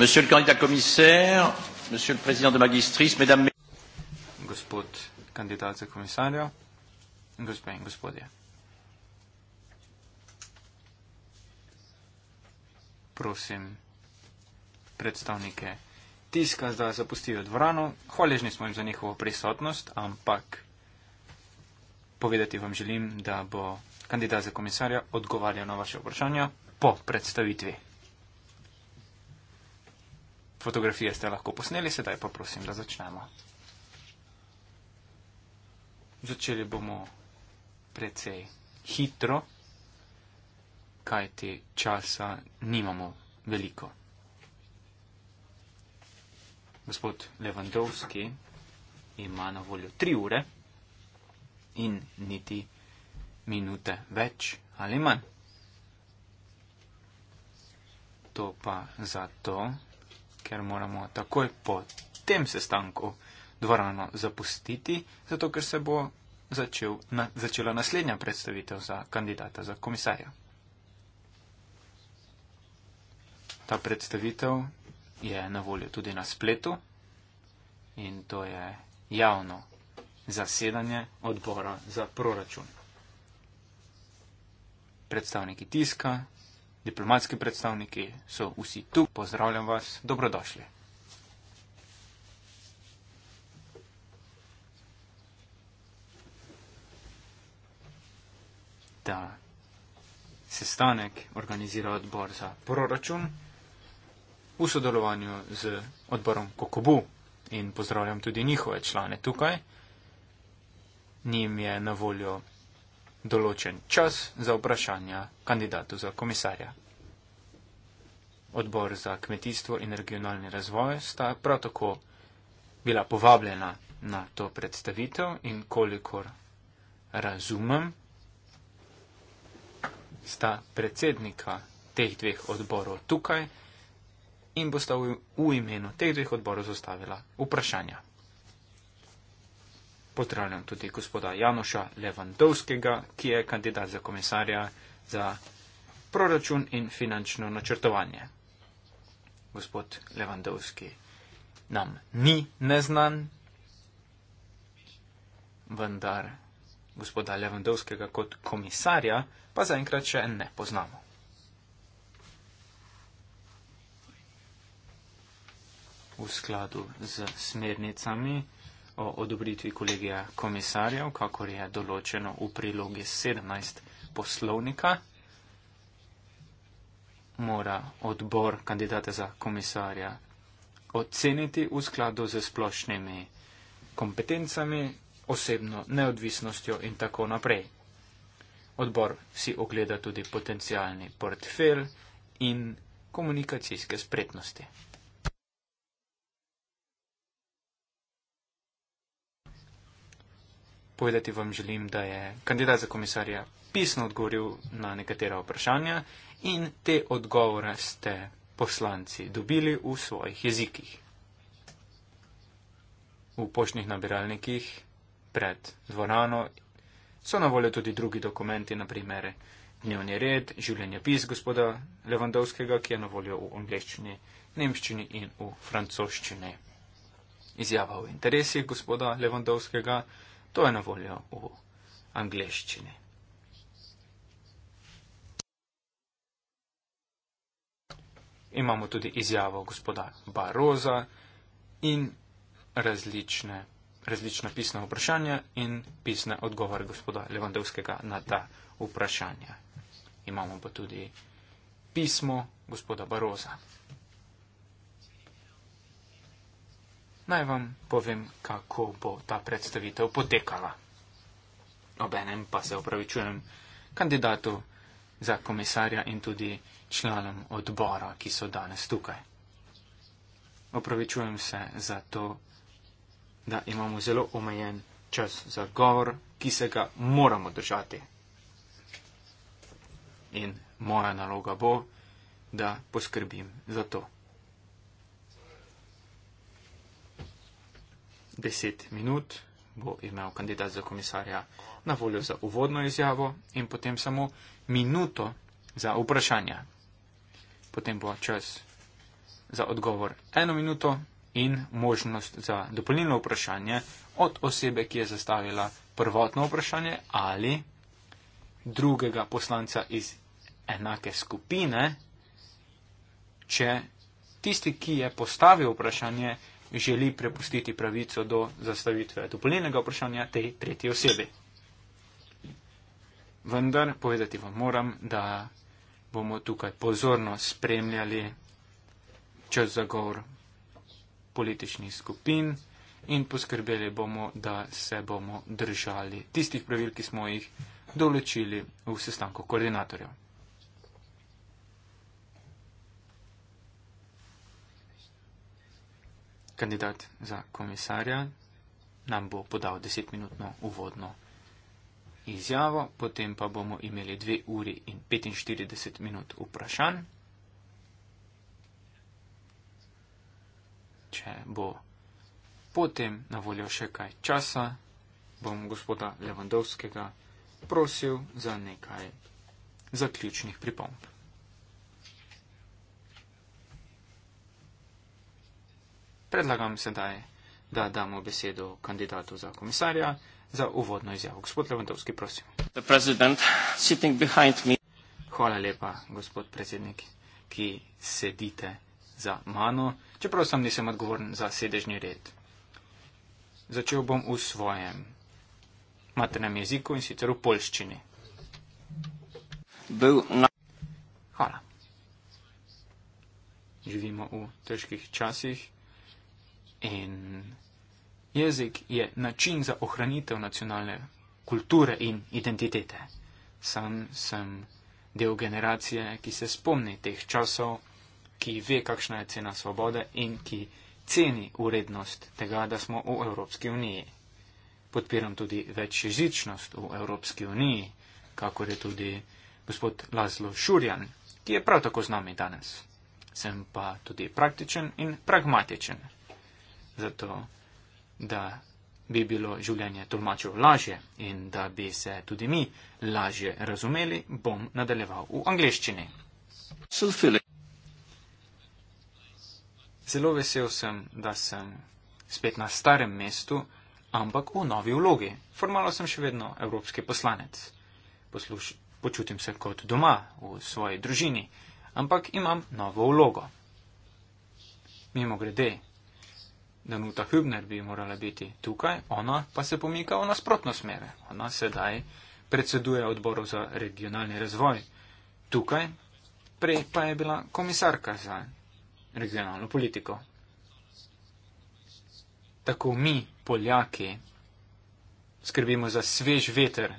monsieur le candidat commissaire monsieur le président de magistris mesdames et gospod kandidat za komisarja gospe in gospodje prosim predstavnike tiska da zapustijo dvorano hvaležni smo jim za njihovo prisotnost ampak povedati vam želim da bo kandidat za komisarja odgovarjal na vaše vprašanja po predstavitvi Fotografije ste lahko posneli, sedaj pa prosim, da začnemo. Začeli bomo precej hitro, kajti časa nimamo veliko. Gospod Levandovski ima na voljo tri ure in niti minute več ali manj. To pa zato, ker moramo takoj po tem sestanku dvorano zapustiti, zato ker se bo začel, na, začela naslednja predstavitev za kandidata za komisarja. Ta predstavitev je na voljo tudi na spletu in to je javno zasedanje odbora za proračun. Predstavniki tiska, diplomatski predstavniki so vsi tu, pozdravljam vas, dobrodošli. Da sestanek organizira odbor za proračun v sodelovanju z odborom Kokobu in pozdravljam tudi njihove člane tukaj. Njim je na voljo določen čas za vprašanja kandidatu za komisarja. Odbor za kmetijstvo in regionalni razvoj sta prav tako bila povabljena na to predstavitev in kolikor razumem, sta predsednika teh dveh odborov tukaj in bosta v imenu teh dveh odborov zastavila vprašanja pozdravljam tudi gospoda Janoša Levandovskega, ki je kandidat za komisarja za proračun in finančno načrtovanje. Gospod Levandovski nam ni neznan, vendar gospoda Levandovskega kot komisarja pa zaenkrat še ne poznamo. V skladu z smernicami o odobritvi kolegija komisarjev, kakor je določeno v prilogi 17 poslovnika, mora odbor kandidata za komisarja oceniti v skladu z splošnimi kompetencami, osebno neodvisnostjo in tako naprej. Odbor si ogleda tudi potencialni portfel in komunikacijske spretnosti. Povedati vam želim, da je kandidat za komisarja pisno odgovoril na nekatera vprašanja in te odgovore ste poslanci dobili v svojih jezikih. V poštnih nabiralnikih pred dvorano so na voljo tudi drugi dokumenti, naprimer dnevni red, življenje pis gospoda Levandovskega, ki je na voljo v angleščini, nemščini in v francoščini. Izjava o interesih gospoda Levandovskega. To je na voljo v angleščini. Imamo tudi izjavo gospoda Baroza in različne, različna pisna vprašanja in pisne odgovore gospoda Levandovskega na ta vprašanja. Imamo pa tudi pismo gospoda Baroza. naj vam povem, kako bo ta predstavitev potekala. Obenem pa se opravičujem kandidatu za komisarja in tudi članom odbora, ki so danes tukaj. Opravičujem se za to, da imamo zelo omejen čas za govor, ki se ga moramo držati. In moja naloga bo, da poskrbim za to. deset minut bo imel kandidat za komisarja na voljo za uvodno izjavo in potem samo minuto za vprašanja. Potem bo čas za odgovor eno minuto in možnost za dopolnilno vprašanje od osebe, ki je zastavila prvotno vprašanje ali drugega poslanca iz enake skupine, če tisti, ki je postavil vprašanje, želi prepustiti pravico do zastavitve dopolnilnega vprašanja tej tretji osebi. Vendar povedati vam moram, da bomo tukaj pozorno spremljali čez zagovor političnih skupin in poskrbeli bomo, da se bomo držali tistih pravil, ki smo jih določili v sestanku koordinatorjev. kandidat za komisarja nam bo podal desetminutno uvodno izjavo, potem pa bomo imeli dve uri in 45 minut vprašanj. Če bo potem na voljo še kaj časa, bom gospoda Levandovskega prosil za nekaj zaključnih pripomb. predlagam sedaj, da damo besedo kandidatu za komisarja za uvodno izjavo. Gospod Levandovski, prosim. Hvala lepa, gospod predsednik, ki sedite za mano, čeprav sem nisem odgovoren za sedežni red. Začel bom v svojem maternem jeziku in sicer v polščini. Hvala. Živimo v težkih časih in jezik je način za ohranitev nacionalne kulture in identitete. Sam sem del generacije, ki se spomni teh časov, ki ve, kakšna je cena svobode in ki ceni urednost tega, da smo v Evropski uniji. Podpiram tudi večjezičnost v Evropski uniji, kakor je tudi gospod Laszlo Šurjan, ki je prav tako z nami danes. Sem pa tudi praktičen in pragmatičen zato da bi bilo življenje tolmačev lažje in da bi se tudi mi lažje razumeli, bom nadaljeval v angleščini. Zelo vesel sem, da sem spet na starem mestu, ampak v novi vlogi. Formalno sem še vedno evropski poslanec. Posluš, počutim se kot doma v svoji družini, ampak imam novo vlogo. Mimo grede, da Nuta Hübner bi morala biti tukaj, ona pa se pomika v nasprotno smer. Ona sedaj predseduje odboru za regionalni razvoj. Tukaj prej pa je bila komisarka za regionalno politiko. Tako mi, Poljaki, skrbimo za svež veter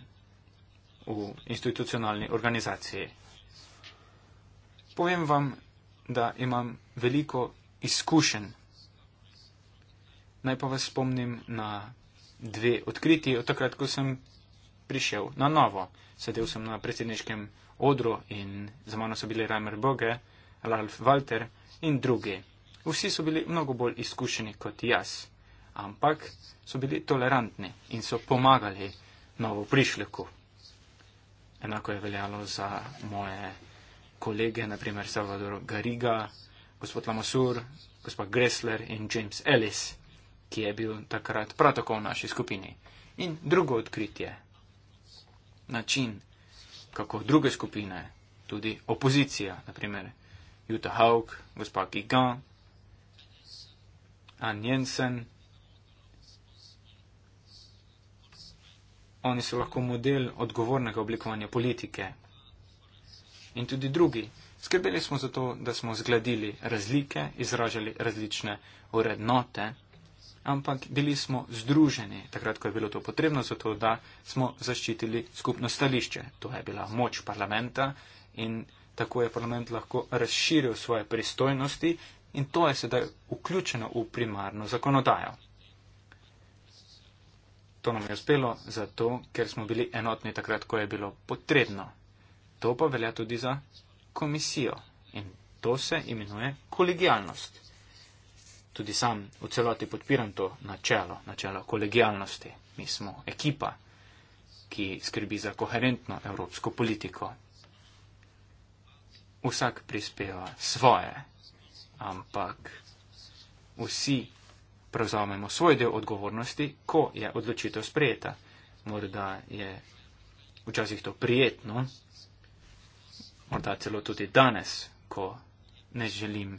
v institucionalni organizaciji. Povem vam, da imam veliko izkušenj naj pa vas spomnim na dve odkriti od takrat, ko sem prišel na novo. Sedel sem na predsedniškem odru in za mano so bili Reimer Boge, Ralf Walter in drugi. Vsi so bili mnogo bolj izkušeni kot jaz, ampak so bili tolerantni in so pomagali novo prišleku. Enako je veljalo za moje kolege, naprimer Salvador Gariga, gospod Lamasur, gospod Gressler in James Ellis ki je bil takrat prav tako v naši skupini. In drugo odkritje, način, kako druge skupine, tudi opozicija, naprimer Juta Haug, gospa Gigan, Ann Jensen, oni so lahko model odgovornega oblikovanja politike. In tudi drugi. Skrbeli smo za to, da smo zgladili razlike, izražali različne urednote ampak bili smo združeni takrat, ko je bilo to potrebno, zato da smo zaščitili skupno stališče. To je bila moč parlamenta in tako je parlament lahko razširil svoje pristojnosti in to je sedaj vključeno v primarno zakonodajo. To nam je uspelo zato, ker smo bili enotni takrat, ko je bilo potrebno. To pa velja tudi za komisijo in to se imenuje kolegijalnost tudi sam v celoti podpiram to načelo, načelo kolegijalnosti. Mi smo ekipa, ki skrbi za koherentno evropsko politiko. Vsak prispeva svoje, ampak vsi prevzamemo svoj del odgovornosti, ko je odločitev sprejeta. Morda je včasih to prijetno, morda celo tudi danes, ko ne želim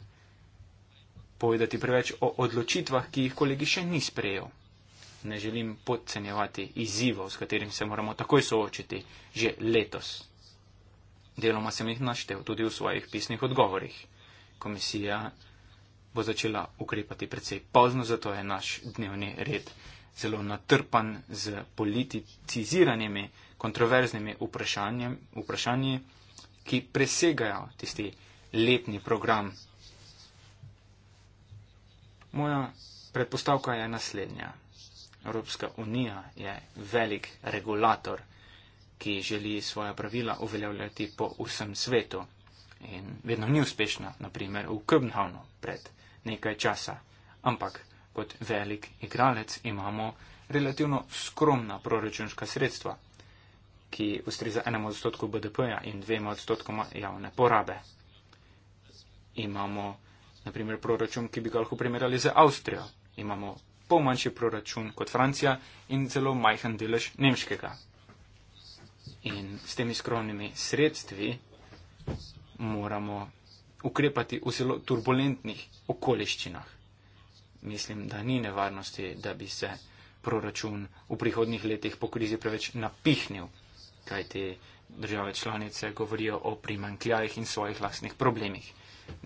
povedati preveč o odločitvah, ki jih kolegi še ni sprejel. Ne želim podcenjevati izzivov, s katerim se moramo takoj soočiti že letos. Deloma sem jih naštel tudi v svojih pisnih odgovorih. Komisija bo začela ukrepati precej pozno, zato je naš dnevni red zelo natrpan z politiziranimi, kontroverznimi vprašanji, ki presegajo tisti letni program Moja predpostavka je naslednja. Evropska unija je velik regulator, ki želi svoja pravila uveljavljati po vsem svetu in vedno ni uspešna, naprimer v Köbenhavnu pred nekaj časa. Ampak kot velik igralec imamo relativno skromna proračunska sredstva, ki ustreza enemu odstotku BDP-ja in dvema odstotkoma javne porabe. Imamo naprimer proračun, ki bi ga lahko primerjali z Avstrijo. Imamo pol manjši proračun kot Francija in zelo majhen delež nemškega. In s temi skromnimi sredstvi moramo ukrepati v zelo turbulentnih okoliščinah. Mislim, da ni nevarnosti, da bi se proračun v prihodnih letih po krizi preveč napihnil, kaj te države članice govorijo o primankljajih in svojih lastnih problemih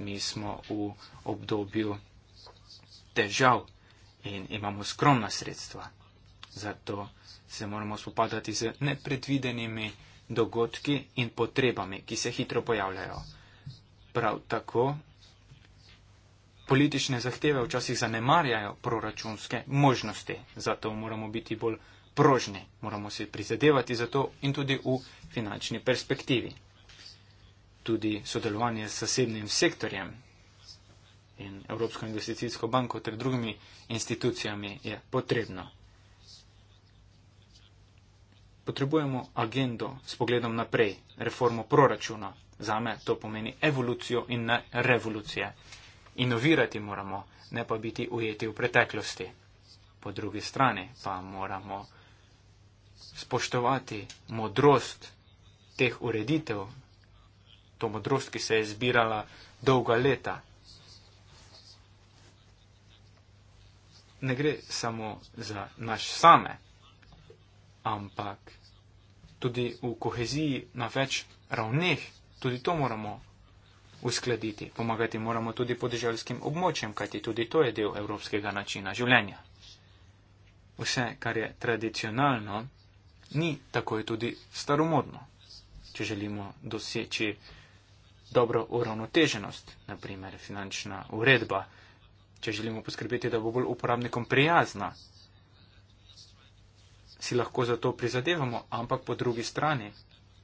mi smo v obdobju težav in imamo skromna sredstva. Zato se moramo spopadati z nepredvidenimi dogodki in potrebami, ki se hitro pojavljajo. Prav tako politične zahteve včasih zanemarjajo proračunske možnosti, zato moramo biti bolj prožni, moramo se prizadevati za to in tudi v finančni perspektivi tudi sodelovanje s zasebnim sektorjem in Evropsko investicijsko banko ter drugimi institucijami je potrebno. Potrebujemo agendo s pogledom naprej, reformo proračuna. Zame to pomeni evolucijo in ne revolucije. Inovirati moramo, ne pa biti ujeti v preteklosti. Po drugi strani pa moramo spoštovati modrost teh ureditev, to modrost, ki se je zbirala dolga leta. Ne gre samo za naš same, ampak tudi v koheziji na več ravneh, tudi to moramo uskladiti. Pomagati moramo tudi podeželskim območjem, kajti tudi to je del evropskega načina življenja. Vse, kar je tradicionalno, ni tako je tudi staromodno. Če želimo doseči dobro uravnoteženost, naprimer finančna uredba, če želimo poskrbeti, da bo bolj uporabnikom prijazna. Si lahko za to prizadevamo, ampak po drugi strani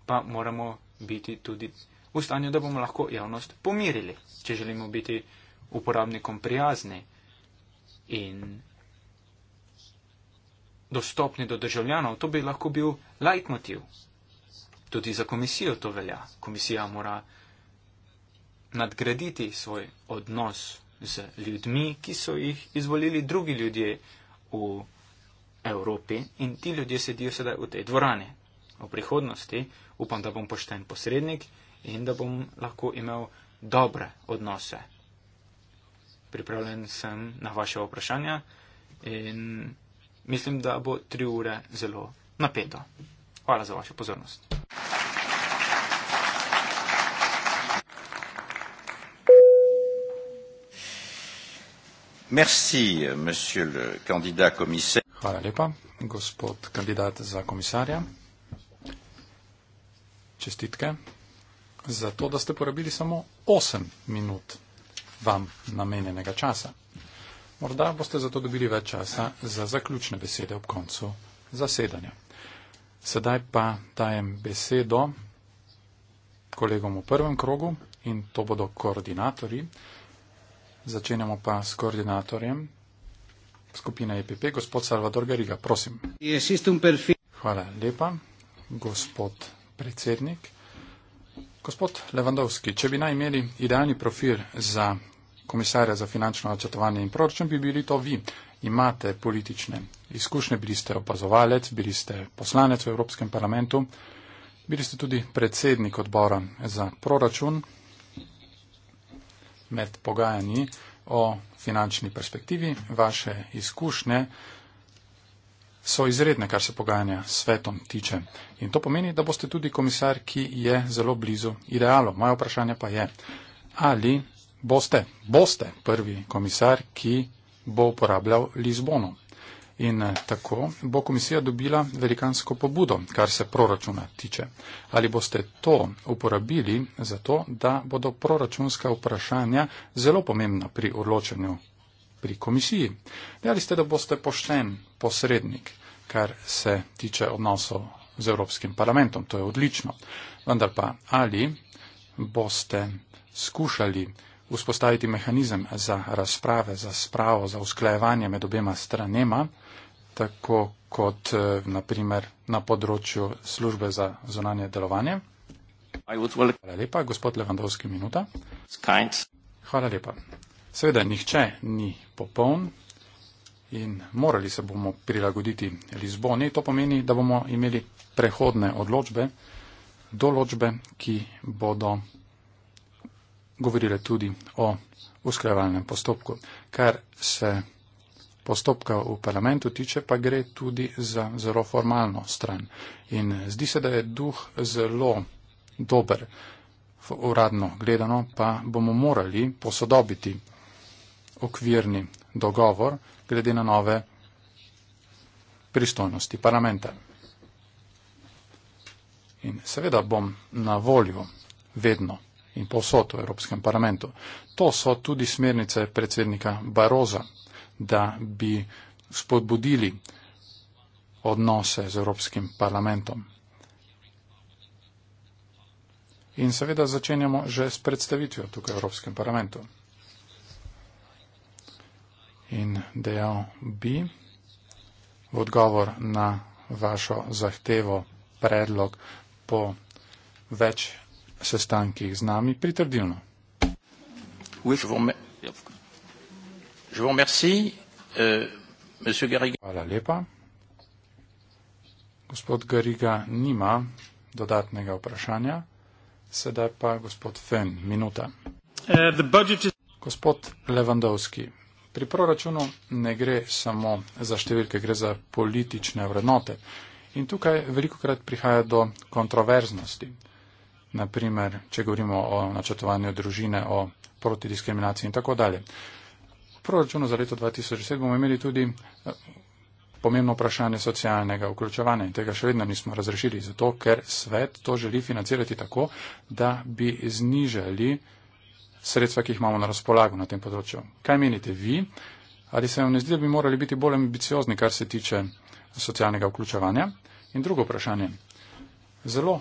pa moramo biti tudi v stanju, da bomo lahko javnost pomirili, če želimo biti uporabnikom prijazni in dostopni do državljanov. To bi lahko bil leitmotiv. Tudi za komisijo to velja. Komisija mora nadgraditi svoj odnos z ljudmi, ki so jih izvolili drugi ljudje v Evropi in ti ljudje sedijo sedaj v tej dvorani. V prihodnosti upam, da bom pošten posrednik in da bom lahko imel dobre odnose. Pripravljen sem na vaše vprašanja in mislim, da bo tri ure zelo napeto. Hvala za vašo pozornost. Merci, monsieur le candidat commissaire. Hvala lepa, gospod kandidat za komisarja. Čestitke za to, da ste porabili samo 8 minut vam namenjenega časa. Morda boste zato dobili več časa za zaključne besede ob koncu zasedanja. Sedaj pa dajem besedo kolegom v prvem krogu in to bodo koordinatorji. Začenjamo pa s koordinatorjem skupine EPP, gospod Salvador Gariga, prosim. Hvala lepa, gospod predsednik. Gospod Levandovski, če bi naj imeli idealni profil za komisarja za finančno načrtovanje in proračun, bi bili to vi. Imate politične izkušnje, bili ste opazovalec, bili ste poslanec v Evropskem parlamentu, bili ste tudi predsednik odbora za proračun med pogajanji o finančni perspektivi. Vaše izkušnje so izredne, kar se pogajanja s svetom tiče. In to pomeni, da boste tudi komisar, ki je zelo blizu idealo. Moje vprašanje pa je, ali boste, boste prvi komisar, ki bo uporabljal Lizbono. In eh, tako bo komisija dobila velikansko pobudo, kar se proračuna tiče. Ali boste to uporabili za to, da bodo proračunska vprašanja zelo pomembna pri odločanju pri komisiji? Ali ste, da boste pošten posrednik, kar se tiče odnosov z Evropskim parlamentom? To je odlično. Vendar pa ali boste skušali vzpostaviti mehanizem za razprave, za spravo, za usklajevanje med obema stranema, tako kot eh, naprimer na področju službe za zonanje delovanje. Hvala lepa, gospod Levandovski, minuta. Hvala lepa. Seveda, nihče ni popoln in morali se bomo prilagoditi Lizboni. To pomeni, da bomo imeli prehodne odločbe, določbe, ki bodo govorile tudi o usklajevalnem postopku. Kar se postopka v parlamentu tiče, pa gre tudi za zelo formalno stran. In zdi se, da je duh zelo dober. Uradno gledano pa bomo morali posodobiti okvirni dogovor glede na nove pristojnosti parlamenta. In seveda bom na voljo vedno in posod v Evropskem parlamentu. To so tudi smernice predsednika Baroza, da bi spodbudili odnose z Evropskim parlamentom. In seveda začenjamo že s predstavitvijo tukaj v Evropskem parlamentu. In dejal bi v odgovor na vašo zahtevo predlog po več sestankih z nami pritrdilno. Euh, Hvala lepa. Gospod Gariga nima dodatnega vprašanja. Sedaj pa gospod Fenn, minuta. Eh, gospod Levandovski, pri proračunu ne gre samo za številke, gre za politične vrednote. In tukaj veliko krat prihaja do kontroverznosti naprimer, če govorimo o načrtovanju družine, o protidiskriminaciji in tako dalje. V proračunu za leto 2007 bomo imeli tudi eh, pomembno vprašanje socialnega vključevanja in tega še vedno nismo razrešili, zato ker svet to želi financirati tako, da bi znižali sredstva, ki jih imamo na razpolago na tem področju. Kaj menite vi? Ali se vam ne zdi, da bi morali biti bolj ambiciozni, kar se tiče socialnega vključevanja? In drugo vprašanje. Zelo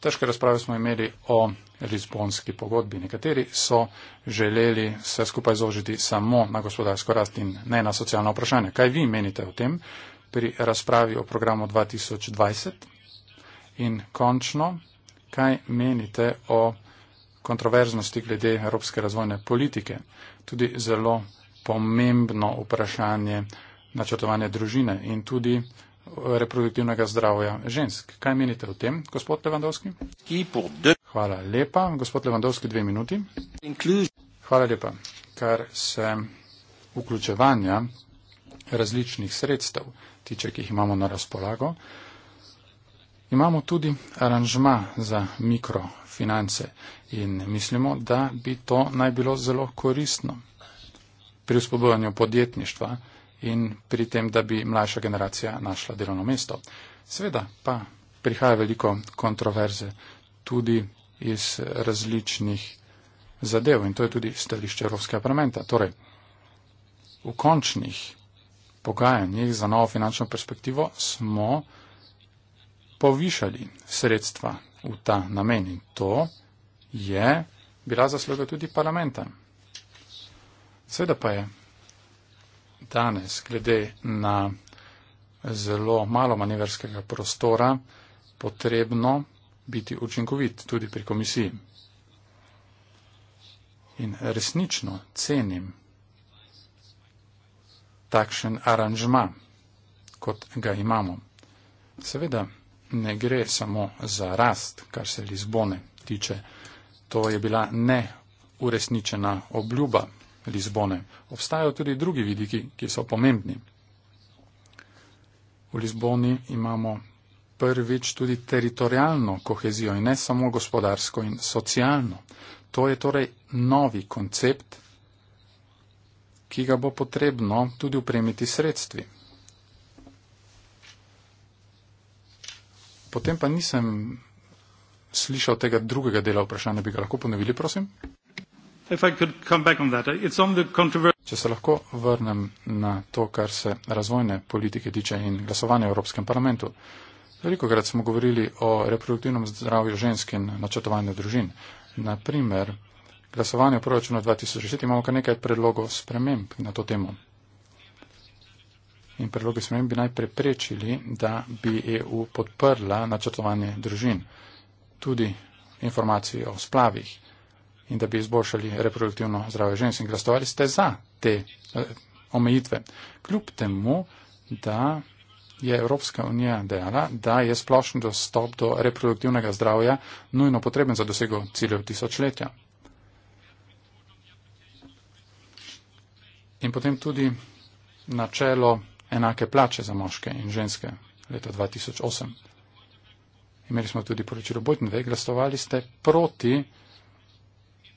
težke razprave smo imeli o Lizbonski pogodbi. Nekateri so želeli se skupaj zožiti samo na gospodarsko rast in ne na socialno vprašanje. Kaj vi menite o tem pri razpravi o programu 2020? In končno, kaj menite o kontroverznosti glede evropske razvojne politike? Tudi zelo pomembno vprašanje načrtovanja družine in tudi reproduktivnega zdravja žensk. Kaj menite o tem, gospod Levandovski? Hvala lepa. Gospod Levandovski, dve minuti. Hvala lepa. Kar se vključevanja različnih sredstev tiče, ki jih imamo na razpolago, imamo tudi aranžma za mikrofinance in mislimo, da bi to naj bilo zelo koristno pri uspobojanju podjetništva in pri tem, da bi mlajša generacija našla delovno mesto. Sveda pa prihaja veliko kontroverze tudi iz različnih zadev in to je tudi stališče Evropskega parlamenta. Torej, v končnih pogajanjih za novo finančno perspektivo smo povišali sredstva v ta namen in to je bila zasluga tudi parlamenta. Sveda pa je danes, glede na zelo malo manevrskega prostora, potrebno biti učinkovit tudi pri komisiji. In resnično cenim takšen aranžma, kot ga imamo. Seveda ne gre samo za rast, kar se Lizbone tiče. To je bila neuresničena obljuba Lizbone. Obstajajo tudi drugi vidiki, ki so pomembni. V Lizboni imamo prvič tudi teritorijalno kohezijo in ne samo gospodarsko in socialno. To je torej novi koncept, ki ga bo potrebno tudi upremiti sredstvi. Potem pa nisem slišal tega drugega dela vprašanja, bi ga lahko ponovili, prosim? Uh, Če se lahko vrnem na to, kar se razvojne politike tiče in glasovanja v Evropskem parlamentu. Veliko krat smo govorili o reproduktivnem zdravju žensk in načrtovanju družin. Naprimer, glasovanje v proračunu 2010 imamo kar nekaj predlogov sprememb na to temo. In predlogi sprememb bi naj preprečili, da bi EU podprla načrtovanje družin. Tudi informacije o splavih in da bi izboljšali reproduktivno zdravje žensk in glasovali ste za te eh, omejitve. Kljub temu, da je Evropska unija dejala, da je splošen dostop do reproduktivnega zdravja nujno potreben za dosego ciljev tisočletja. In potem tudi načelo enake plače za moške in ženske leta 2008. Imeli smo tudi poročilo Bojtenve, glasovali ste proti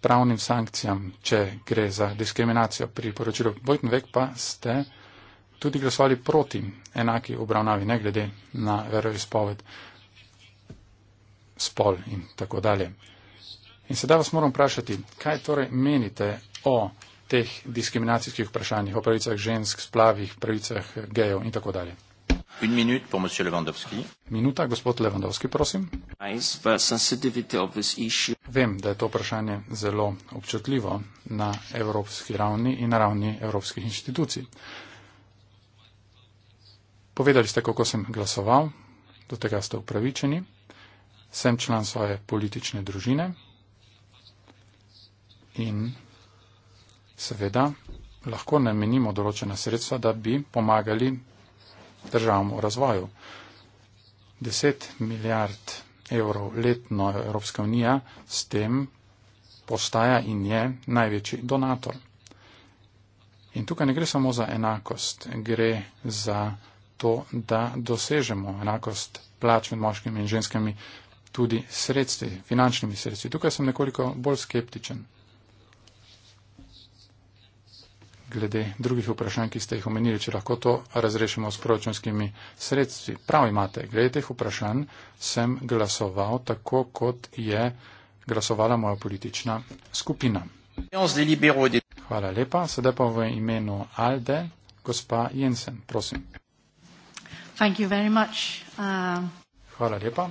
pravnim sankcijam, če gre za diskriminacijo. Pri poročilu Bojtenvek pa ste tudi glasovali proti enaki obravnavi, ne glede na veroizpoved, spol in tako dalje. In sedaj vas moram vprašati, kaj torej menite o teh diskriminacijskih vprašanjih, o pravicah žensk, splavih, pravicah gejev in tako dalje. Une minute pour monsieur Lewandowski. Minuta, gospod Lewandowski, prosim. Nice, Vem, da je to vprašanje zelo občutljivo na evropski ravni in na ravni evropskih inštitucij. Povedali ste, kako sem glasoval, do tega ste upravičeni. Sem član svoje politične družine in seveda lahko namenimo določena sredstva, da bi pomagali državam v razvoju. 10 milijard evrov letno Evropska unija s tem postaja in je največji donator. In tukaj ne gre samo za enakost, gre za to, da dosežemo enakost plač med moškimi in ženskami tudi sredstvi, finančnimi sredstvi. Tukaj sem nekoliko bolj skeptičen. glede drugih vprašanj, ki ste jih omenili, če lahko to razrešimo s proračunskimi sredstvi. Prav imate, glede teh vprašanj sem glasoval tako, kot je glasovala moja politična skupina. Hvala lepa, sedaj pa v imenu Alde, gospa Jensen, prosim. Uh, Hvala lepa.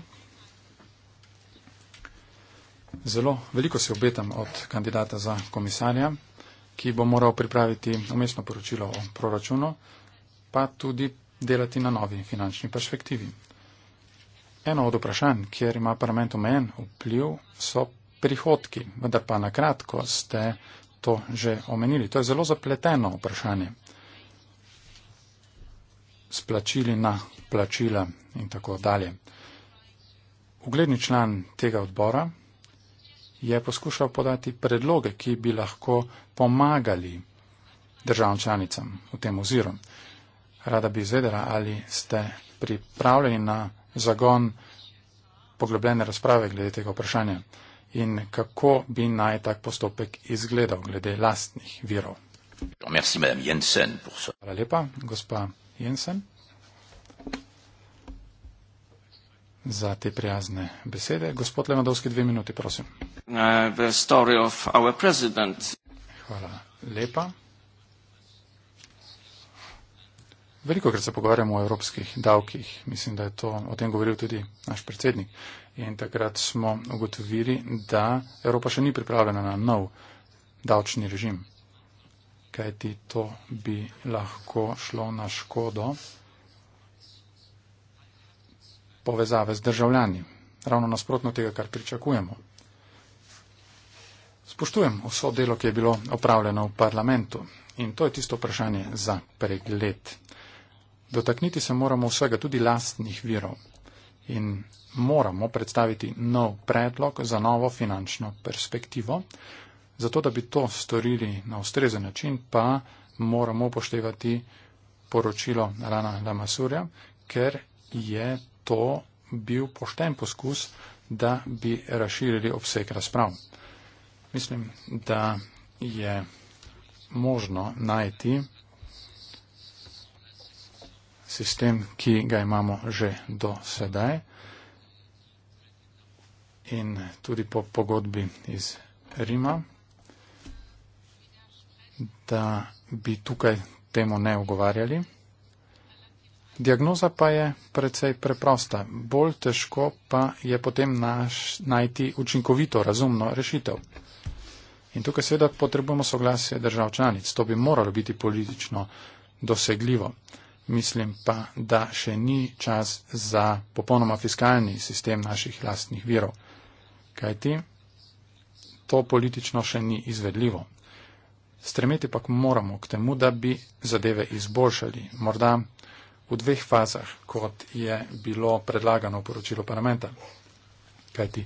Zelo veliko si obetam od kandidata za komisarja ki bo moral pripraviti umestno poročilo o proračunu, pa tudi delati na novi finančni perspektivi. Eno od vprašanj, kjer ima parlament omejen vpliv, so prihodki, vendar pa nakratko ste to že omenili. To je zelo zapleteno vprašanje. Splačili na plačila in tako dalje. Ugledni član tega odbora, je poskušal podati predloge, ki bi lahko pomagali državam članicam v tem oziru. Rada bi izvedela, ali ste pripravljeni na zagon poglobljene razprave glede tega vprašanja in kako bi naj tak postopek izgledal glede lastnih virov. Hvala lepa, gospa Jensen. za te prijazne besede. Gospod Levandovski, dve minuti, prosim. Uh, Hvala lepa. Veliko krat se pogovarjamo o evropskih davkih. Mislim, da je to, o tem govoril tudi naš predsednik. In takrat smo ugotovili, da Evropa še ni pripravljena na nov davčni režim. Kajti to bi lahko šlo na škodo povezave z državljani. Ravno nasprotno tega, kar pričakujemo. Spoštujem vso delo, ki je bilo opravljeno v parlamentu. In to je tisto vprašanje za pregled. Dotakniti se moramo vsega tudi lastnih virov. In moramo predstaviti nov predlog za novo finančno perspektivo. Zato, da bi to storili na ustrezen način, pa moramo upoštevati poročilo Rana Damasurja, ker je to bil pošten poskus, da bi razširili obseg razprav. Mislim, da je možno najti sistem, ki ga imamo že do sedaj in tudi po pogodbi iz Rima, da bi tukaj temu ne ogovarjali. Diagnoza pa je precej preprosta, bolj težko pa je potem naš, najti učinkovito, razumno rešitev. In tukaj seveda potrebujemo soglasje držav članic. To bi moralo biti politično dosegljivo. Mislim pa, da še ni čas za popolnoma fiskalni sistem naših lastnih virov. Kajti to politično še ni izvedljivo. Stremeti pa moramo k temu, da bi zadeve izboljšali. Morda v dveh fazah, kot je bilo predlagano v poročilo parlamenta. Kajti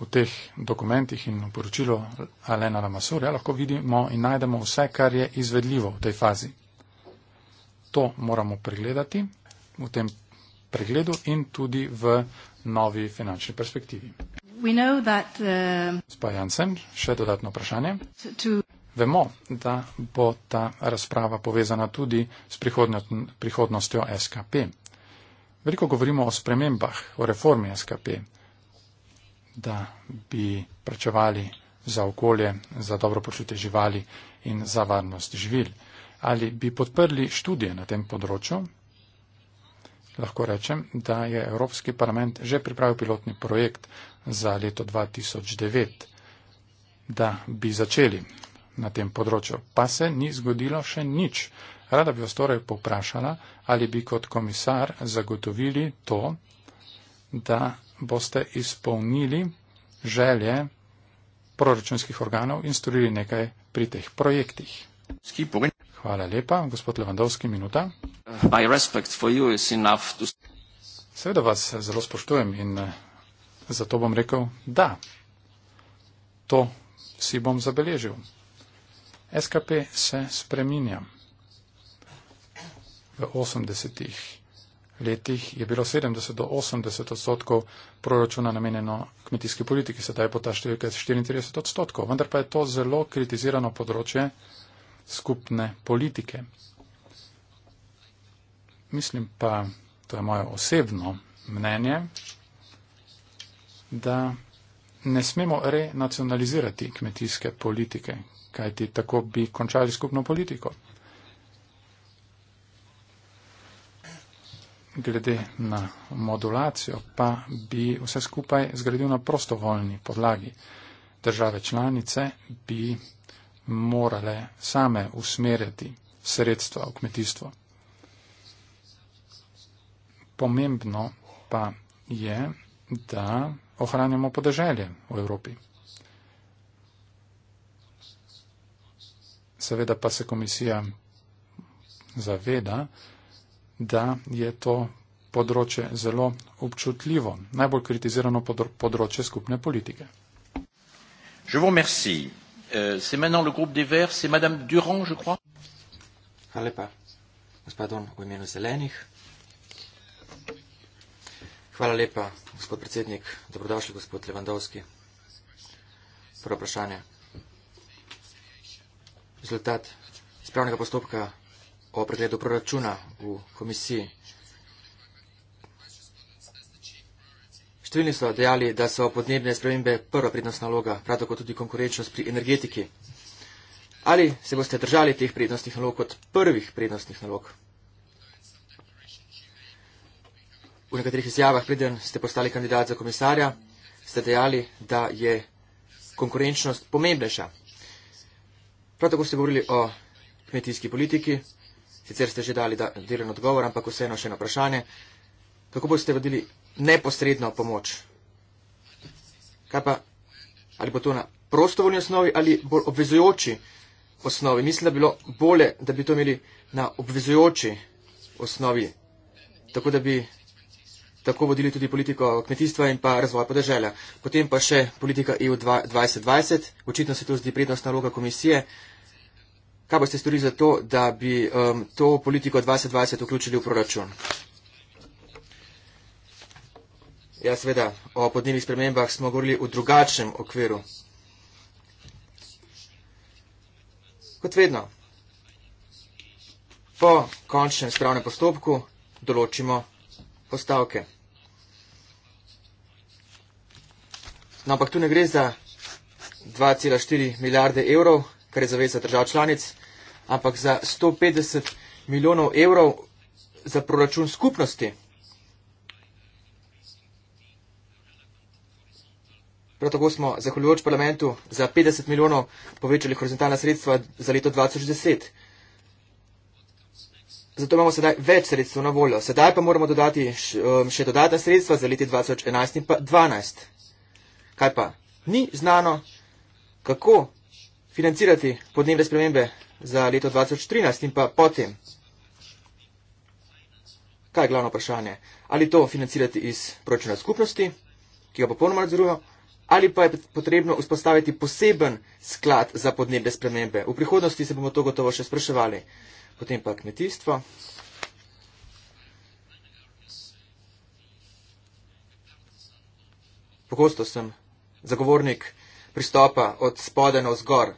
v teh dokumentih in v poročilu Alena Lamasurja lahko vidimo in najdemo vse, kar je izvedljivo v tej fazi. To moramo pregledati v tem pregledu in tudi v novi finančni perspektivi. Uh, Spajansen, še dodatno vprašanje. Vemo, da bo ta razprava povezana tudi s prihodnostjo SKP. Veliko govorimo o spremembah, o reformi SKP, da bi pračevali za okolje, za dobro počutje živali in za varnost živil. Ali bi podprli študije na tem področju? Lahko rečem, da je Evropski parlament že pripravil pilotni projekt za leto 2009, da bi začeli na tem področju. Pa se ni zgodilo še nič. Rada bi vas torej poprašala, ali bi kot komisar zagotovili to, da boste izpolnili želje proračunskih organov in storili nekaj pri teh projektih. Hvala lepa, gospod Levandovski, minuta. Seveda vas zelo spoštujem in eh, zato bom rekel, da, to si bom zabeležil. SKP se spreminja. V 80 letih je bilo 70 do 80 odstotkov proračuna namenjeno kmetijski politiki, sedaj je po ta številka 34 odstotkov. Vendar pa je to zelo kritizirano področje skupne politike. Mislim pa, to je moje osebno mnenje, da ne smemo renacionalizirati kmetijske politike, kajti tako bi končali skupno politiko. Glede na modulacijo pa bi vse skupaj zgradil na prostovoljni podlagi. Države članice bi morale same usmerjati sredstva v kmetijstvo. Pomembno pa je, da ohranjamo podeželje v Evropi. Seveda pa se komisija zaveda, da je to področje zelo občutljivo, najbolj kritizirano področje skupne politike. Je vous remercie. Euh, c'est maintenant le groupe des Verts, c'est Madame Durand, je crois. Hvala lepa. Gospod Don, v imenu zelenih. Hvala lepa, gospod predsednik. Dobrodošli, gospod Levandovski. Prvo vprašanje. Rezultat spravnega postopka o pregledu proračuna v komisiji. Številni so dejali, da so podnebne spremembe prva prednostna naloga, prav tako tudi konkurenčnost pri energetiki. Ali se boste držali teh prednostnih nalog kot prvih prednostnih nalog? V nekaterih izjavah, preden ste postali kandidat za komisarja, ste dejali, da je konkurenčnost pomembnejša. Prav tako ste govorili o kmetijski politiki, sicer ste že dali delen odgovor, ampak vseeno še na vprašanje, kako boste vodili neposredno pomoč. Kaj pa, ali bo to na prostovoljni osnovi ali bolj obvezujoči osnovi? Mislim, da bi bilo bolje, da bi to imeli na obvezujoči osnovi, tako da bi tako vodili tudi politiko kmetijstva in pa razvoj podeželja. Potem pa še politika EU 2020, očitno se to zdi prednost naloga komisije. Kaj boste storili za to, da bi um, to politiko 2020 vključili v proračun? Ja, seveda, o podnebnih spremembah smo govorili v drugačnem okviru. Kot vedno, po končnem spravnem postopku določimo postavke. No, ampak tu ne gre za 2,4 milijarde evrov, kar je zaveza držav članic, ampak za 150 milijonov evrov za proračun skupnosti. Prav tako smo zahvaljujoč parlamentu za 50 milijonov povečali horizontalna sredstva za leto 2010. Zato imamo sedaj več sredstev na voljo. Sedaj pa moramo dodati um, še dodatna sredstva za leti 2011 in pa 2012. Kaj pa? Ni znano, kako financirati podnebne spremembe za leto 2013 in pa potem. Kaj je glavno vprašanje? Ali to financirati iz proračuna skupnosti, ki ga popolnoma nadzorujo, ali pa je potrebno vzpostaviti poseben sklad za podnebne spremembe? V prihodnosti se bomo to gotovo še spraševali. Potem pa kmetijstvo. Pogosto sem zagovornik pristopa od spode na vzgor.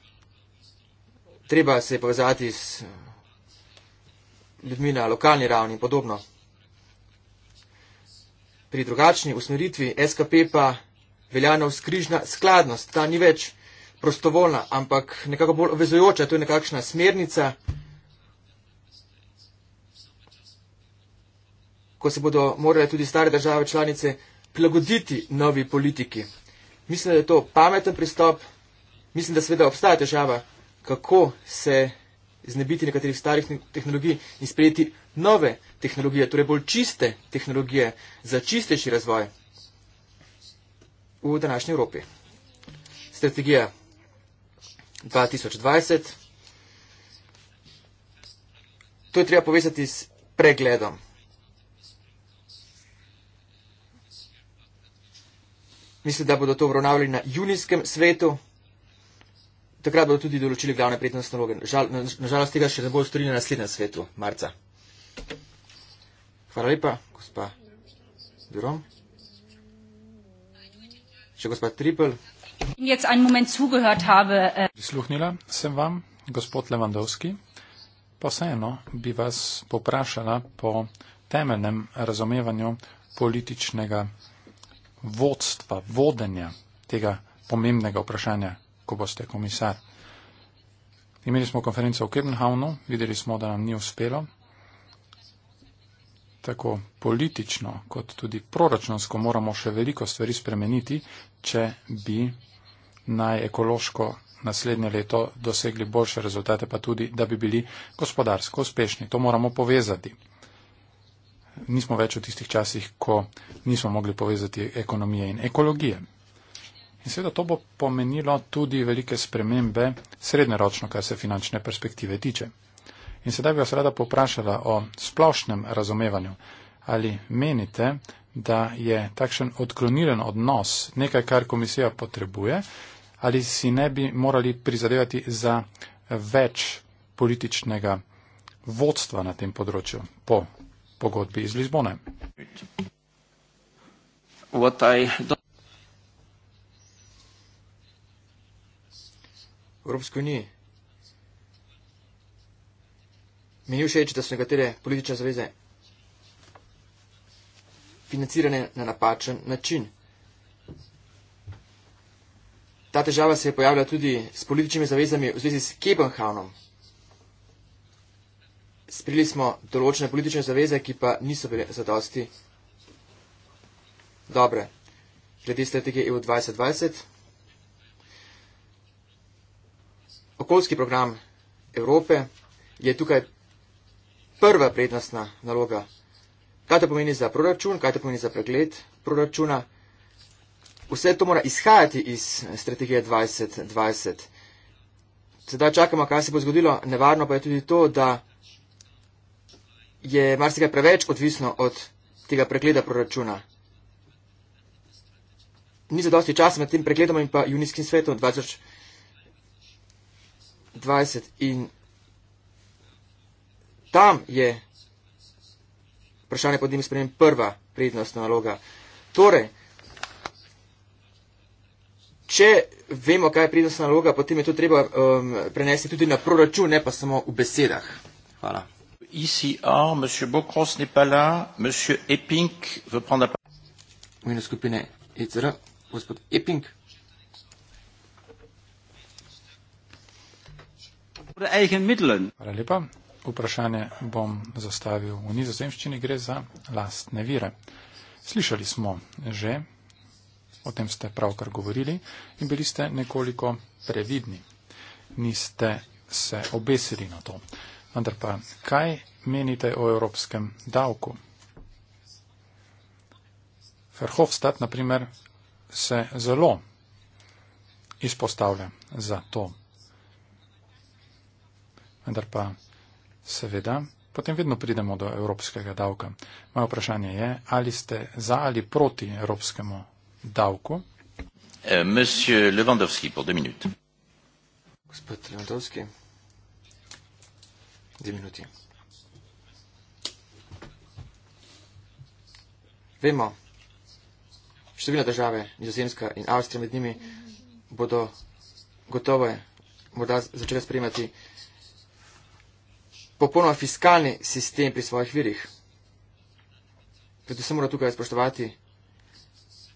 Treba se je povezati s eh, ljudmi na lokalni ravni in podobno. Pri drugačni usmeritvi SKP pa velja na vzkrižna skladnost. Ta ni več prostovoljna, ampak nekako bolj obvezujoča. To je nekakšna smernica. ko se bodo morale tudi stare države članice prilagoditi novi politiki. Mislim, da je to pameten pristop. Mislim, da seveda obstaja težava, kako se znebiti nekaterih starih tehnologij in sprejeti nove tehnologije, torej bolj čiste tehnologije za čistejši razvoj v današnji Evropi. Strategija 2020. To je treba povezati s pregledom. Mislim, da bodo to obravnavali na junijskem svetu. Takrat bodo tudi določili glavne prednostne naloge. Nažalost, tega še ne bodo storili na naslednjem svetu, marca. Hvala lepa, gospa Durom. Še gospa Tripel. Äh, Prisluhnila sem vam, gospod Levandovski, pa vseeno bi vas poprašala po temeljnem razumevanju političnega vodstva, vodenja tega pomembnega vprašanja, ko boste komisar. Imeli smo konferenco v Kebenhavnu, videli smo, da nam ni uspelo tako politično kot tudi proračunsko moramo še veliko stvari spremeniti, če bi naj ekološko naslednje leto dosegli boljše rezultate, pa tudi, da bi bili gospodarsko uspešni. To moramo povezati nismo več v tistih časih, ko nismo mogli povezati ekonomije in ekologije. In seveda to bo pomenilo tudi velike spremembe srednjeročno, kar se finančne perspektive tiče. In sedaj bi vas rada poprašala o splošnem razumevanju. Ali menite, da je takšen odkloniran odnos nekaj, kar komisija potrebuje, ali si ne bi morali prizadevati za več političnega vodstva na tem področju po pogodbi iz Lizbone. V Evropski uniji mi ni všeč, da so nekatere politične zaveze financirane na napačen način. Ta težava se je pojavila tudi s političnimi zavezami v zvezi s Kebenhavnom sprili smo določene politične zaveze, ki pa niso bile zadosti dobre. Glede strategije EU 2020. Okoljski program Evrope je tukaj prva prednostna naloga. Kaj to pomeni za proračun, kaj to pomeni za pregled proračuna? Vse to mora izhajati iz strategije 2020. Sedaj čakamo, kaj se bo zgodilo. Nevarno pa je tudi to, da je marsikaj preveč odvisno od tega pregleda proračuna. Ni za dosti časa med tem pregledom in pa junijskim svetom 2020 in tam je vprašanje podnebnih sprememb prva prednostna naloga. Torej, če vemo, kaj je prednostna naloga, potem je to treba um, prenesti tudi na proračun, ne pa samo v besedah. Hvala ici or monsieur Bocros n'est pas là monsieur Epping veut prendre la parole gospod Epping Hvala lepa. Vprašanje bom zastavil v nizozemščini, gre za lastne vire. Slišali smo že, o tem ste pravkar govorili in bili ste nekoliko previdni. Niste se obesili na to. Vendar pa, kaj menite o evropskem davku? Verhofstadt, na primer, se zelo izpostavlja za to. Vendar pa, seveda, potem vedno pridemo do evropskega davka. Moje vprašanje je, ali ste za ali proti evropskemu davku? Eh, monsieur Lewandowski, po dve minuti. Gospod Lewandowski dve minuti. Vemo, številne države, Nizozemska in Avstrija med njimi, bodo gotove morda začele sprejemati popolnoma fiskalni sistem pri svojih virih. Predvsem mora tukaj spoštovati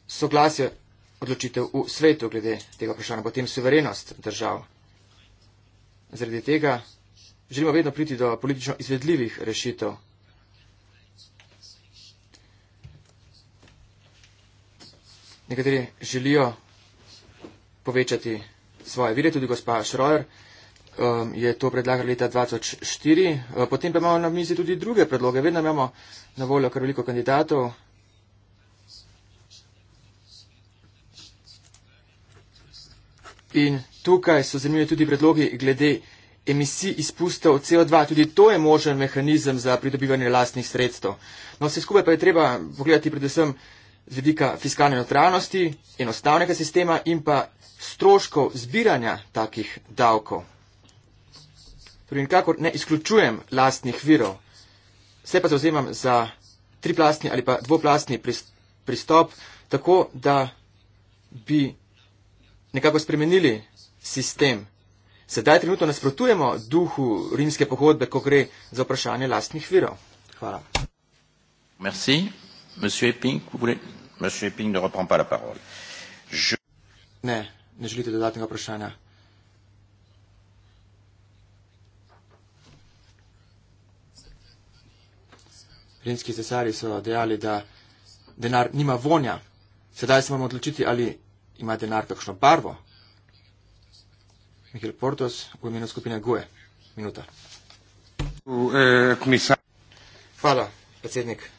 soglasje odločitev v svetu glede tega vprašanja, potem suverenost držav. Zaradi tega Želimo vedno priti do politično izvedljivih rešitev. Nekateri želijo povečati svoje vire, tudi gospa Šrojer um, je to predlagala leta 2004. Uh, potem pa imamo na mizi tudi druge predloge. Vedno imamo na voljo kar veliko kandidatov. In tukaj so zanimivi tudi predlogi glede emisij izpustov CO2. Tudi to je možen mehanizem za pridobivanje lastnih sredstev. No, vse skupaj pa je treba pogledati predvsem z vidika fiskalne neutralnosti, enostavnega sistema in pa stroškov zbiranja takih davkov. Torej, nikakor ne izključujem lastnih virov. Vse pa zauzemam za triplastni ali pa dvoplastni pristop, tako da bi nekako spremenili sistem. Sedaj trenutno nasprotujemo duhu rimske pohodbe, ko gre za vprašanje lastnih virov. Hvala. Merci. Monsieur Epping, Monsieur Epping ne reprend pas la parole. Je... Ne, ne želite dodatnega vprašanja. Rimski cesari so dejali, da denar nima vonja. Sedaj se moramo odločiti, ali ima denar kakšno barvo, Mihael Portos v imenu skupine GUE. Minuta. Hvala, predsednik.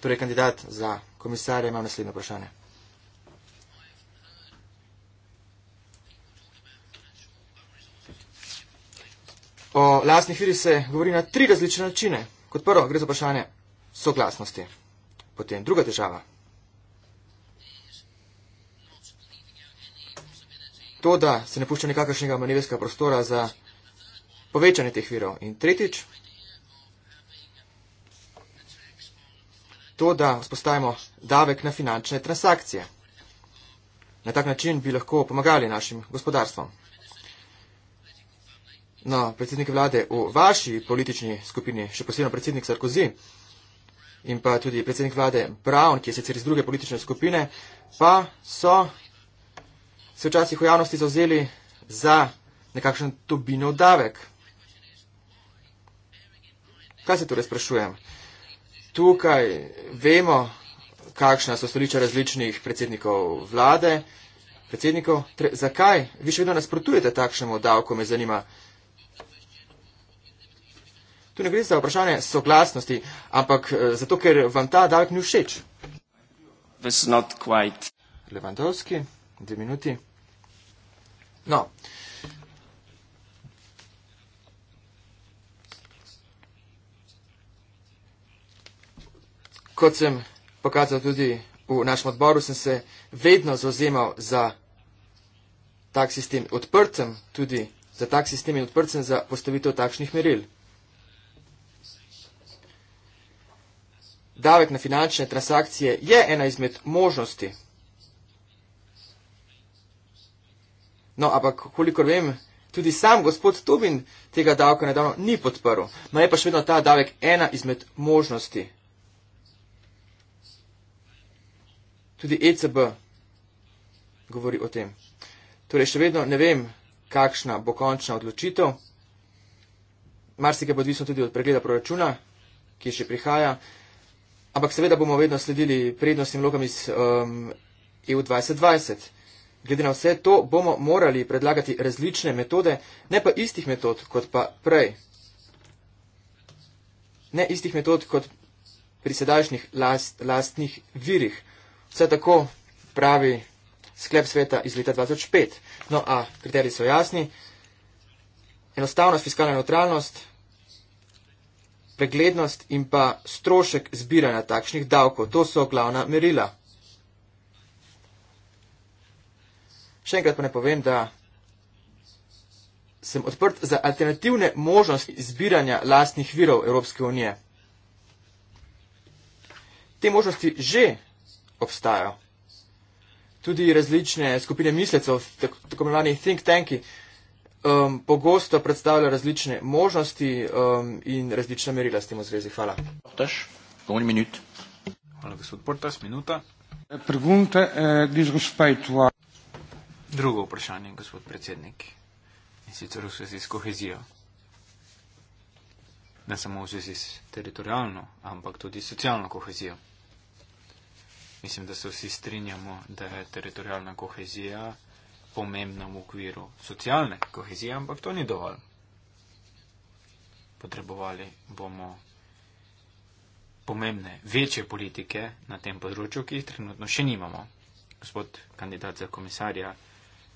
Torej, kandidat za komisarja ima naslednje vprašanje. O lastnih virih se govori na tri različne načine. Kot prvo, gre za vprašanje soglasnosti. Potem druga težava, to, da se ne pušča nikakršnega manevrskega prostora za povečanje teh virov. In tretjič, to, da spostavimo davek na finančne transakcije. Na tak način bi lahko pomagali našim gospodarstvom. No, predsednik vlade v vaši politični skupini, še posebej predsednik Sarkozy in pa tudi predsednik vlade Brown, ki je sicer iz druge politične skupine, pa so se včasih v javnosti zauzeli za nekakšen tobinov davek. Kaj se torej sprašujem? Tukaj vemo, kakšna so stoliča različnih predsednikov vlade, predsednikov, tre, zakaj vi še vedno nasprotujete takšnemu davku, me zanima. Tu ne gre za vprašanje soglasnosti, ampak eh, zato, ker vam ta davek ni všeč. Levandovski, dve minuti. No. Kot sem pokazal tudi v našem odboru, sem se vedno zauzemal za tak sistem. Odprt sem tudi za tak sistem in odprt sem za postavitev takšnih meril. Davek na finančne transakcije je ena izmed možnosti No, ampak kolikor vem, tudi sam gospod Tubin tega davka nedavno ni podprl. Ma no, je pa še vedno ta davek ena izmed možnosti. Tudi ECB govori o tem. Torej, še vedno ne vem, kakšna bo končna odločitev. Marsikaj bo odvisno tudi od pregleda proračuna, ki še prihaja. Ampak seveda bomo vedno sledili prednostnim logam iz um, EU 2020. Glede na vse to bomo morali predlagati različne metode, ne pa istih metod kot pa prej. Ne istih metod kot pri sedajšnjih last, lastnih virih. Vse tako pravi sklep sveta iz leta 2005. No, a kriteriji so jasni. Enostavnost, fiskalna neutralnost, preglednost in pa strošek zbiranja takšnih davkov. To so glavna merila. Še enkrat pa ne povem, da sem odprt za alternativne možnosti izbiranja lastnih virov Evropske unije. Te možnosti že obstajajo. Tudi različne skupine mislecev, tako imenovani think tanki, um, pogosto predstavljajo različne možnosti um, in različna merila s tem v zvezi. Hvala. Portaš, Hvala, gospod Portaš, minuta. Pregunte, eh, drugo vprašanje, gospod predsednik, in sicer v zvezi s kohezijo. Ne samo v zvezi s teritorijalno, ampak tudi s socialno kohezijo. Mislim, da se vsi strinjamo, da je teritorijalna kohezija pomembna v okviru socialne kohezije, ampak to ni dovolj. Potrebovali bomo pomembne, večje politike na tem področju, ki jih trenutno še nimamo. Gospod kandidat za komisarja,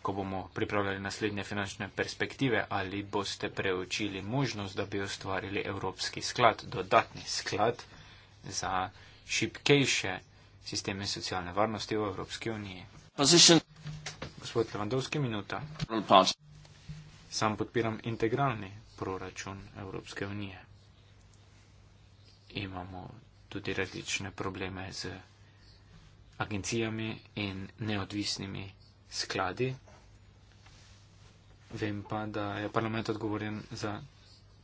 ko bomo pripravljali naslednje finančne perspektive, ali boste preučili možnost, da bi ustvarili Evropski sklad, dodatni sklad za šipkejše sisteme socialne varnosti v Evropski uniji. Position. Gospod Levandovski, minuta. Sam podpiram integralni proračun Evropske unije. Imamo tudi različne probleme z agencijami in neodvisnimi skladi, vem pa, da je parlament odgovoren za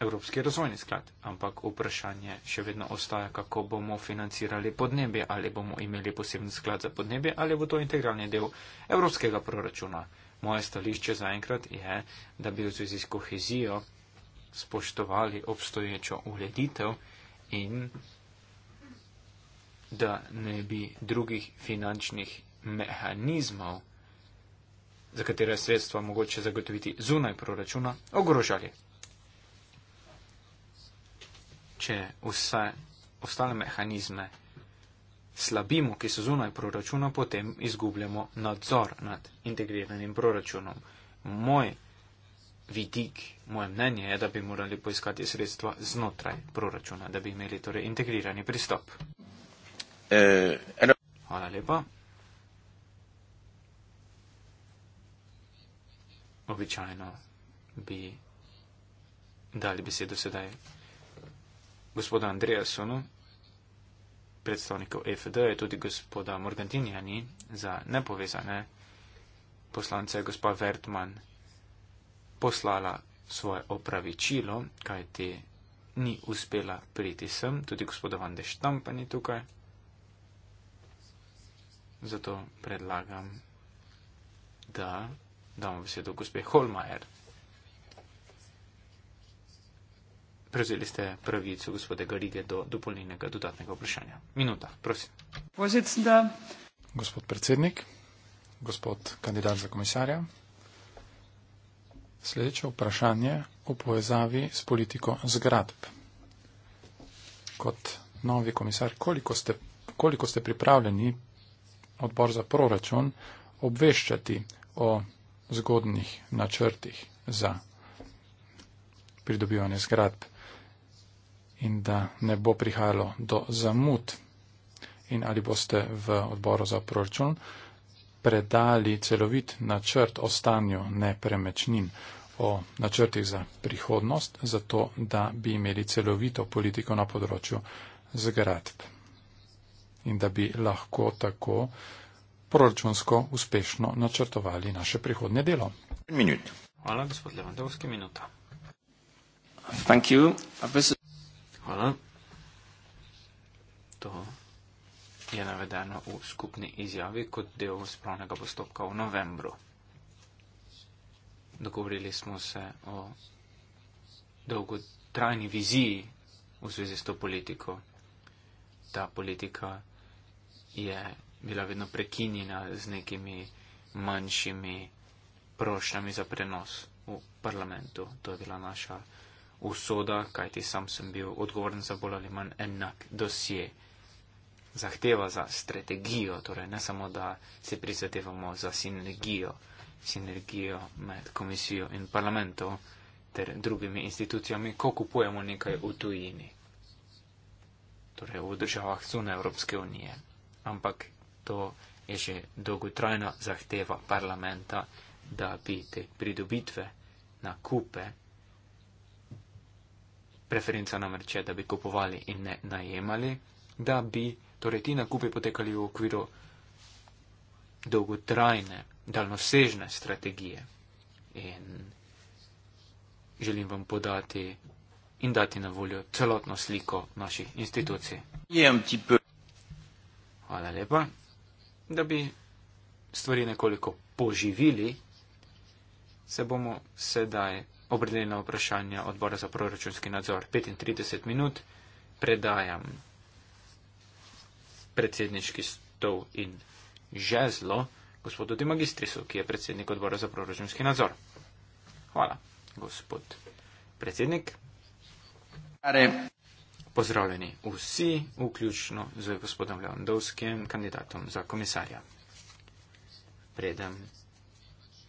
Evropski razvojni sklad, ampak vprašanje še vedno ostaja, kako bomo financirali podnebje, ali bomo imeli poseben sklad za podnebje, ali bo to integralni del evropskega proračuna. Moje stališče zaenkrat je, da bi v zvezi s kohezijo spoštovali obstoječo ureditev in da ne bi drugih finančnih mehanizmov za katere sredstva mogoče zagotoviti zunaj proračuna, ogrožali. Če vse ostale mehanizme slabimo, ki so zunaj proračuna, potem izgubljamo nadzor nad integriranim proračunom. Moj vidik, moje mnenje je, da bi morali poiskati sredstva znotraj proračuna, da bi imeli torej integrirani pristop. Eh, Hvala lepa. običajno bi dali besedo sedaj gospodu Andreasonu, predstavnikov EFD, je tudi gospoda Morgantinjani za nepovezane poslance, gospa Vertman poslala svoje opravičilo, kaj ti ni uspela priti sem, tudi gospoda Van de Štampa ni tukaj. Zato predlagam, da Damo besedo gospe Holmajer. Prevzeli ste pravico gospode Garige do dopolnjenega dodatnega vprašanja. Minuta, prosim. Pozicinda. Gospod predsednik, gospod kandidat za komisarja. Sledeče vprašanje v povezavi s politiko zgradb. Kot novi komisar, koliko ste, koliko ste pripravljeni odbor za proračun obveščati o zgodnih načrtih za pridobivanje zgradb in da ne bo prihajalo do zamud in ali boste v odboru za proračun predali celovit načrt o stanju nepremečnin, o načrtih za prihodnost, zato da bi imeli celovito politiko na področju zgradb in da bi lahko tako uh, proračunsko uspešno načrtovali naše prihodnje delo. Minut. Hvala, gospod Levandovski, minuta. Thank you. Hvala. To je navedeno v skupni izjavi kot del spravnega postopka v novembru. Dogovorili smo se o dolgotrajni viziji v zvezi s to politiko. Ta politika je bila vedno prekinjena z nekimi manjšimi prošnjami za prenos v parlamentu. To je bila naša usoda, kajti sam sem bil odgovoren za bolj ali manj enak dosje. Zahteva za strategijo, torej ne samo, da se prizadevamo za sinergijo, sinergijo med komisijo in parlamentom ter drugimi institucijami, ko kupujemo nekaj v tujini, torej v državah zunaj Evropske unije, ampak to je že dolgotrajna zahteva parlamenta, da bi te pridobitve na kupe, preferenca namreč je, da bi kupovali in ne najemali, da bi torej ti nakupi potekali v okviru dolgotrajne, daljnosežne strategije. In želim vam podati in dati na voljo celotno sliko naših institucij. Hvala lepa da bi stvari nekoliko poživili, se bomo sedaj obrnili na vprašanja odbora za proračunski nadzor. 35 minut predajam predsedniški stol in žezlo gospodu Dimagistrisu, ki je predsednik odbora za proračunski nadzor. Hvala, gospod predsednik. Are. Pozdravljeni vsi, vključno z gospodom Levandovskim, kandidatom za komisarja. Predem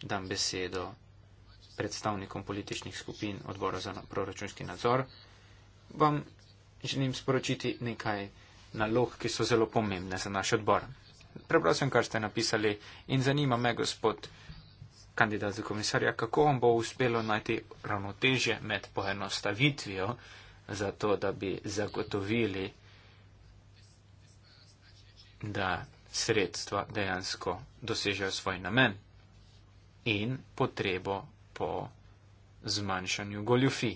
dam besedo predstavnikom političnih skupin odbora za proračunski nadzor. Vam želim sporočiti nekaj nalog, ki so zelo pomembne za naš odbor. Prebral sem, kar ste napisali in zanima me, gospod kandidat za komisarja, kako vam bo uspelo najti ravnotežje med poenostavitvijo za to, da bi zagotovili, da sredstva dejansko dosežejo svoj namen in potrebo po zmanjšanju goljufi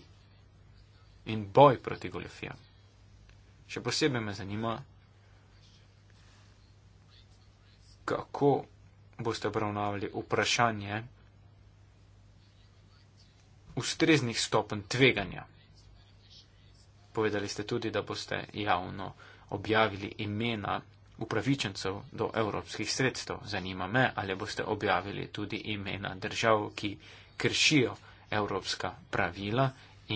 in boj proti goljufijam. Še posebej me zanima, kako boste obravnavali vprašanje ustreznih stopenj tveganja. Povedali ste tudi, da boste javno objavili imena upravičencev do evropskih sredstev. Zanima me, ali boste objavili tudi imena držav, ki kršijo evropska pravila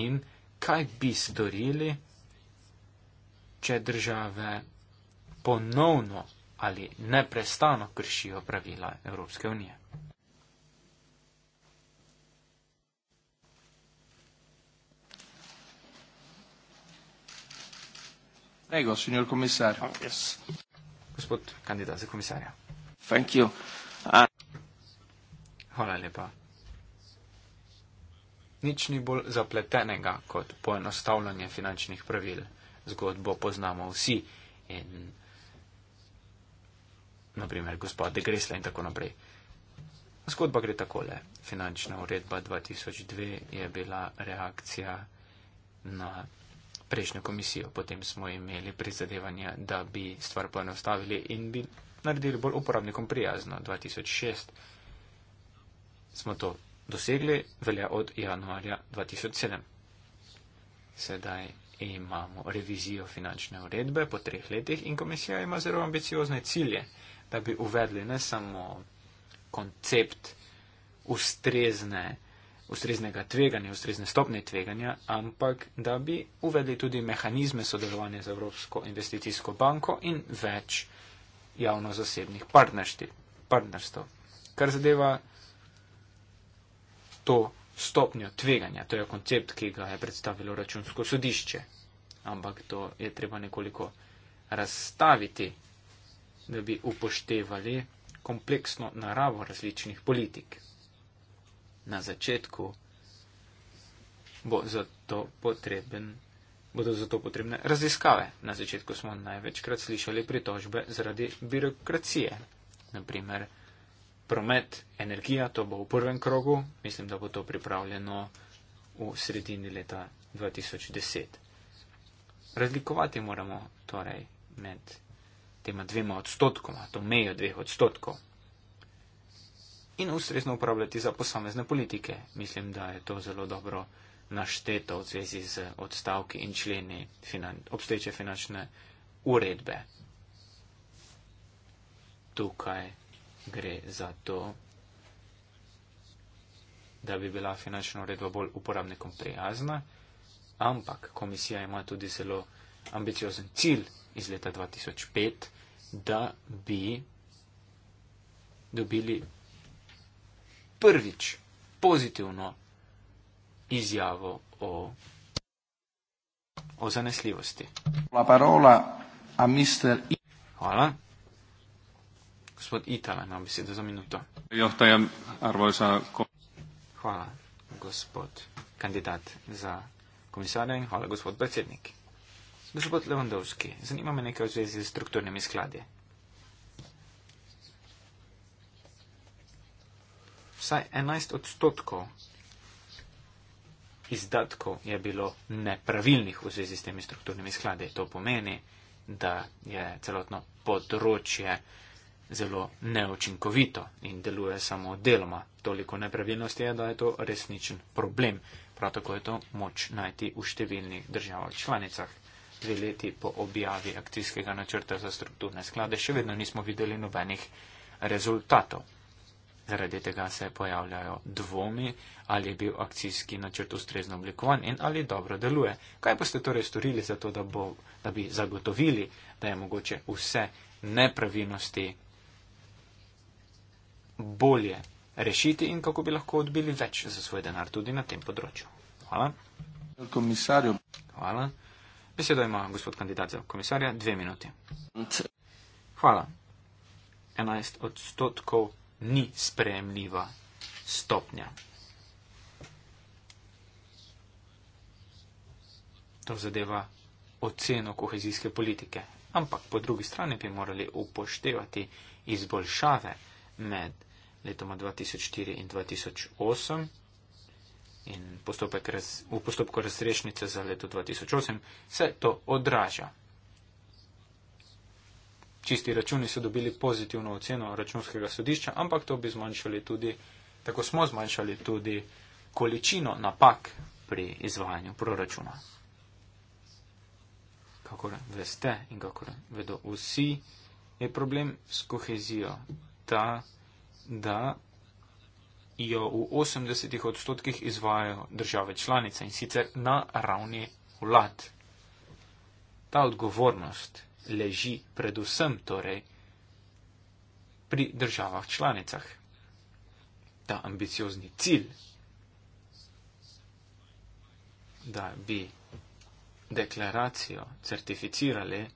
in kaj bi storili, če države ponovno ali neprestano kršijo pravila Evropske unije. Prego, signor commissario. Oh, yes. Gospod kandidat za komisarja. Thank you. Uh... Hvala lepa. Nič ni bolj zapletenega kot poenostavljanje finančnih pravil. Zgodbo poznamo vsi in naprimer gospod de Gresla in tako naprej. Zgodba gre takole. Finančna uredba 2002 je bila reakcija na prejšnjo komisijo. Potem smo imeli prizadevanje, da bi stvar poenostavili in bi naredili bolj uporabnikom prijazno. 2006 smo to dosegli, velja od januarja 2007. Sedaj imamo revizijo finančne uredbe po treh letih in komisija ima zelo ambiciozne cilje, da bi uvedli ne samo koncept ustrezne ustreznega tveganja, ustrezne stopne tveganja, ampak da bi uvedli tudi mehanizme sodelovanja z Evropsko investicijsko banko in več javno-zasebnih partnerstv. Kar zadeva to stopnjo tveganja, to je koncept, ki ga je predstavilo računsko sodišče, ampak to je treba nekoliko razstaviti, da bi upoštevali kompleksno naravo različnih politik na začetku, bo zato potreben, bodo zato potrebne raziskave. Na začetku smo največkrat slišali pritožbe zaradi birokracije. Naprimer, promet, energija, to bo v prvem krogu, mislim, da bo to pripravljeno v sredini leta 2010. Razlikovati moramo torej med tema dvema odstotkoma, to mejo dveh odstotkov in ustrezno uporabljati za posamezne politike. Mislim, da je to zelo dobro našteto v zvezi z odstavki in členi finan obstoječe finančne uredbe. Tukaj gre za to, da bi bila finančna uredba bolj uporabnikom prijazna, ampak komisija ima tudi zelo ambiciozen cilj iz leta 2005, da bi dobili prvič pozitivno izjavo o, o zanesljivosti. Hvala. Gospod Itala ima besedo za minuto. Hvala, gospod kandidat za komisarja in hvala, gospod predsednik. Gospod Levandovski, zanima me nekaj v zvezi z strukturnimi skladi. vsaj 11 odstotkov izdatkov je bilo nepravilnih v zvezi s temi strukturnimi skladi. To pomeni, da je celotno področje zelo neočinkovito in deluje samo deloma. Toliko nepravilnosti je, da je to resničen problem. Prav tako je to moč najti v številnih državah članicah. Dve leti po objavi akcijskega načrta za strukturne sklade še vedno nismo videli nobenih rezultatov. Zaradi tega se pojavljajo dvomi, ali je bil akcijski načrt ustrezno oblikovan in ali dobro deluje. Kaj boste torej storili za to, da, bo, da bi zagotovili, da je mogoče vse nepravilnosti bolje rešiti in kako bi lahko odbili več za svoj denar tudi na tem področju? Hvala. Komisarju. Hvala. Besedo ima gospod kandidat za komisarja. Dve minuti. Hvala. 11 odstotkov ni sprejemljiva stopnja. To zadeva oceno kohezijske politike. Ampak po drugi strani bi morali upoštevati izboljšave med letoma 2004 in 2008. In v postopku razrešnice za leto 2008 se to odraža čisti računi so dobili pozitivno oceno računskega sodišča, ampak to bi zmanjšali tudi, tako smo zmanjšali tudi količino napak pri izvajanju proračuna. Kakor veste in kakor vedo vsi, je problem s kohezijo ta, da jo v 80 odstotkih izvajajo države članice in sicer na ravni vlad. Ta odgovornost leži predvsem torej pri državah članicah. Ta ambiciozni cilj, da bi deklaracijo certificirali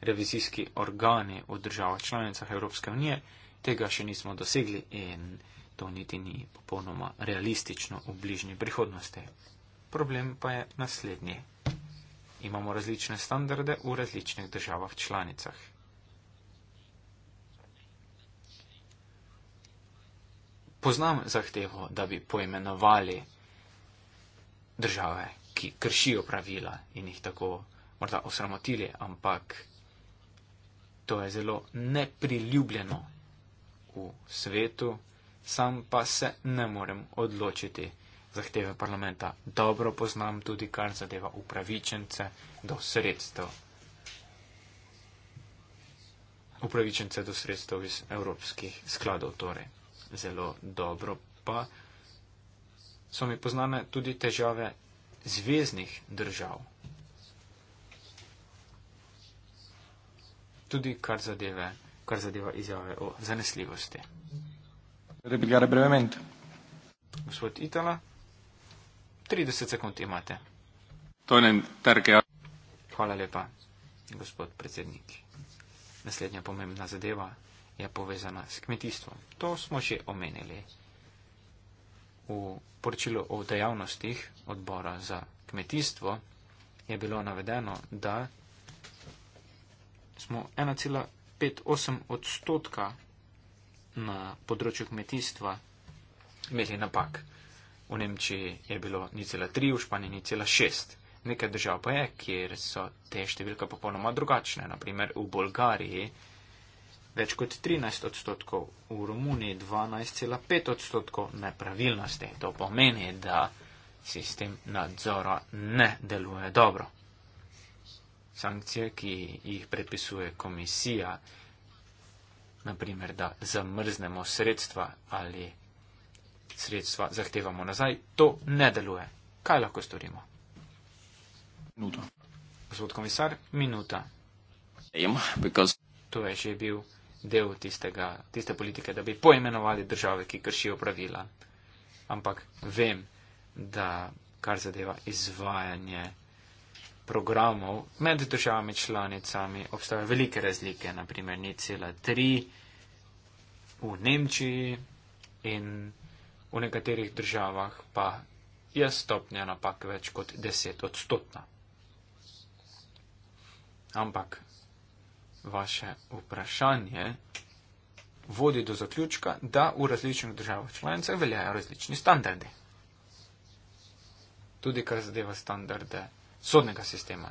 revizijski organi v državah članicah Evropske unije, tega še nismo dosegli in to niti ni popolnoma realistično v bližnji prihodnosti. Problem pa je naslednji imamo različne standarde v različnih državah članicah. Poznam zahtevo, da bi poimenovali države, ki kršijo pravila in jih tako morda osramotili, ampak to je zelo nepriljubljeno v svetu, sam pa se ne morem odločiti zahteve parlamenta. Dobro poznam tudi, kar zadeva upravičence do sredstev. Upravičence do sredstev iz evropskih skladov torej. Zelo dobro pa so mi poznane tudi težave zvezdnih držav. Tudi kar, zadeve, kar zadeva izjave o zanesljivosti. Gospod Itala. 30 sekund imate. To je en trg, ja. Hvala lepa, gospod predsednik. Naslednja pomembna zadeva je povezana s kmetijstvom. To smo že omenili v poročilu o dejavnostih odbora za kmetijstvo je bilo navedeno, da smo 1,58 odstotka na področju kmetijstva imeli napak v Nemčiji je bilo ni cela tri, v Španiji ni cela šest. Nekaj držav pa je, kjer so te številke popolnoma drugačne. Naprimer v Bolgariji več kot 13 odstotkov, v Romuniji 12,5 odstotkov nepravilnosti. To pomeni, da sistem nadzora ne deluje dobro. Sankcije, ki jih predpisuje komisija, naprimer, da zamrznemo sredstva ali sredstva zahtevamo nazaj, to ne deluje. Kaj lahko storimo? Minuta. Gospod komisar, minuta. Same, because... To je že bil del tistega, tiste politike, da bi poimenovali države, ki kršijo pravila. Ampak vem, da kar zadeva izvajanje programov med državami članicami, obstajajo velike razlike, naprimer ni cela tri v Nemčiji in v nekaterih državah pa je stopnja napak več kot deset odstotna. Ampak vaše vprašanje vodi do zaključka, da v različnih državah članicah veljajo različni standardi. Tudi kar zadeva standarde sodnega sistema.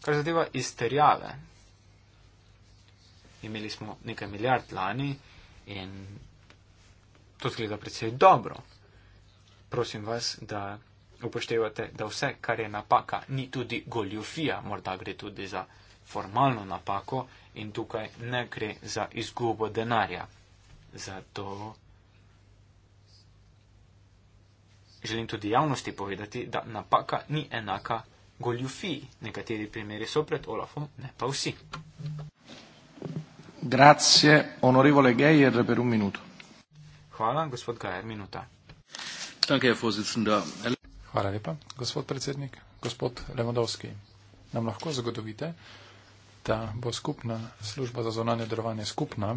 Kar zadeva izterjave, imeli smo nekaj milijard lani in to zgleda predvsej dobro. Prosim vas, da upoštevate, da vse, kar je napaka, ni tudi goljofija, morda gre tudi za formalno napako in tukaj ne gre za izgubo denarja. Zato želim tudi javnosti povedati, da napaka ni enaka goljufiji. Nekateri primeri so pred Olafom, ne pa vsi. Thank you. Grazie. Onorevole Geyer, per un minuto. Hvala, gospod Geyer, minuta. Hvala lepa, gospod predsednik. Gospod Levandovski, nam lahko zagotovite, da bo skupna služba za zonanje delovanje skupna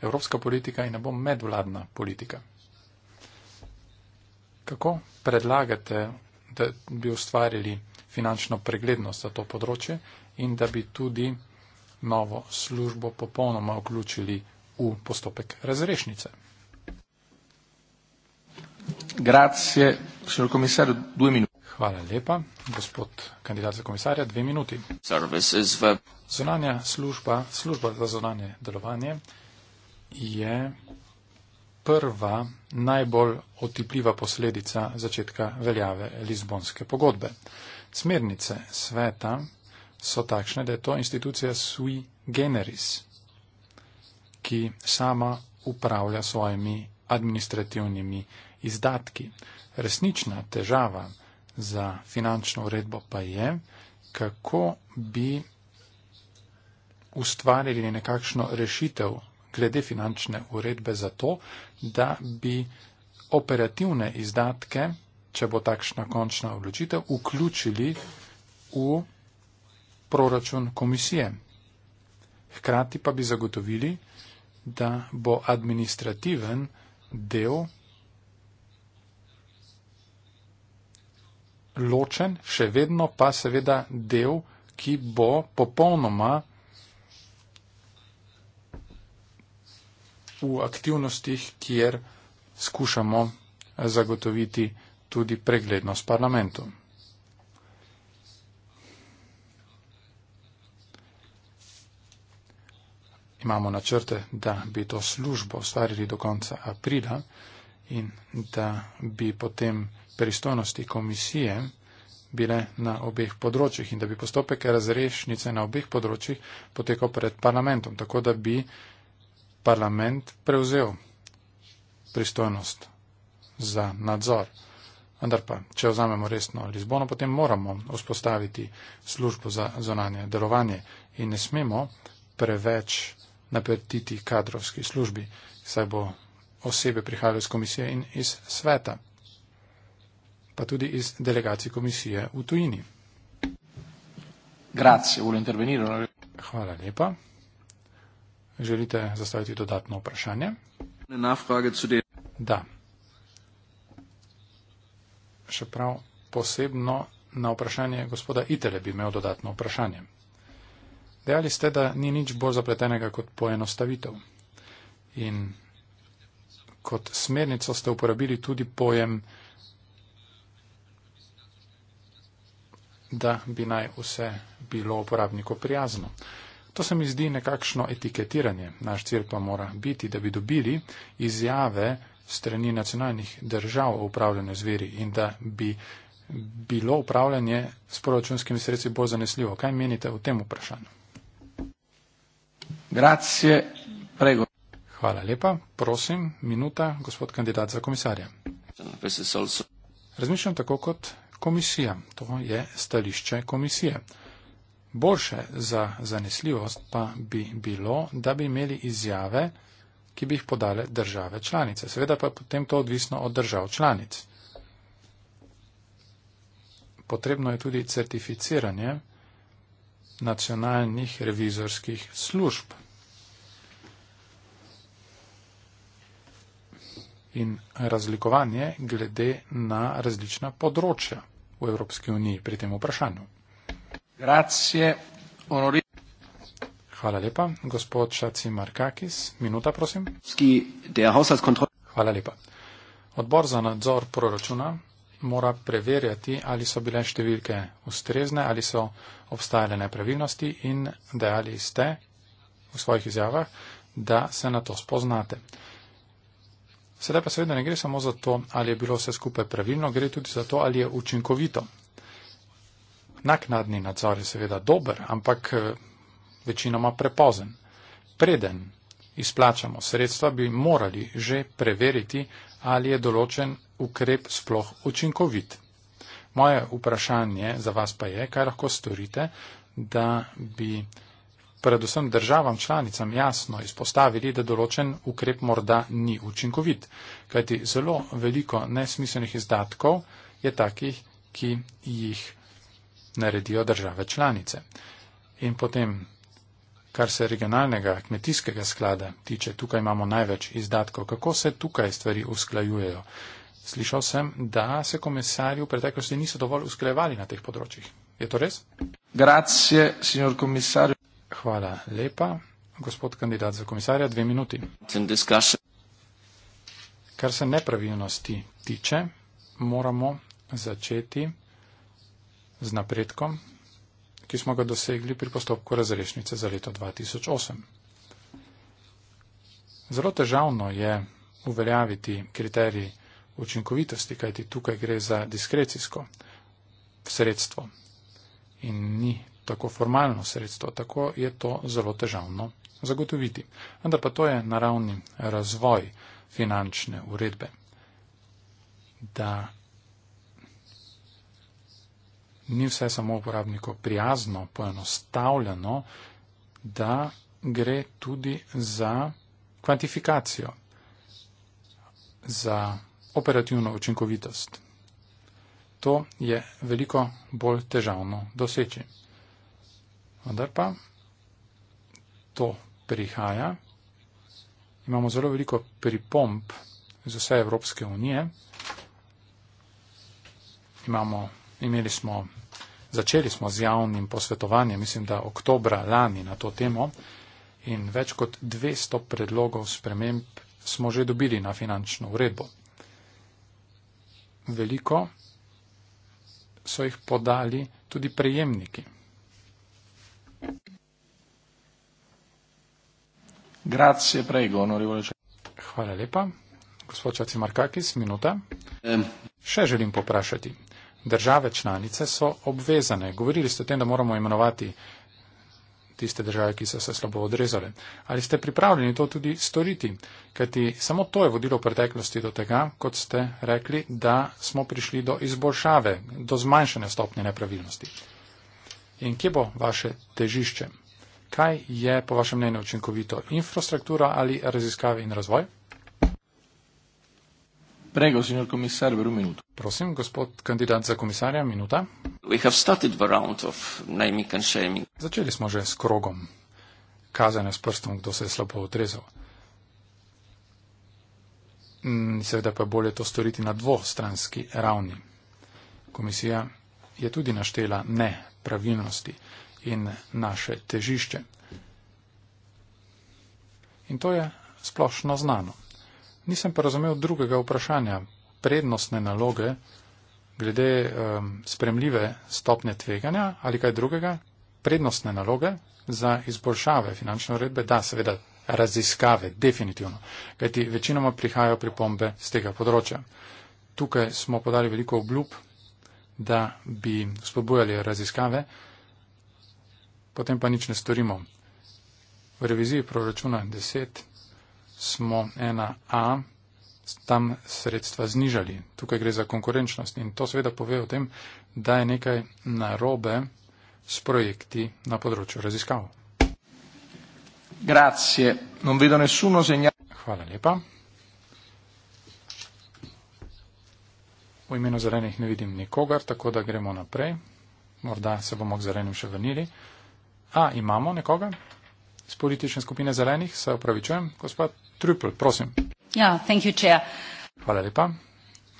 evropska politika in ne bo medvladna politika? Kako predlagate, da bi ustvarili finančno preglednost za to področje in da bi tudi novo službo popolnoma vključili v postopek razrešnice. Grazie, signor commissario, due minuti. Hvala lepa, gospod kandidat za komisarja, dve minuti. V... Zunanja služba, služba za zunanje delovanje je prva najbolj otipljiva posledica začetka veljave Lizbonske pogodbe. Smernice sveta so takšne, da je to institucija sui generis, ki sama upravlja svojimi administrativnimi izdatki. Resnična težava za finančno uredbo pa je, kako bi ustvarili nekakšno rešitev glede finančne uredbe za to, da bi operativne izdatke, če bo takšna končna odločitev, vključili v proračun komisije. Hkrati pa bi zagotovili, da bo administrativen del ločen, še vedno pa seveda del, ki bo popolnoma v aktivnostih, kjer skušamo zagotoviti tudi preglednost parlamentu. imamo načrte, da bi to službo ustvarili do konca aprila in da bi potem pristojnosti komisije bile na obeh področjih in da bi postopek razrešnice na obeh področjih potekal pred parlamentom, tako da bi parlament prevzel pristojnost za nadzor. Vendar pa, če vzamemo resno Lizbono, potem moramo vzpostaviti službo za zonanje delovanje in ne smemo preveč napetiti kadrovski službi, saj bo osebe prihajalo iz komisije in iz sveta, pa tudi iz delegacij komisije v tujini. Grazie, Hvala lepa. Želite zastaviti dodatno vprašanje? Da. Še prav posebno na vprašanje gospoda Itele bi imel dodatno vprašanje. Dejali ste, da ni nič bolj zapletenega kot poenostavitev. In kot smernico ste uporabili tudi pojem, da bi naj vse bilo uporabniku prijazno. To se mi zdi nekakšno etiketiranje. Naš cilj pa mora biti, da bi dobili izjave strani nacionalnih držav o upravljanju zveri in da bi bilo upravljanje s proračunskimi sredstvi bolj zanesljivo. Kaj menite o tem vprašanju? Hvala lepa. Prosim, minuta, gospod kandidat za komisarja. Razmišljam tako kot komisija. To je stališče komisije. Boljše za zanesljivost pa bi bilo, da bi imeli izjave, ki bi jih podale države članice. Seveda pa je potem to odvisno od držav članic. Potrebno je tudi certificiranje nacionalnih revizorskih služb. In razlikovanje glede na različna področja v Evropski uniji pri tem vprašanju. Grazie, Hvala lepa, gospod Šaci Markakis. Minuta, prosim. Hvala lepa. Odbor za nadzor proračuna mora preverjati, ali so bile številke ustrezne, ali so obstajale nepravilnosti in dejali ste v svojih izjavah, da se na to spoznate. Sedaj pa seveda ne gre samo za to, ali je bilo vse skupaj pravilno, gre tudi za to, ali je učinkovito. Naknadni nadzor je seveda dober, ampak eh, večinoma prepozen. Preden izplačamo sredstva, bi morali že preveriti, ali je določen ukrep sploh učinkovit. Moje vprašanje za vas pa je, kaj lahko storite, da bi predvsem državam članicam jasno izpostavili, da določen ukrep morda ni učinkovit, kajti zelo veliko nesmiselnih izdatkov je takih, ki jih naredijo države članice. In potem, kar se regionalnega kmetijskega sklada tiče, tukaj imamo največ izdatkov, kako se tukaj stvari usklajujejo. Slišal sem, da se komisarji v preteklosti niso dovolj usklejevali na teh področjih. Je to res? Grazie, signor komisar. Hvala lepa, gospod kandidat za komisarja. Dve minuti. Kar se nepravilnosti tiče, moramo začeti z napredkom, ki smo ga dosegli pri postopku razrešnice za leto 2008. Zelo težavno je uveljaviti kriterije učinkovitosti, kajti tukaj gre za diskrecijsko sredstvo in ni tako formalno sredstvo, tako je to zelo težavno zagotoviti. Vendar pa to je naravni razvoj finančne uredbe, da ni vse samo uporabniko prijazno, poenostavljeno, da gre tudi za kvantifikacijo, za operativno učinkovitost. To je veliko bolj težavno doseči. Vendar pa to prihaja. Imamo zelo veliko pripomp z vse Evropske unije. Imamo, imeli smo, začeli smo z javnim posvetovanjem, mislim, da oktobra lani na to temo in več kot 200 predlogov sprememb smo že dobili na finančno uredbo veliko so jih podali tudi prejemniki. Grazie, prego, Hvala lepa. Gospod Čacimarkakis, minuta. Um. Še želim poprašati. Države članice so obvezane. Govorili ste o tem, da moramo imenovati tiste države, ki so se slabo odrezale. Ali ste pripravljeni to tudi storiti? Kajti samo to je vodilo v preteklosti do tega, kot ste rekli, da smo prišli do izboljšave, do zmanjšanja stopnje nepravilnosti. In kje bo vaše težišče? Kaj je po vašem mnenju učinkovito? Infrastruktura ali raziskave in razvoj? Prego, signor commissario, per un minuto. Prosim, gospod kandidat za komisarja, minuta. We have started the round of naming and shaming. Začeli smo že s krogom. Kazanje s prstom, kdo se je slabo odrezal. Mm, seveda pa je bolje to storiti na dvostranski ravni. Komisija je tudi naštela ne pravilnosti in naše težišče. In to je splošno znano. Nisem pa razumel drugega vprašanja. Prednostne naloge glede um, spremljive stopne tveganja ali kaj drugega? Prednostne naloge za izboljšave finančne uredbe? Da, seveda, raziskave, definitivno. Kajti večinoma prihajajo pripombe z tega področja. Tukaj smo podali veliko obljub, da bi spodbujali raziskave, potem pa nič ne storimo. V reviziji proračuna 10 smo ena A, tam sredstva znižali. Tukaj gre za konkurenčnost in to seveda pove o tem, da je nekaj narobe s projekti na področju raziskav. Grazie. Non vedo nessuno segna... Hvala lepa. V imenu zelenih ne vidim nikogar, tako da gremo naprej. Morda se bomo k zelenim še vrnili. A, imamo nekoga? iz politične skupine zelenih, se opravičujem. Gospod Trupel, prosim. Ja, thank you, chair. Hvala lepa.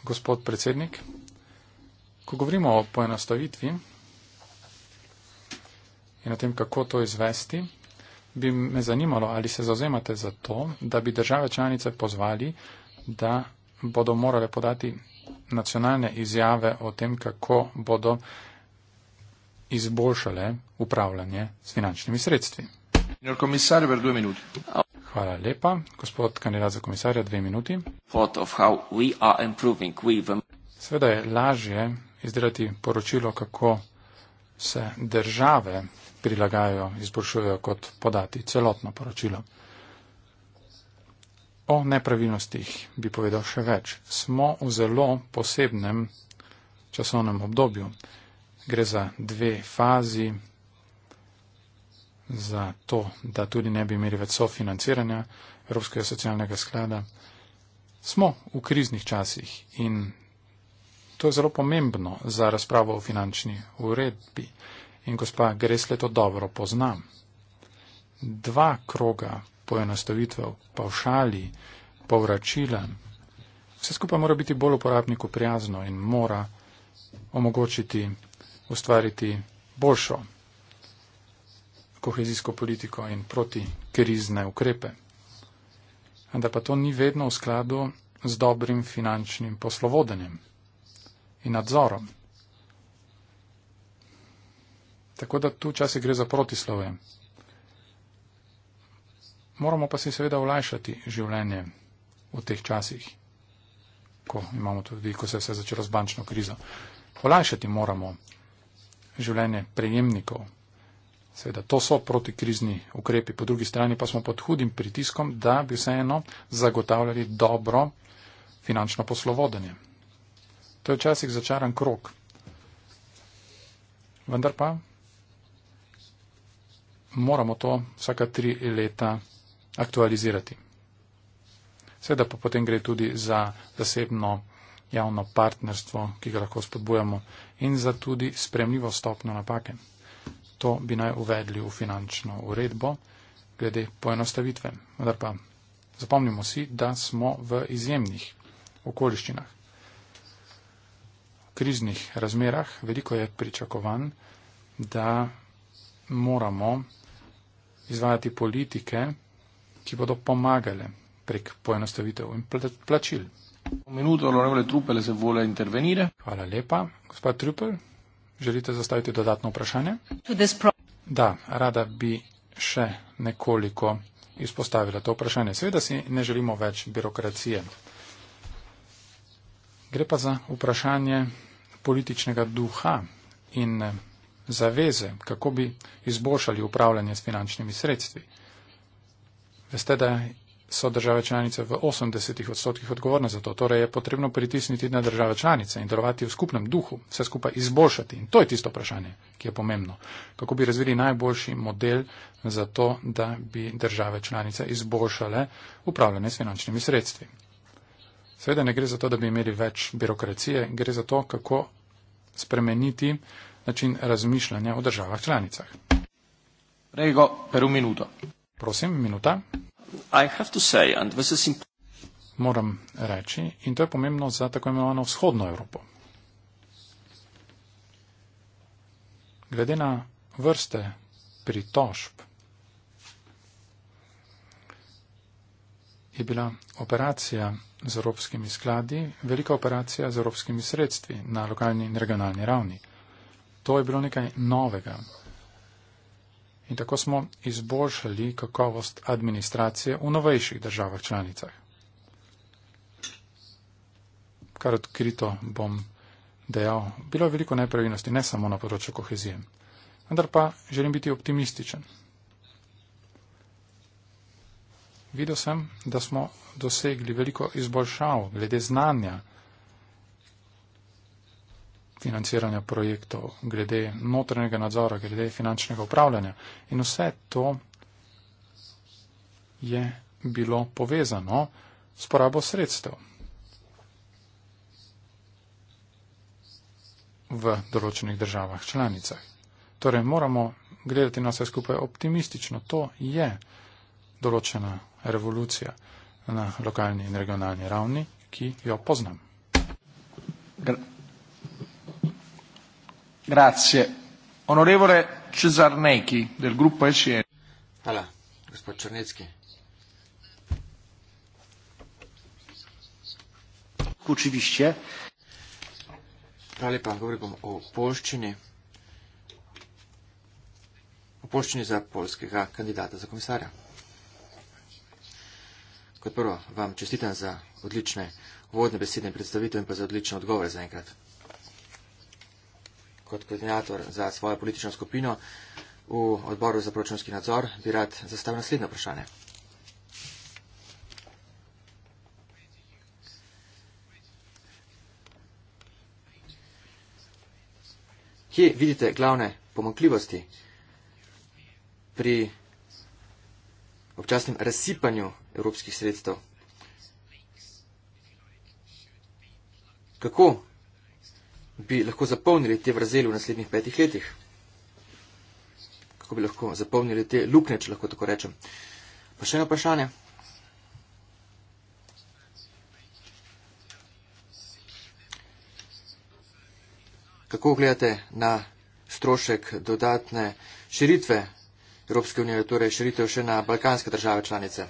Gospod predsednik, ko govorimo o poenostavitvi in o tem, kako to izvesti, bi me zanimalo, ali se zauzemate za to, da bi države članice pozvali, da bodo morale podati nacionalne izjave o tem, kako bodo izboljšale upravljanje s finančnimi sredstvi. Senior komisar, ver due minuti. Hvala lepa. Gospod kandidat za komisarja, dve minuti. Sveda je lažje izdelati poročilo, kako se države prilagajajo, izboljšujejo kot podati celotno poročilo. O nepravilnostih bi povedal še več. Smo v zelo posebnem časovnem obdobju. Gre za dve fazi za to, da tudi ne bi imeli več sofinanciranja Evropskega socialnega sklada. Smo v kriznih časih in to je zelo pomembno za razpravo o finančni uredbi. In gospa Gresle to dobro poznam. Dva kroga poenostavitev, pavšali, povračila, vse skupaj mora biti bolj uporabniku prijazno in mora omogočiti ustvariti boljšo kohezijsko politiko in proti krizne ukrepe. Ampak pa to ni vedno v skladu z dobrim finančnim poslovodenjem in nadzorom. Tako da tu časi gre za protislove. Moramo pa si seveda olajšati življenje v teh časih, ko imamo tudi, ko se je vse začelo z bančno krizo. Olajšati moramo življenje prejemnikov Seveda, to so protikrizni ukrepi, po drugi strani pa smo pod hudim pritiskom, da bi vseeno zagotavljali dobro finančno poslovodenje. To je včasih začaran krok. Vendar pa moramo to vsaka tri leta aktualizirati. Seveda pa potem gre tudi za zasebno javno partnerstvo, ki ga lahko spodbujamo in za tudi spremljivo stopno napake to bi naj uvedli v finančno uredbo glede poenostavitve. Vendar pa zapomnimo si, da smo v izjemnih okoliščinah, kriznih razmerah, veliko je pričakovan, da moramo izvajati politike, ki bodo pomagale prek poenostavitev in plačil. Minuto, Trupel, se vole Hvala lepa, gospod Trupel. Želite zastaviti dodatno vprašanje? Da, rada bi še nekoliko izpostavila to vprašanje. Seveda si ne želimo več birokracije. Gre pa za vprašanje političnega duha in zaveze, kako bi izboljšali upravljanje s finančnimi sredstvi. Veste, da so države članice v 80 odstotkih odgovorne za to. Torej je potrebno pritisniti na države članice in delovati v skupnem duhu, vse skupaj izboljšati. In to je tisto vprašanje, ki je pomembno. Kako bi razvili najboljši model za to, da bi države članice izboljšale upravljanje s finančnimi sredstvi. Seveda ne gre za to, da bi imeli več birokracije, gre za to, kako spremeniti način razmišljanja o državah članicah. Prego, per un minuto. Prosim, minuta. Moram reči, in to je pomembno za tako imenovano vzhodno Evropo. Glede na vrste pritožb je bila operacija z evropskimi skladi velika operacija z evropskimi sredstvi na lokalni in regionalni ravni. To je bilo nekaj novega, in tako smo izboljšali kakovost administracije v novejših državah članicah. Kar odkrito bom dejal, bilo je veliko nepravilnosti, ne samo na področju kohezije. Vendar pa želim biti optimističen. Videl sem, da smo dosegli veliko izboljšav glede znanja, financiranja projektov, glede notranjega nadzora, glede finančnega upravljanja. In vse to je bilo povezano s porabo sredstev v določenih državah članicah. Torej moramo gledati na vse skupaj optimistično. To je določena revolucija na lokalni in regionalni ravni, ki jo poznam. Gra. Grazie. Onorevole Cesarnecki del gruppo ECR. Hola, gospod Črnecki. Kučivišče. Hvala lepa, govorim o polščini. O polščini za polskega kandidata za komisarja. Kot prvo, vam čestitam za odlične vodne besedne predstavitve in pa za odlične odgovore za enkrat kot koordinator za svojo politično skupino v odboru za proračunski nadzor, bi rad zastavil naslednje vprašanje. Kje vidite glavne pomankljivosti pri občasnem razsipanju evropskih sredstev? Kako bi lahko zapolnili te vrzeli v naslednjih petih letih? Kako bi lahko zapolnili te luknje, če lahko tako rečem? Pa še eno vprašanje. Kako gledate na strošek dodatne širitve Evropske unije, torej širitev še na balkanske države članice?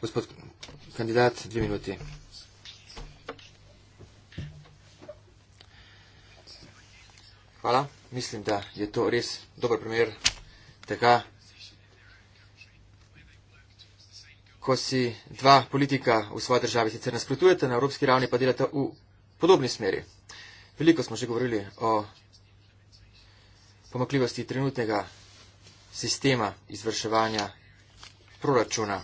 Gospod kandidat, dve minuti. Hvala. Mislim, da je to res dober primer tega, ko si dva politika v svoji državi sicer nasprotujete, na evropski ravni pa delate v podobni smeri. Veliko smo že govorili o pomakljivosti trenutnega sistema izvrševanja proračuna.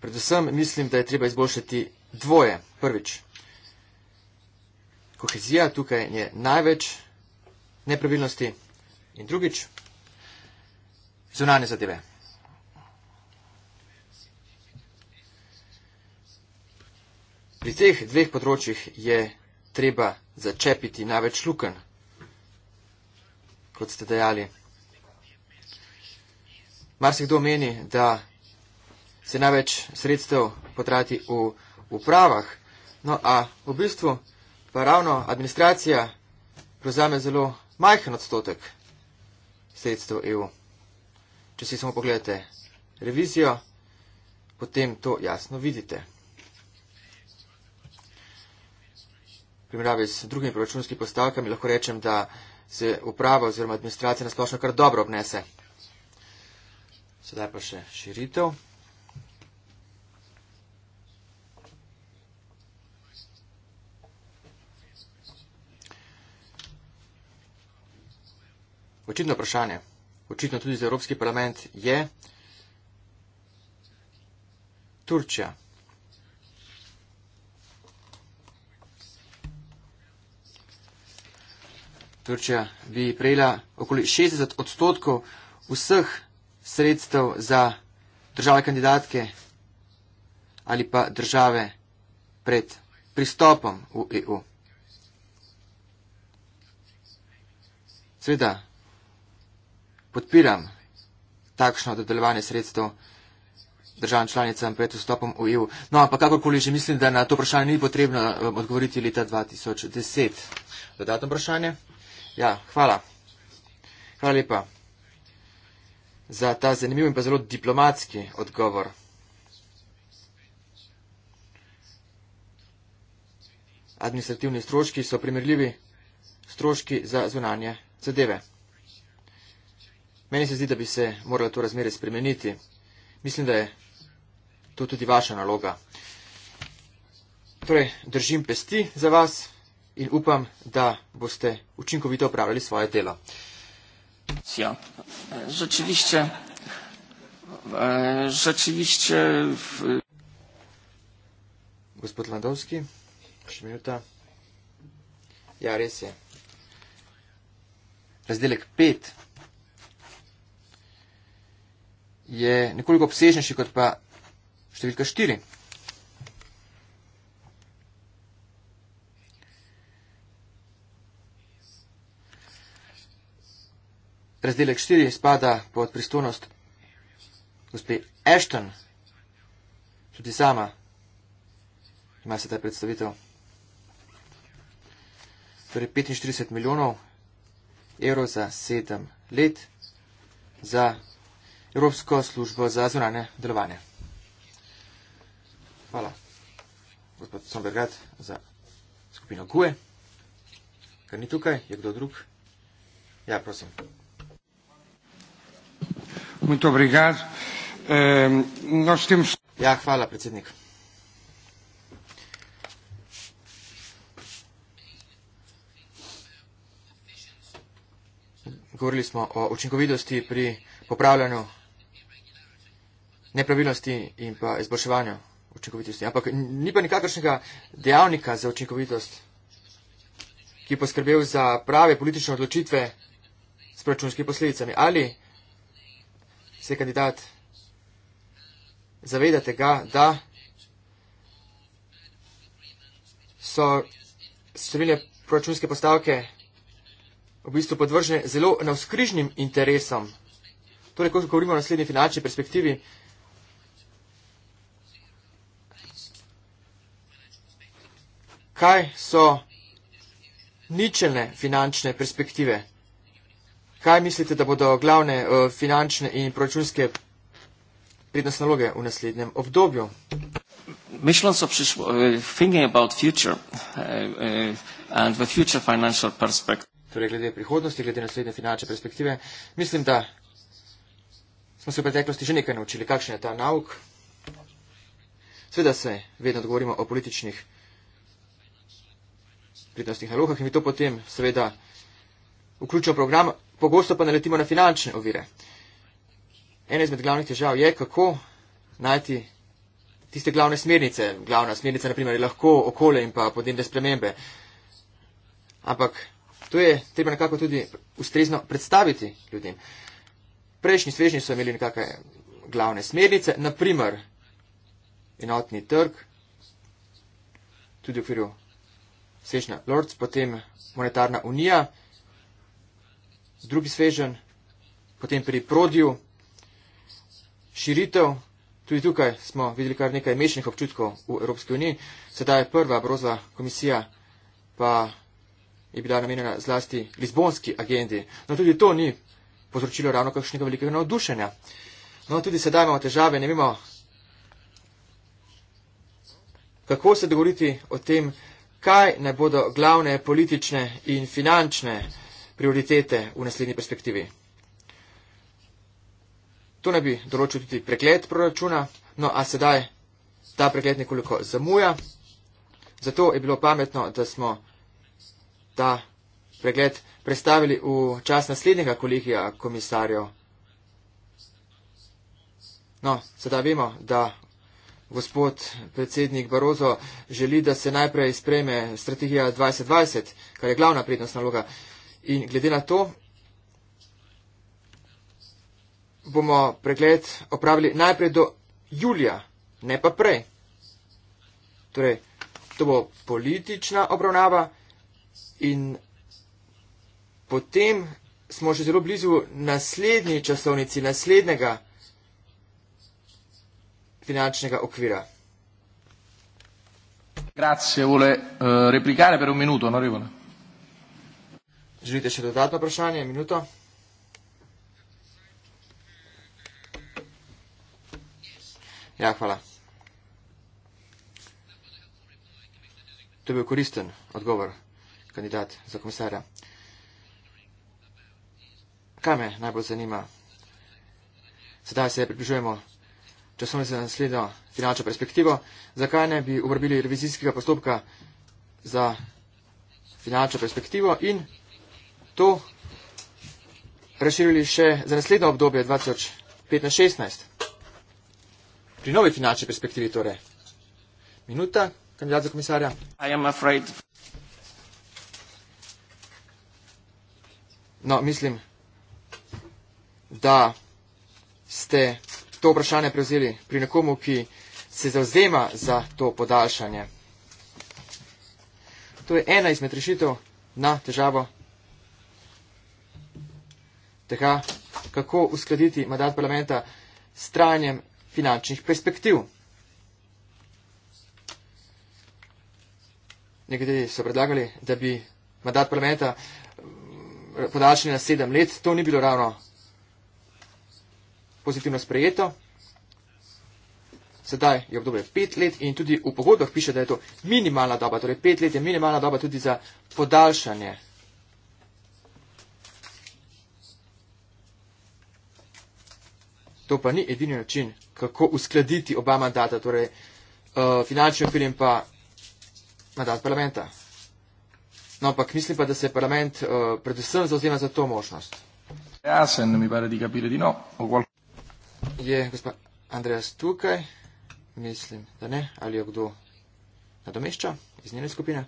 Predvsem mislim, da je treba izboljšati dvoje. Prvič, kohezija, tukaj je največ nepravilnosti in drugič, zunanje zadeve. Pri teh dveh področjih je treba začepiti največ luken, kot ste dejali. Mar se kdo meni, da se največ sredstev potrati v upravah, no a v bistvu pa ravno administracija prevzame zelo majhen odstotek sredstev EU. Če si samo pogledate revizijo, potem to jasno vidite. V primerjavi s drugimi proračunskimi postavkami lahko rečem, da se uprava oziroma administracija nasplošno kar dobro obnese. Sedaj pa še širitev. Očitno vprašanje, očitno tudi za Evropski parlament, je Turčja. Turčja bi prejela okoli 60 odstotkov vseh sredstev za države kandidatke ali pa države pred pristopom v EU. Sveda, podpiram takšno dodeljevanje sredstev državam članicam pred vstopom v EU. No, ampak kakorkoli že mislim, da na to vprašanje ni potrebno eh, odgovoriti leta 2010. Dodatno vprašanje? Ja, hvala. Hvala lepa za ta zanimiv in pa zelo diplomatski odgovor. Administrativni stroški so primerljivi stroški za zunanje zadeve. Meni se zdi, da bi se moralo to razmere spremeniti. Mislim, da je to tudi vaša naloga. Torej, držim pesti za vas in upam, da boste učinkovito upravljali svoje delo. Ja, rzeczywiście, e, rzeczywiście w... Gospod Landowski, še minuta. Ja, res je. Razdelek 5 je nekoliko obsežnejši kot pa številka 4. Razdelek 4 spada pod pristojnost gospe Ashton, tudi sama ima se ta predstavitev. Torej 45 milijonov evrov za 7 let za Evropsko službo za zvonane delovanje. Hvala, gospod Sombergat, za skupino KUE. Ker ni tukaj, je kdo drug? Ja, prosim. Muito obrigado. Eh, nós temos... Ja, hvala, predsednik. Govorili smo o učinkovitosti pri popravljanju nepravilnosti in pa izboljševanja učinkovitosti. Ampak ni pa nikakršnega dejavnika za učinkovitost, ki poskrbel za prave politične odločitve s proračunskimi posledicami. Ali se kandidat zaveda tega, da so številne proračunske postavke v bistvu podvržene zelo navskrižnim interesom. Torej, ko govorimo o naslednji finančni perspektivi, kaj so ničelne finančne perspektive? Kaj mislite, da bodo glavne eh, finančne in proračunske prednostne naloge v naslednjem obdobju? Mišljenje eh, eh, o torej, prihodnosti in o prihodnosti finančne glede naslednje finančne perspektive, mislim, da smo se v preteklosti že nekaj naučili, kakšen je ta nauk. Sveda se vedno govorimo o političnih spletnostnih nalogah in bi to potem seveda vključil v program, pogosto pa naletimo na finančne ovire. Ena izmed glavnih težav je, kako najti tiste glavne smernice. Glavna smernica naprimer je lahko okolje in pa podnebne spremembe. Ampak to je treba nekako tudi ustrezno predstaviti ljudem. Prejšnji svežnji so imeli nekakšne glavne smernice, naprimer enotni trg, tudi v okviru svežnja Lords, potem monetarna unija, drugi svežen, potem pri prodju, širitev, tudi tukaj smo videli kar nekaj mešnih občutkov v Evropski uniji, sedaj je prva brozva komisija pa je bila namenjena zlasti lizbonski agendi. No tudi to ni povzročilo ravno kakšnega velikega navdušenja. No tudi sedaj imamo težave, ne vemo, kako se dogovoriti o tem, zakaj ne bodo glavne politične in finančne prioritete v naslednji perspektivi. To ne bi določil tudi pregled proračuna, no a sedaj ta pregled nekoliko zamuja. Zato je bilo pametno, da smo ta pregled predstavili v čas naslednjega kolegija komisarjev. No, sedaj vemo, da gospod predsednik Barozo želi, da se najprej sprejme strategija 2020, kar je glavna prednost naloga. In glede na to bomo pregled opravili najprej do julija, ne pa prej. Torej, to bo politična obravnava in potem smo že zelo blizu naslednji časovnici, naslednjega finančnega okvira. Grazie, vole uh, replicare per un minuto, onorevole. Želite še dodatno vprašanje? Minuto. Ja, hvala. To je bil koristen odgovor, kandidat za komisarja. Kaj me najbolj zanima? Sedaj se približujemo časovni za naslednjo finančno perspektivo, zakaj ne bi uporabili revizijskega postopka za finančno perspektivo in to razširili še za naslednjo obdobje 2015-16. Pri novi finančni perspektivi torej. Minuta, kandidat za komisarja. No, mislim, da ste to vprašanje prevzeli pri nekomu, ki se zauzema za to podaljšanje. To je ena izmed rešitev na težavo tega, kako uskladiti mandat parlamenta s trajanjem finančnih perspektiv. Nekateri so predlagali, da bi mandat parlamenta podaljšali na sedem let. To ni bilo ravno pozitivno sprejeto. Sedaj je obdobje pet let in tudi v pogodbah piše, da je to minimalna doba, torej pet let je minimalna doba tudi za podaljšanje. To pa ni edini način, kako uskladiti oba mandata, torej uh, finančni okvir in pa mandat parlamenta. No, ampak mislim pa, da se parlament uh, predvsem zauzema za to možnost. Ja, sem mi pare di capire di no, o qualcosa. Je gospod Andreas tukaj? Mislim, da ne. Ali jo kdo nadomešča iz njene skupine?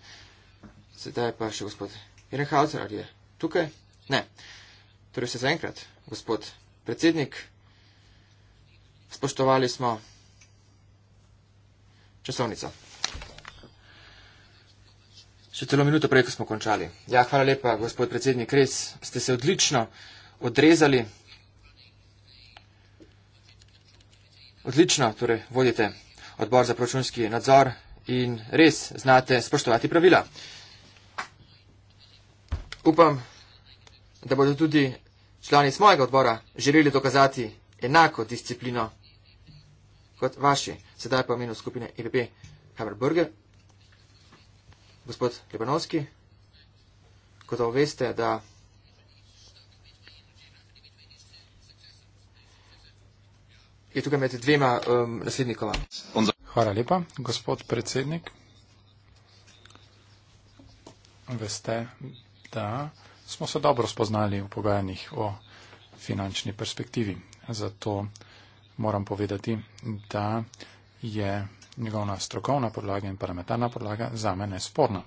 Sedaj pa še gospod Jerehauser, ali je tukaj? Ne. Torej se zaenkrat, gospod predsednik, spoštovali smo časovnico. Še celo minuto prej, ko smo končali. Ja, hvala lepa, gospod predsednik, res ste se odlično odrezali. Odlično, torej vodite odbor za proračunski nadzor in res znate spoštovati pravila. Upam, da bodo tudi člani iz mojega odbora želeli dokazati enako disciplino kot vaši. Sedaj pa v imenu skupine EPP Haverburger. Gospod Lebanovski, kot da veste, da je tukaj med dvema um, naslednikoma. Hvala lepa, gospod predsednik. Veste, da smo se dobro spoznali v pogajanjih o finančni perspektivi. Zato moram povedati, da je njegovna strokovna podlaga in parlamentarna podlaga za mene sporna.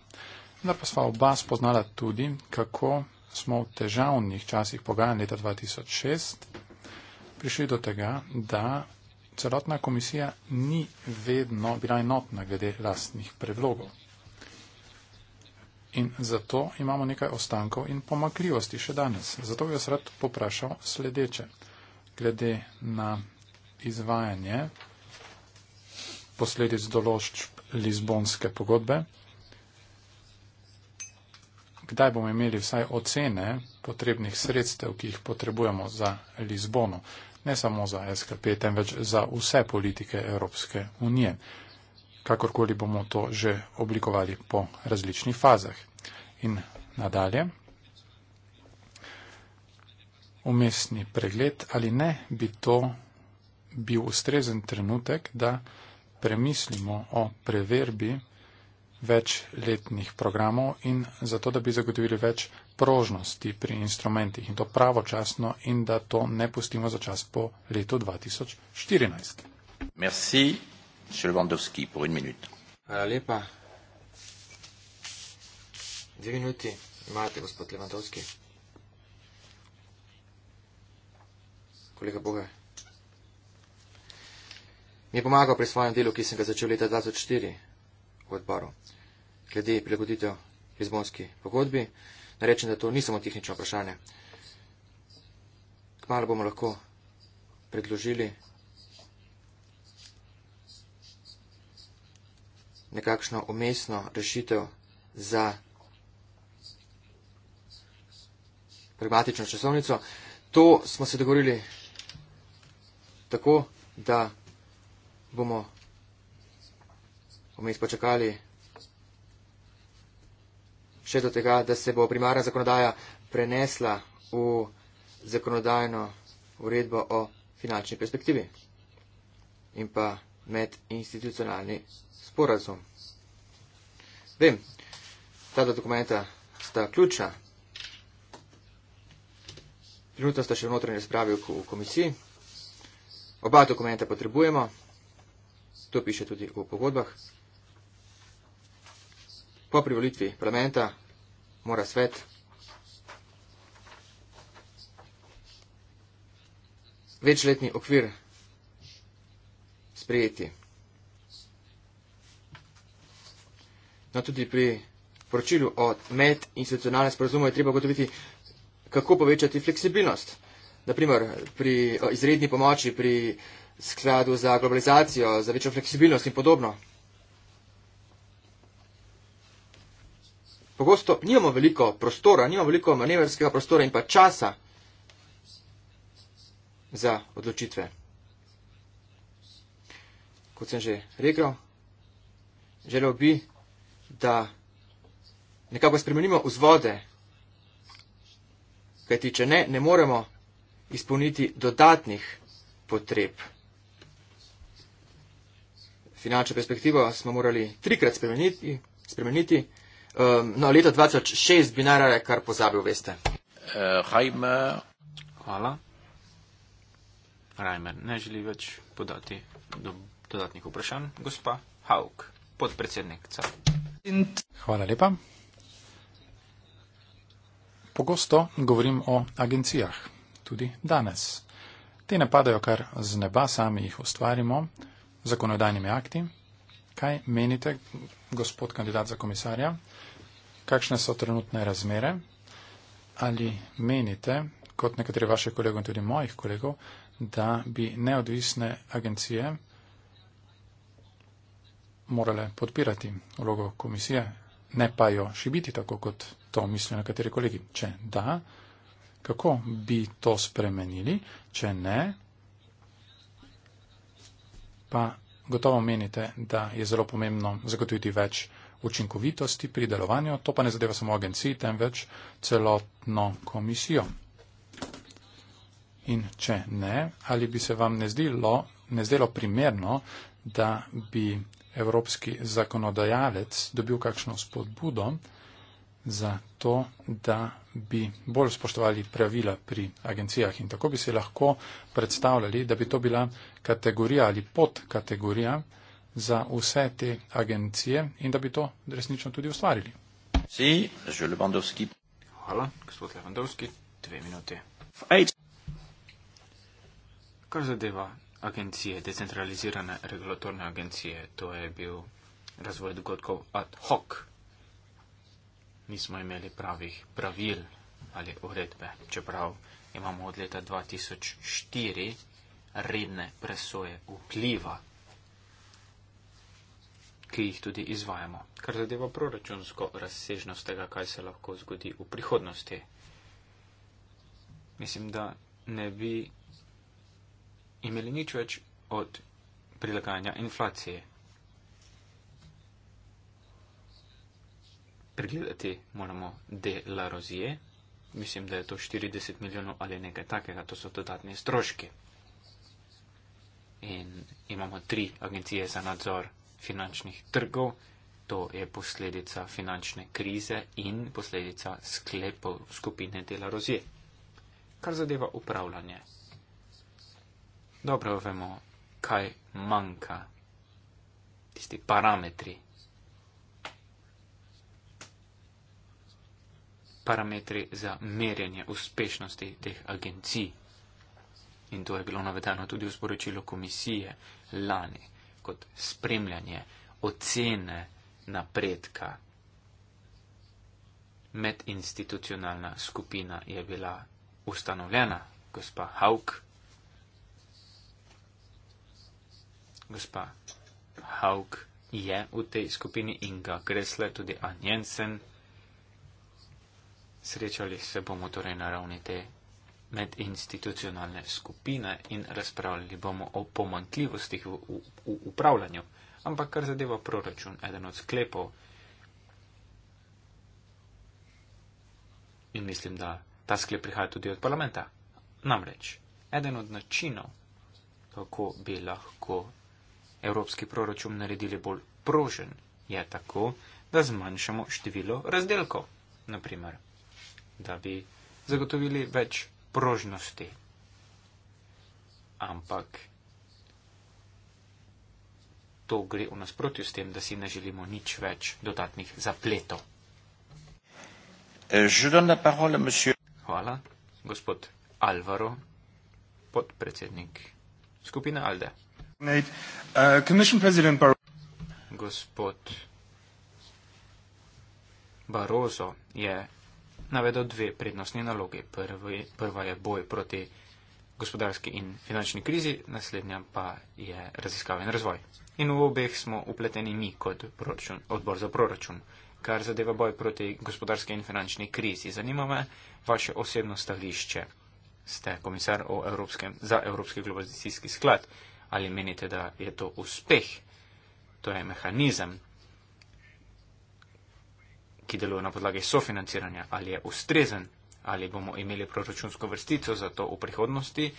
Vendar pa sva oba spoznala tudi, kako smo v težavnih časih pogajanj leta 2006 prišli do tega, da celotna komisija ni vedno bila enotna glede lastnih predlogov. In zato imamo nekaj ostankov in pomakljivosti še danes. Zato bi vas rad poprašal sledeče. Glede na izvajanje posledic določb Lizbonske pogodbe, kdaj bomo imeli vsaj ocene potrebnih sredstev, ki jih potrebujemo za Lizbono ne samo za SKP, temveč za vse politike Evropske unije, kakorkoli bomo to že oblikovali po različnih fazah. In nadalje, umestni pregled ali ne bi to bil ustrezen trenutek, da premislimo o preverbi večletnih programov in zato, da bi zagotovili več prožnosti pri instrumentih in to pravočasno in da to ne pustimo za čas po letu 2014. Merci, monsieur Lewandowski, pour une minute. Hvala lepa. Dve minuti imate, gospod Lewandowski. Kolega Boga. Mi je pomagal pri svojem delu, ki sem ga začel leta 2004 v odboru glede prilagoditev Lizbonski pogodbi. Rečem, da to ni samo tehnično vprašanje. Kmalo bomo lahko predložili nekakšno umestno rešitev za pragmatično časovnico. To smo se dogovorili tako, da bomo vmes počakali še do tega, da se bo primarna zakonodaja prenesla v zakonodajno uredbo o finančni perspektivi in pa med institucionalni sporazum. Vem, ta dva dokumenta sta ključna. Trenutno sta še notranje razprave v komisiji. Oba dokumenta potrebujemo. To piše tudi v pogodbah. Po privolitvi parlamenta mora svet. Večletni okvir sprejeti. No, tudi pri poročilu o medinstitucionalnem sporozumu je treba gotoviti, kako povečati fleksibilnost. Naprimer, pri izredni pomoči, pri skladu za globalizacijo, za večjo fleksibilnost in podobno. pogosto nimamo veliko prostora, nimamo veliko manevrskega prostora in pa časa za odločitve. Kot sem že rekel, želel bi, da nekako spremenimo vzvode, kajti če ne, ne moremo izpolniti dodatnih potreb. Finančno perspektivo smo morali trikrat spremeniti, spremeniti um, no, leto 2006 bi najraje kar pozabil, veste. Uh, eh, hajme. Hvala. Rajmer ne želi več podati do, dodatnih vprašanj. Gospa Hauk, podpredsednica. Hvala lepa. Pogosto govorim o agencijah, tudi danes. Te ne padajo kar z neba, sami jih ustvarimo, zakonodajnimi akti. Kaj menite, gospod kandidat za komisarja, kakšne so trenutne razmere, ali menite, kot nekateri vaši kolegov in tudi mojih kolegov, da bi neodvisne agencije morale podpirati vlogo komisije, ne pa jo šibiti, tako kot to mislijo nekateri kolegi. Če da, kako bi to spremenili, če ne, pa gotovo menite, da je zelo pomembno zagotoviti več učinkovitosti pri delovanju, to pa ne zadeva samo agenciji, temveč celotno komisijo. In če ne, ali bi se vam ne zdelo, ne zdelo primerno, da bi evropski zakonodajalec dobil kakšno spodbudo za to, da bi bolj spoštovali pravila pri agencijah. In tako bi se lahko predstavljali, da bi to bila kategorija ali podkategorija, za vse te agencije in da bi to resnično tudi ustvarili. Si, že Levandovski. Hvala, gospod Levandovski, dve minute. Kar zadeva agencije, decentralizirane regulatorne agencije, to je bil razvoj dogodkov ad hoc. Nismo imeli pravih pravil ali uredbe, čeprav imamo od leta 2004 redne presoje vpliva ki jih tudi izvajamo. Kar zadeva proračunsko razsežnost tega, kaj se lahko zgodi v prihodnosti. Mislim, da ne bi imeli nič več od prilagajanja inflacije. Pregledati moramo de la rozije. Mislim, da je to 40 milijonov ali nekaj takega. To so dodatni stroški. In imamo tri agencije za nadzor finančnih trgov. To je posledica finančne krize in posledica sklepov skupine dela rozje. Kar zadeva upravljanje. Dobro vemo, kaj manjka, tisti parametri. Parametri za merjenje uspešnosti teh agencij. In to je bilo navedeno tudi v sporočilu komisije lani kot spremljanje, ocene napredka. Medinstitucionalna skupina je bila ustanovljena, gospa Hauk. Gospa Hauk je v tej skupini in ga gresle tudi Anjensen. Srečali se bomo torej na ravni te medinstitucionalne skupine in razpravljali bomo o pomankljivostih v, v, v upravljanju. Ampak kar zadeva proračun, eden od sklepov in mislim, da ta sklep prihaja tudi od parlamenta. Namreč, eden od načinov, kako bi lahko evropski proračun naredili bolj prožen, je tako, da zmanjšamo število razdelkov. Naprimer, da bi zagotovili več prožnosti. Ampak to gre v nasprotju s tem, da si ne želimo nič več dodatnih zapletov. Eh, parole, Hvala, gospod Alvaro, podpredsednik skupine Alde. Eh, gospod Barozo je navedel dve prednostne naloge. Prvi, prva je boj proti gospodarski in finančni krizi, naslednja pa je raziskave in razvoj. In v obeh smo upleteni mi kot proračun, odbor za proračun. Kar zadeva boj proti gospodarski in finančni krizi, zanima me vaše osebno stališče. Ste komisar za Evropski globalizacijski sklad. Ali menite, da je to uspeh? To torej je mehanizem, ki deluje na podlagi sofinanciranja, ali je ustrezen, ali bomo imeli proračunsko vrstico za to v prihodnosti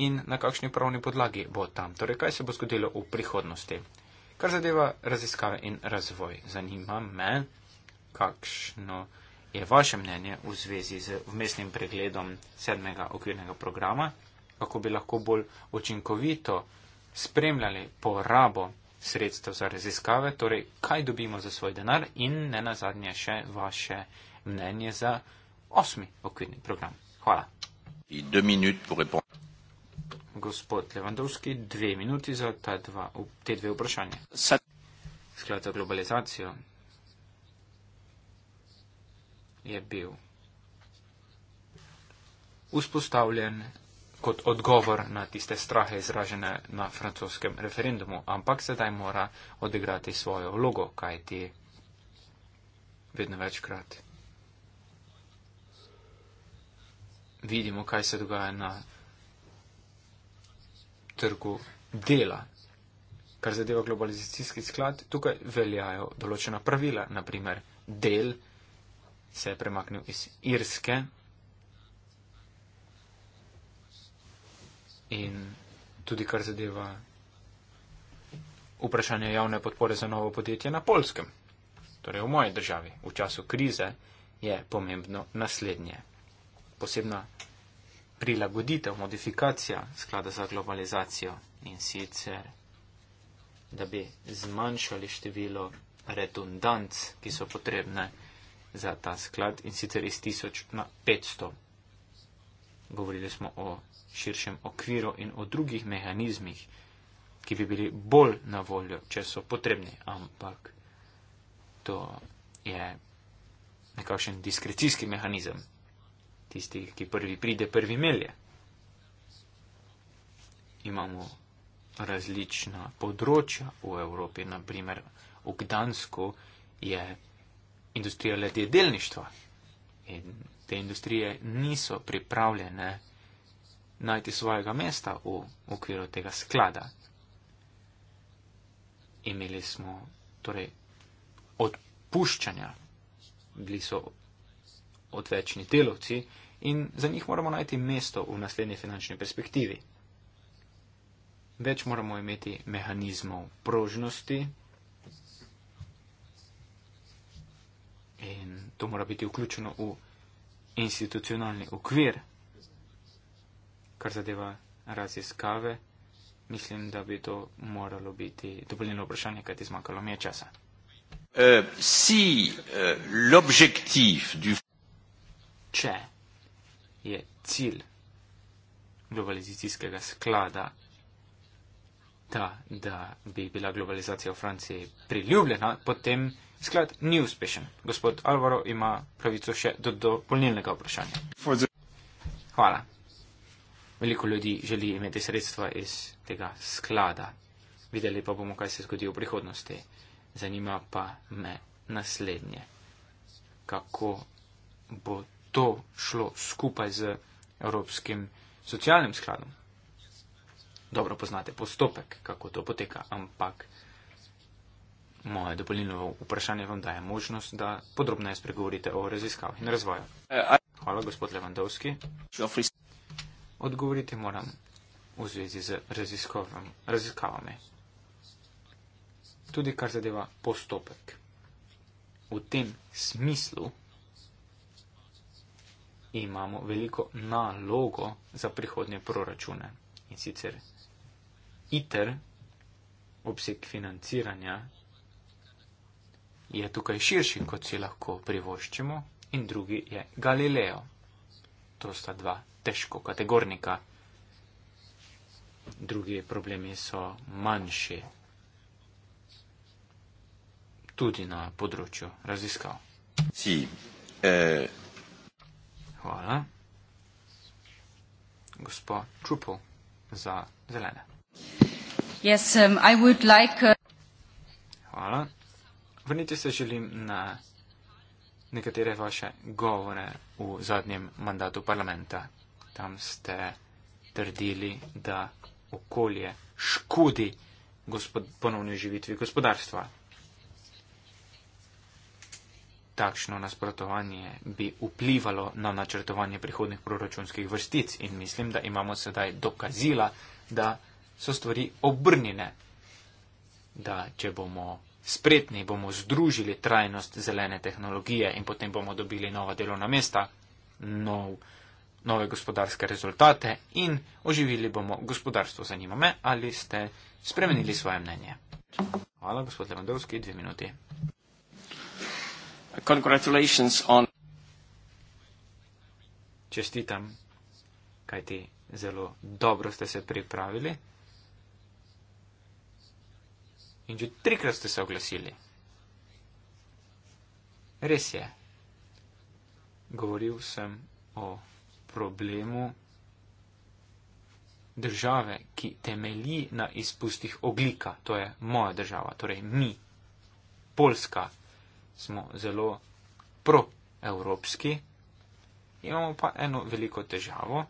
in na kakšni pravni podlagi bo tam. Torej, kaj se bo zgodilo v prihodnosti? Kar zadeva raziskave in razvoj, zanima me, kakšno je vaše mnenje v zvezi z vmesnim pregledom sedmega okvirnega programa, kako bi lahko bolj učinkovito spremljali porabo sredstev za raziskave, torej kaj dobimo za svoj denar in ne nazadnje še vaše mnenje za osmi okvirni program. Hvala. Gospod Levandovski, dve minuti za ta dva, te dve vprašanja. Sklad za globalizacijo je bil vzpostavljen kot odgovor na tiste strahe izražene na francoskem referendumu, ampak sedaj mora odigrati svojo vlogo, kaj ti vedno večkrat vidimo, kaj se dogaja na trgu dela. Kar zadeva globalizacijski sklad, tukaj veljajo določena pravila, naprimer del se je premaknil iz Irske in tudi kar zadeva vprašanje javne podpore za novo podjetje na polskem, torej v moji državi, v času krize je pomembno naslednje. Posebna prilagoditev, modifikacija sklada za globalizacijo in sicer, da bi zmanjšali število redundanc, ki so potrebne za ta sklad in sicer iz 1000 na 500. Govorili smo o širšem okviru in o drugih mehanizmih, ki bi bili bolj na voljo, če so potrebni, ampak to je nekakšen diskrecijski mehanizem tistih, ki prvi pride, prvi melje. Imamo različna področja v Evropi, naprimer v Gdansku je industrija ledje delništva in te industrije niso pripravljene najti svojega mesta v okviru tega sklada. Imeli smo torej odpuščanja, bili so odvečni delovci in za njih moramo najti mesto v naslednji finančni perspektivi. Več moramo imeti mehanizmov prožnosti in to mora biti vključeno v institucionalni okvir kar zadeva raziskave, mislim, da bi to moralo biti dopolnjeno vprašanje, kajti zmakalo mi je časa. Eh, eh, Če je cilj globalizacijskega sklada ta, da bi bila globalizacija v Franciji priljubljena, potem sklad ni uspešen. Gospod Alvaro ima pravico še do dopolnilnega vprašanja. Hvala veliko ljudi želi imeti sredstva iz tega sklada. Videli pa bomo, kaj se zgodi v prihodnosti. Zanima pa me naslednje. Kako bo to šlo skupaj z Evropskim socialnim skladom? Dobro poznate postopek, kako to poteka, ampak moje dopolnilno vprašanje vam daje možnost, da podrobneje spregovorite o raziskavah in razvoju. Hvala, gospod Levandovski odgovoriti moram v zvezi z raziskavami. Tudi kar zadeva postopek. V tem smislu imamo veliko nalogo za prihodnje proračune in sicer ITER, obseg financiranja, je tukaj širši, kot si lahko privoščimo, in drugi je Galileo to sta dva težko kategornika. Drugi problemi so manjši tudi na področju raziskav. Si, eh. Hvala. Gospod Čupov za zelene. Yes, um, like, uh... Hvala. Vrnite se želim na nekatere vaše govore v zadnjem mandatu parlamenta. Tam ste trdili, da okolje škodi gospod, ponovni oživitvi gospodarstva. Takšno nasprotovanje bi vplivalo na načrtovanje prihodnih proračunskih vrstic in mislim, da imamo sedaj dokazila, da so stvari obrnjene, da če bomo spretni, bomo združili trajnost zelene tehnologije in potem bomo dobili nova delovna mesta, nov, nove gospodarske rezultate in oživili bomo gospodarstvo. Zanima me, ali ste spremenili svoje mnenje. Hvala, gospod Levandovski, dve minuti. Congratulations on. Čestitam, kajti zelo dobro ste se pripravili in že trikrat ste se oglasili. Res je. Govoril sem o problemu države, ki temelji na izpustih oglika. To je moja država, torej mi, Poljska, smo zelo proevropski. Imamo pa eno veliko težavo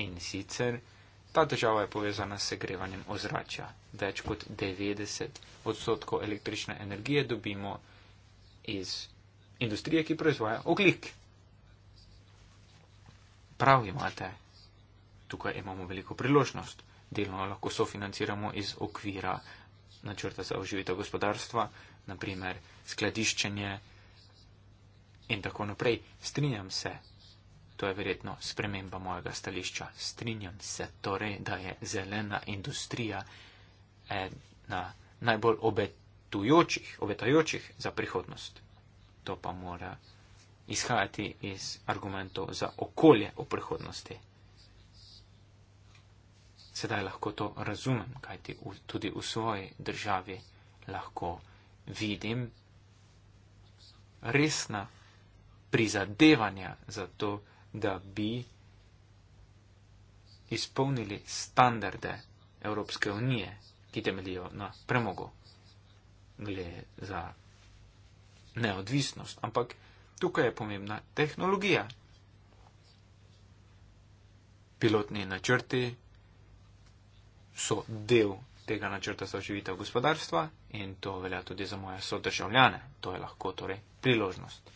in sicer ta težava je povezana s segrevanjem ozračja več kot 90 odstotkov električne energije dobimo iz industrije, ki proizvaja oglik. Prav imate, tukaj imamo veliko priložnost. Delno lahko sofinanciramo iz okvira načrta za oživitev gospodarstva, naprimer skladiščenje in tako naprej. Strinjam se, to je verjetno sprememba mojega stališča, strinjam se torej, da je zelena industrija eden najbolj obetujočih, obetajočih za prihodnost. To pa mora izhajati iz argumentov za okolje v prihodnosti. Sedaj lahko to razumem, kajti tudi v svoji državi lahko vidim resna prizadevanja za to, da bi izpolnili standarde Evropske unije ki temeljijo na premogu, gre za neodvisnost. Ampak tukaj je pomembna tehnologija. Pilotni načrti so del tega načrta za oživitev gospodarstva in to velja tudi za moje sodržavljane. To je lahko torej priložnost.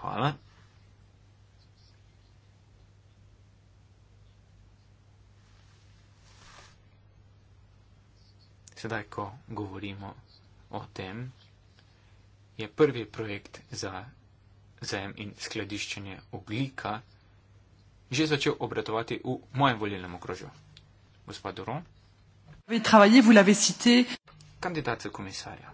Hvala. sedaj, ko govorimo o tem, je prvi projekt za zajem in skladiščenje oglika že začel obratovati v mojem volilnem okrožju. Gospod Doro. Kandidat za komisarja.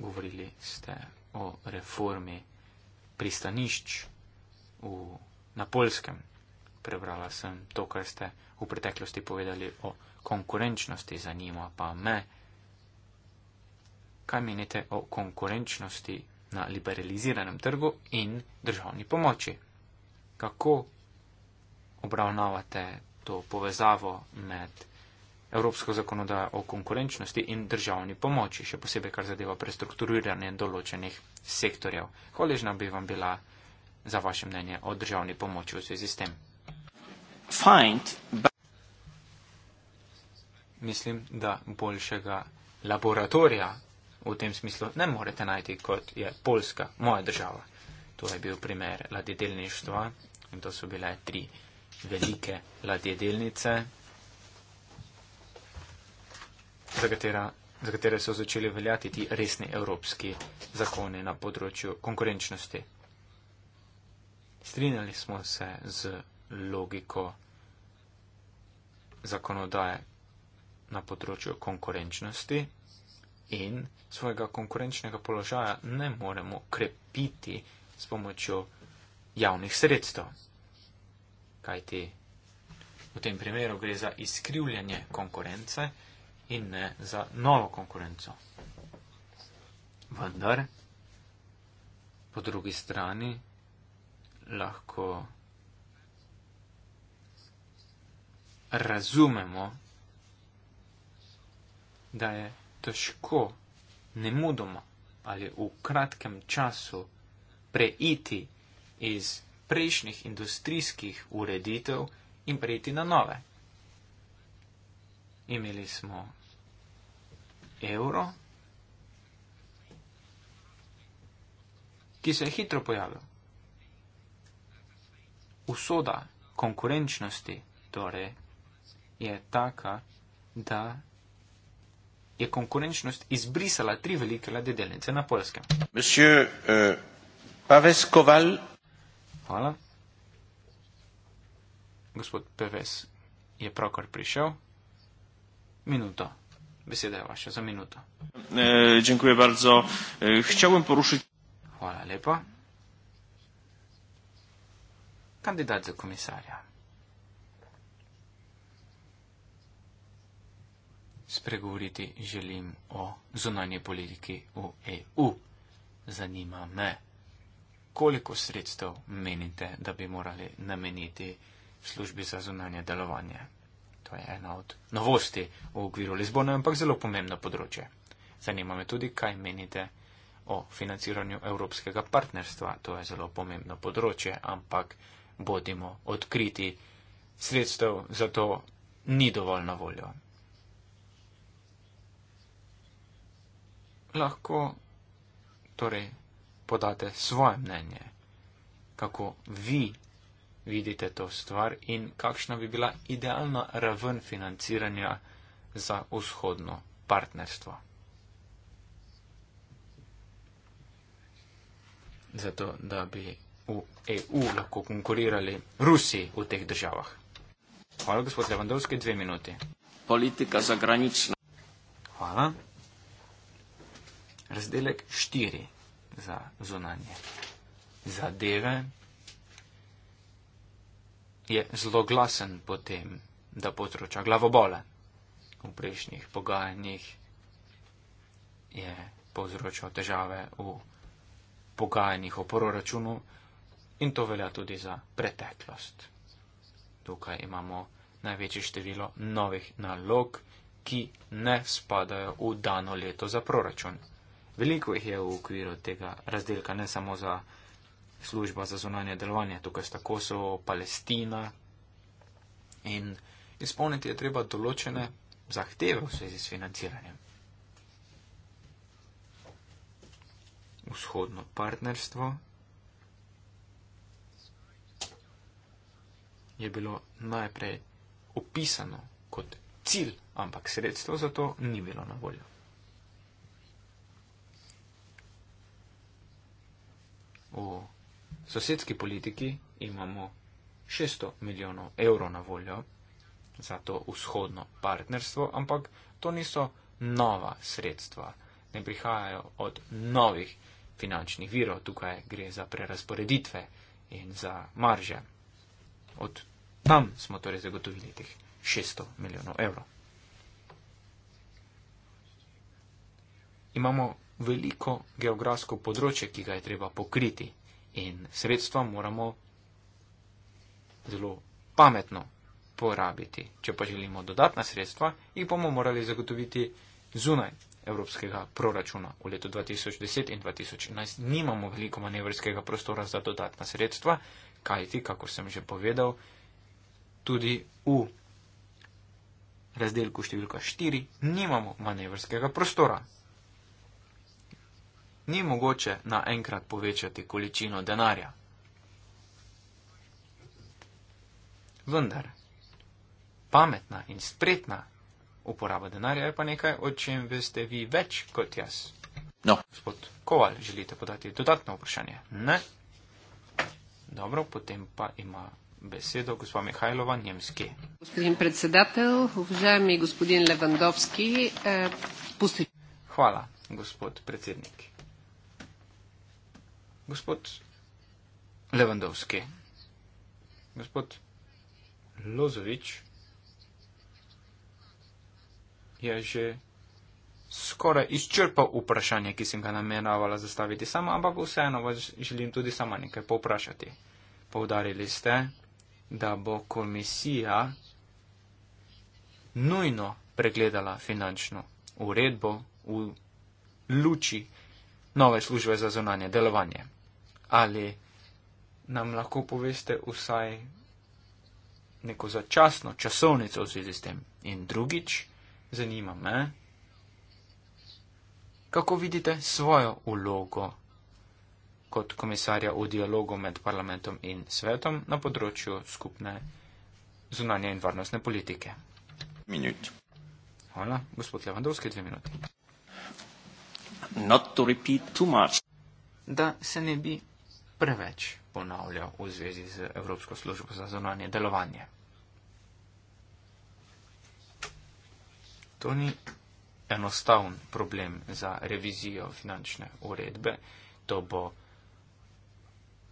Govorili ste o reformi pristanišč v, na polskem prebrala sem to, kar ste v preteklosti povedali o konkurenčnosti, zanima pa me, kaj menite o konkurenčnosti na liberaliziranem trgu in državni pomoči. Kako obravnavate to povezavo med Evropsko zakonodajo o konkurenčnosti in državni pomoči, še posebej kar zadeva prestrukturiranje določenih sektorjev. Hvaležna bi vam bila za vaše mnenje o državni pomoči v zvezi s tem find, but... Mislim, da boljšega laboratorija v tem smislu ne morete najti, kot je Poljska, moja država. To je bil primer ladjedelništva in to so bile tri velike ladjedelnice, za, katera, za katere so začeli veljati ti resni evropski zakoni na področju konkurenčnosti. Strinjali smo se z logiko zakonodaje na področju konkurenčnosti in svojega konkurenčnega položaja ne moremo krepiti s pomočjo javnih sredstev. Kajti v tem primeru gre za izkrivljanje konkurence in ne za novo konkurenco. Vendar, po drugi strani, lahko razumemo, da je težko ne mudoma ali v kratkem času preiti iz prejšnjih industrijskih ureditev in preiti na nove. Imeli smo evro, ki se je hitro pojavil. Usoda konkurenčnosti, torej je taka, da je konkurenčnost izbrisala tri velike lade delnice na polskem. Monsieur, uh, Koval. Hvala. Gospod Peves je pravkar prišel. Minuto. Beseda je vaša za minuto. E, bardzo. E, eh, porušiti... Hvala lepa. Kandidat za komisarja. spregovoriti želim o zunanje politiki v EU. Zanima me, koliko sredstev menite, da bi morali nameniti službi za zunanje delovanje. To je ena od novosti v okviru Lizbona, ampak zelo pomembno področje. Zanima me tudi, kaj menite o financiranju evropskega partnerstva. To je zelo pomembno področje, ampak bodimo odkriti, sredstev za to ni dovolj na voljo. lahko torej podate svoje mnenje, kako vi vidite to stvar in kakšna bi bila idealna raven financiranja za vzhodno partnerstvo. Zato, da bi v EU lahko konkurirali Rusi v teh državah. Hvala, gospod Levandovski, dve minuti. Politika za granično. Hvala. Razdelek 4 za zunanje zadeve je zelo glasen potem, da potroča glavobole. V prejšnjih pogajanjih je povzročal težave v pogajanjih o proračunu in to velja tudi za preteklost. Tukaj imamo največje število novih nalog, ki ne spadajo v dano leto za proračun. Veliko jih je v okviru tega razdelka, ne samo za službo za zunanje delovanje. Tukaj sta Kosovo, Palestina in izpolniti je treba določene zahteve v svezi s financiranjem. Vzhodno partnerstvo je bilo najprej opisano kot cilj, ampak sredstvo za to ni bilo na voljo. V sosedski politiki imamo 600 milijonov evrov na voljo za to vzhodno partnerstvo, ampak to niso nova sredstva, ne prihajajo od novih finančnih virov, tukaj gre za prerasporeditve in za marže. Od tam smo torej zagotovili teh 600 milijonov evrov. Imamo veliko geografsko področje, ki ga je treba pokriti in sredstva moramo zelo pametno porabiti. Če pa želimo dodatna sredstva, jih bomo morali zagotoviti zunaj evropskega proračuna. V letu 2010 in 2011 nimamo veliko manevrskega prostora za dodatna sredstva, kajti, kako sem že povedal, tudi v razdelku številka 4 nimamo manevrskega prostora ni mogoče naenkrat povečati količino denarja. Vendar, pametna in spretna uporaba denarja je pa nekaj, o čem veste vi več kot jaz. No. Gospod Koval, želite podati dodatno vprašanje? Ne. Dobro, potem pa ima besedo gospa Mihajlova Njemski. Gospodin predsedatelj, vžemi gospodin Levandovski, eh, pusti. Hvala, gospod predsednik gospod Lewandowski, gospod Lozovič je že skoraj izčrpal vprašanje, ki sem ga nameravala zastaviti sama, ampak vseeno vas želim tudi sama nekaj povprašati. Povdarili ste, da bo komisija nujno pregledala finančno uredbo v luči nove službe za zunanje delovanje. Ali nam lahko poveste vsaj neko začasno časovnico v zvezi s tem? In drugič, zanima me, kako vidite svojo ulogo kot komisarja v dialogu med parlamentom in svetom na področju skupne zunanje in varnostne politike? Minut. Hvala, gospod Levandovski, dve minuti da se ne bi preveč ponavljal v zvezi z Evropsko službo za zonanje delovanje. To ni enostavn problem za revizijo finančne uredbe, to bo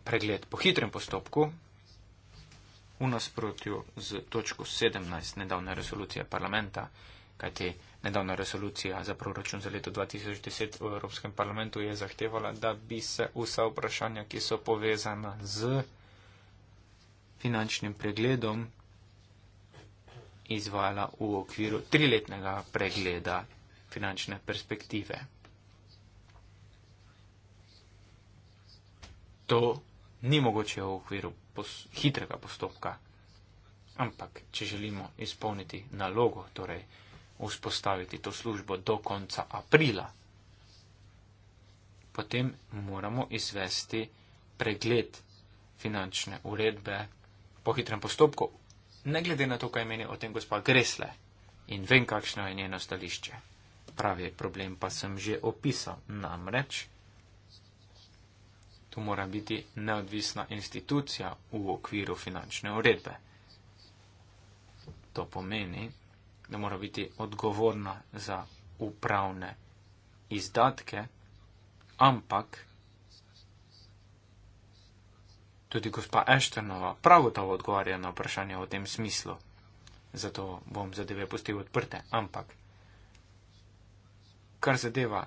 pregled po hitrem postopku. V nasprotju z točko 17 nedavne resolucije parlamenta, kajti nedavna resolucija za proračun za leto 2010 v Evropskem parlamentu je zahtevala, da bi se vsa vprašanja, ki so povezana z finančnim pregledom, izvajala v okviru triletnega pregleda finančne perspektive. To ni mogoče v okviru pos hitrega postopka, ampak če želimo izpolniti nalogo, torej vzpostaviti to službo do konca aprila. Potem moramo izvesti pregled finančne uredbe po hitrem postopku, ne glede na to, kaj meni o tem gospa Gresle in vem, kakšno je njeno stališče. Pravi problem pa sem že opisal, namreč tu mora biti neodvisna institucija v okviru finančne uredbe. To pomeni, ne mora biti odgovorna za upravne izdatke, ampak tudi gospa Ashtonova prav gotovo odgovarja na vprašanje v tem smislu. Zato bom zadeve pustil odprte, ampak kar zadeva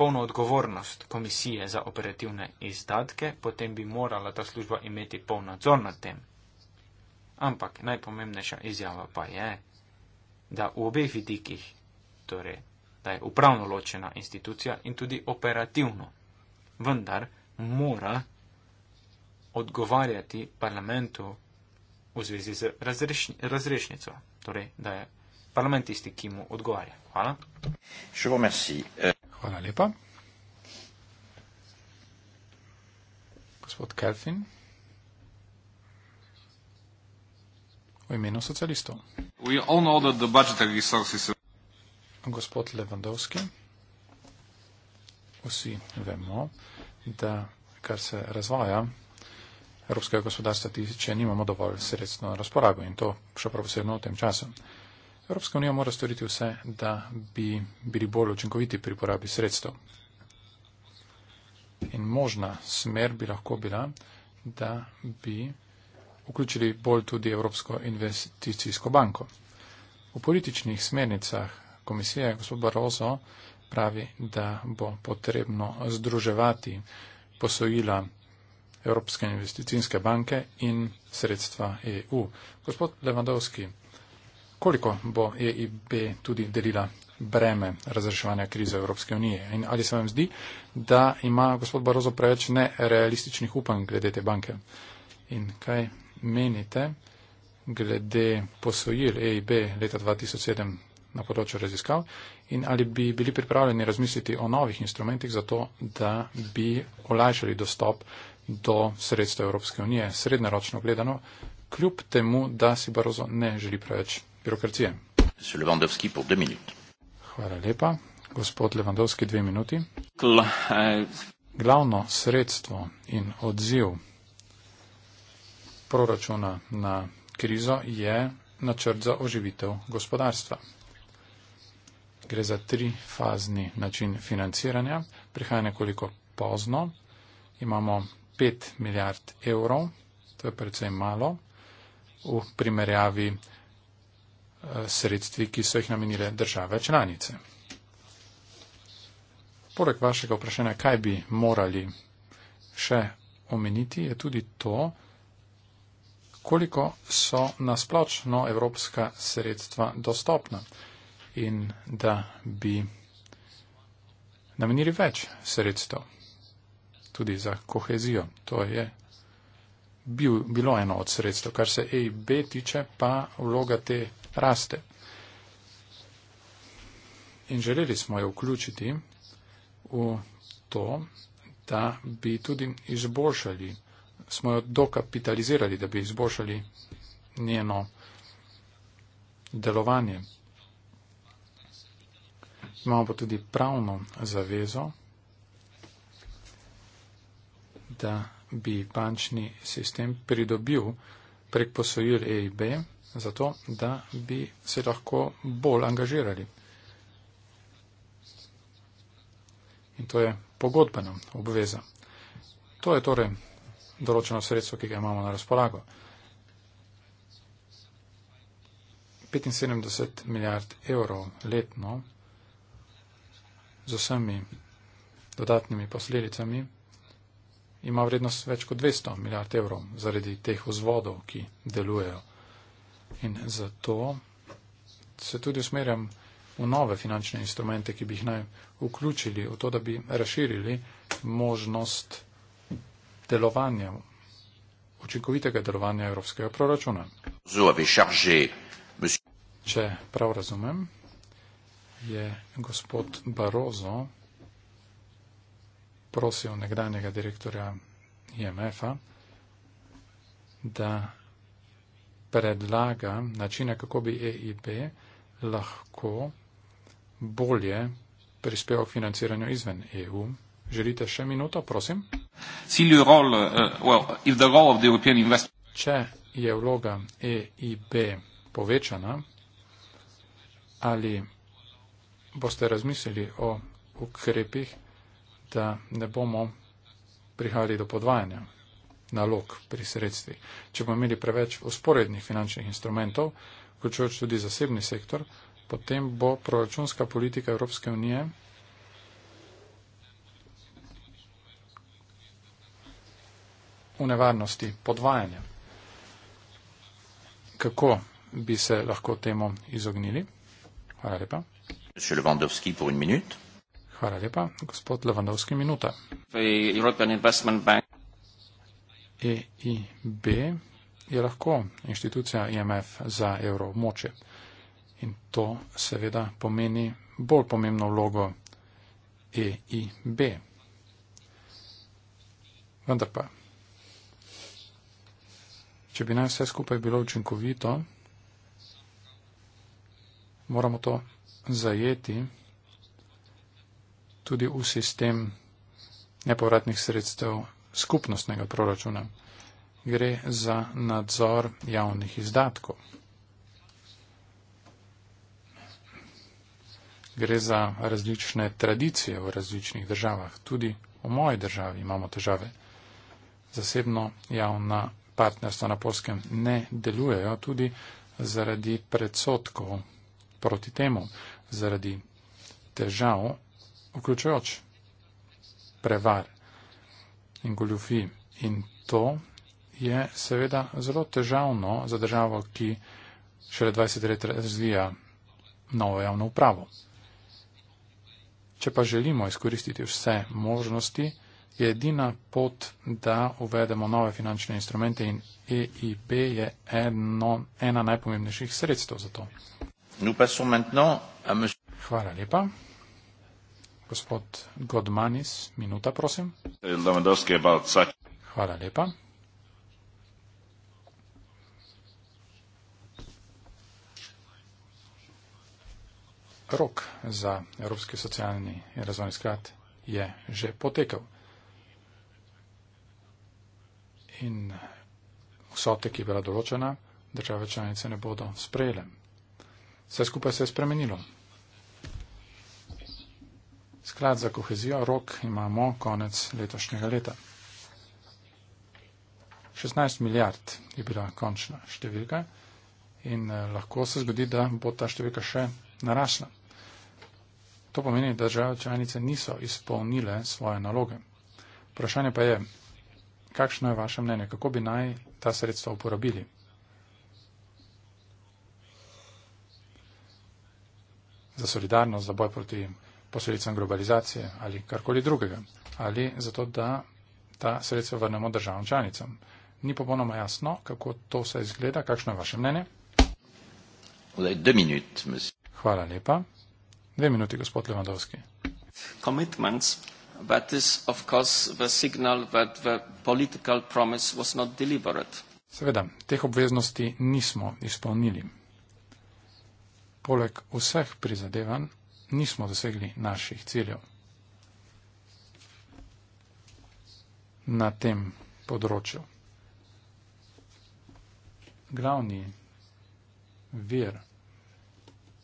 polno odgovornost komisije za operativne izdatke, potem bi morala ta služba imeti polno nadzor nad tem. Ampak najpomembnejša izjava pa je, da v obeh vidikih, torej, da je upravno ločena institucija in tudi operativno, vendar mora odgovarjati parlamentu v zvezi z razrešni, razrešnico, torej, da je parlament tisti, ki mu odgovarja. Hvala. Euh, Hvala lepa. Gospod Kelfin. v imenu socialistov. Gospod Levandovski, vsi vemo, da kar se razvoja evropskega gospodarstva tiče, nimamo dovolj sredstva na razporago in to še posebno v tem času. Evropska unija mora storiti vse, da bi bili bolj učinkoviti pri porabi sredstev. In možna smer bi lahko bila, da bi vključili bolj tudi Evropsko investicijsko banko. V političnih smernicah komisije gospod Barroso pravi, da bo potrebno združevati posojila Evropske investicijske banke in sredstva EU. Gospod Levandovski, koliko bo EIB tudi delila breme razreševanja krize Evropske unije in ali se vam zdi, da ima gospod Barozo preveč nerealističnih upanj glede te banke in kaj menite glede posojil EIB leta 2007 na področju raziskav in ali bi bili pripravljeni razmisliti o novih instrumentih za to, da bi olajšali dostop do sredstva Evropske unije, srednjeročno gledano, kljub temu, da si Barozo ne želi preveč birokracije. Hvala lepa. Gospod Levandovski, dve minuti. Uh, Glavno sredstvo in odziv proračuna na krizo je načrt za oživitev gospodarstva. Gre za tri fazni način financiranja. Prihaja nekoliko pozno. Imamo 5 milijard evrov, to je predvsej malo, v primerjavi eh, sredstvi, ki so jih namenile države članice. Poleg vašega vprašanja, kaj bi morali še omeniti, je tudi to, koliko so nasplošno evropska sredstva dostopna in da bi namenili več sredstev tudi za kohezijo. To je bil, bilo eno od sredstev. Kar se EIB tiče, pa vloga te raste. In želeli smo jo vključiti v to, da bi tudi izboljšali smo jo dokapitalizirali, da bi izboljšali njeno delovanje. Imamo pa tudi pravno zavezo, da bi bančni sistem pridobil prek posojil EIB, zato da bi se lahko bolj angažirali. In to je pogodbena obveza. To je torej določeno sredstvo, ki ga imamo na razpolago. 75 milijard evrov letno z vsemi dodatnimi posledicami ima vrednost več kot 200 milijard evrov zaradi teh vzvodov, ki delujejo. In zato se tudi usmerjam v nove finančne instrumente, ki bi jih naj vključili v to, da bi razširili možnost delovanja, učinkovitega delovanja evropskega proračuna. Chargé, monsieur... Če prav razumem, je gospod Barozo prosil nekdanjega direktorja IMF-a, da predlaga načine, kako bi EIB lahko bolje prispeval k financiranju izven EU. Želite še minuto, prosim? Uh, Če je vloga EIB povečana, ali boste razmislili o ukrepih, da ne bomo prihajali do podvajanja nalog pri sredstvih. Če bomo imeli preveč usporednih finančnih instrumentov, vključujoč tudi zasebni sektor, potem bo proračunska politika Evropske unije v nevarnosti podvajanja. Kako bi se lahko temu izognili? Hvala lepa. Hvala lepa, gospod Levandovski, minuta. EIB e je lahko inštitucija IMF za evroobmoče in to seveda pomeni bolj pomembno vlogo EIB. Vendar pa, Če bi naj vse skupaj bilo učinkovito, moramo to zajeti tudi v sistem nepovratnih sredstev skupnostnega proračuna. Gre za nadzor javnih izdatkov. Gre za različne tradicije v različnih državah. Tudi v moji državi imamo težave. Zasebno javna partnerstva na polskem ne delujejo tudi zaradi predsotkov proti temu, zaradi težav, vključujoč prevar in goljufi. In to je seveda zelo težavno za državo, ki šele 20 let razvija novo javno upravo. Če pa želimo izkoristiti vse možnosti, je edina pot, da uvedemo nove finančne instrumente in EIB je eno, ena najpomembnejših sredstev za to. Hvala lepa. Gospod Godmanis, minuta prosim. Hvala lepa. Rok za Evropski socialni razvojni sklad je že potekel in vsote, ki je bila določena, države članice ne bodo sprejele. Vse skupaj se je spremenilo. Sklad za kohezijo rok imamo konec letošnjega leta. 16 milijard je bila končna številka in eh, lahko se zgodi, da bo ta številka še narasla. To pomeni, da države članice niso izpolnile svoje naloge. Vprašanje pa je, Kakšno je vaše mnenje? Kako bi naj ta sredstva uporabili? Za solidarnost, za boj proti posledicam globalizacije ali karkoli drugega. Ali zato, da ta sredstva vrnemo državam članicam. Ni popolnoma jasno, kako to se izgleda. Kakšno je vaše mnenje? Hvala lepa. Dve minuti, gospod Levandovski but this of course the signal that the political promise was not delivered. Seveda, teh obveznosti nismo izpolnili. Poleg vseh prizadevanj nismo dosegli naših ciljev. Na tem področju. Glavni vir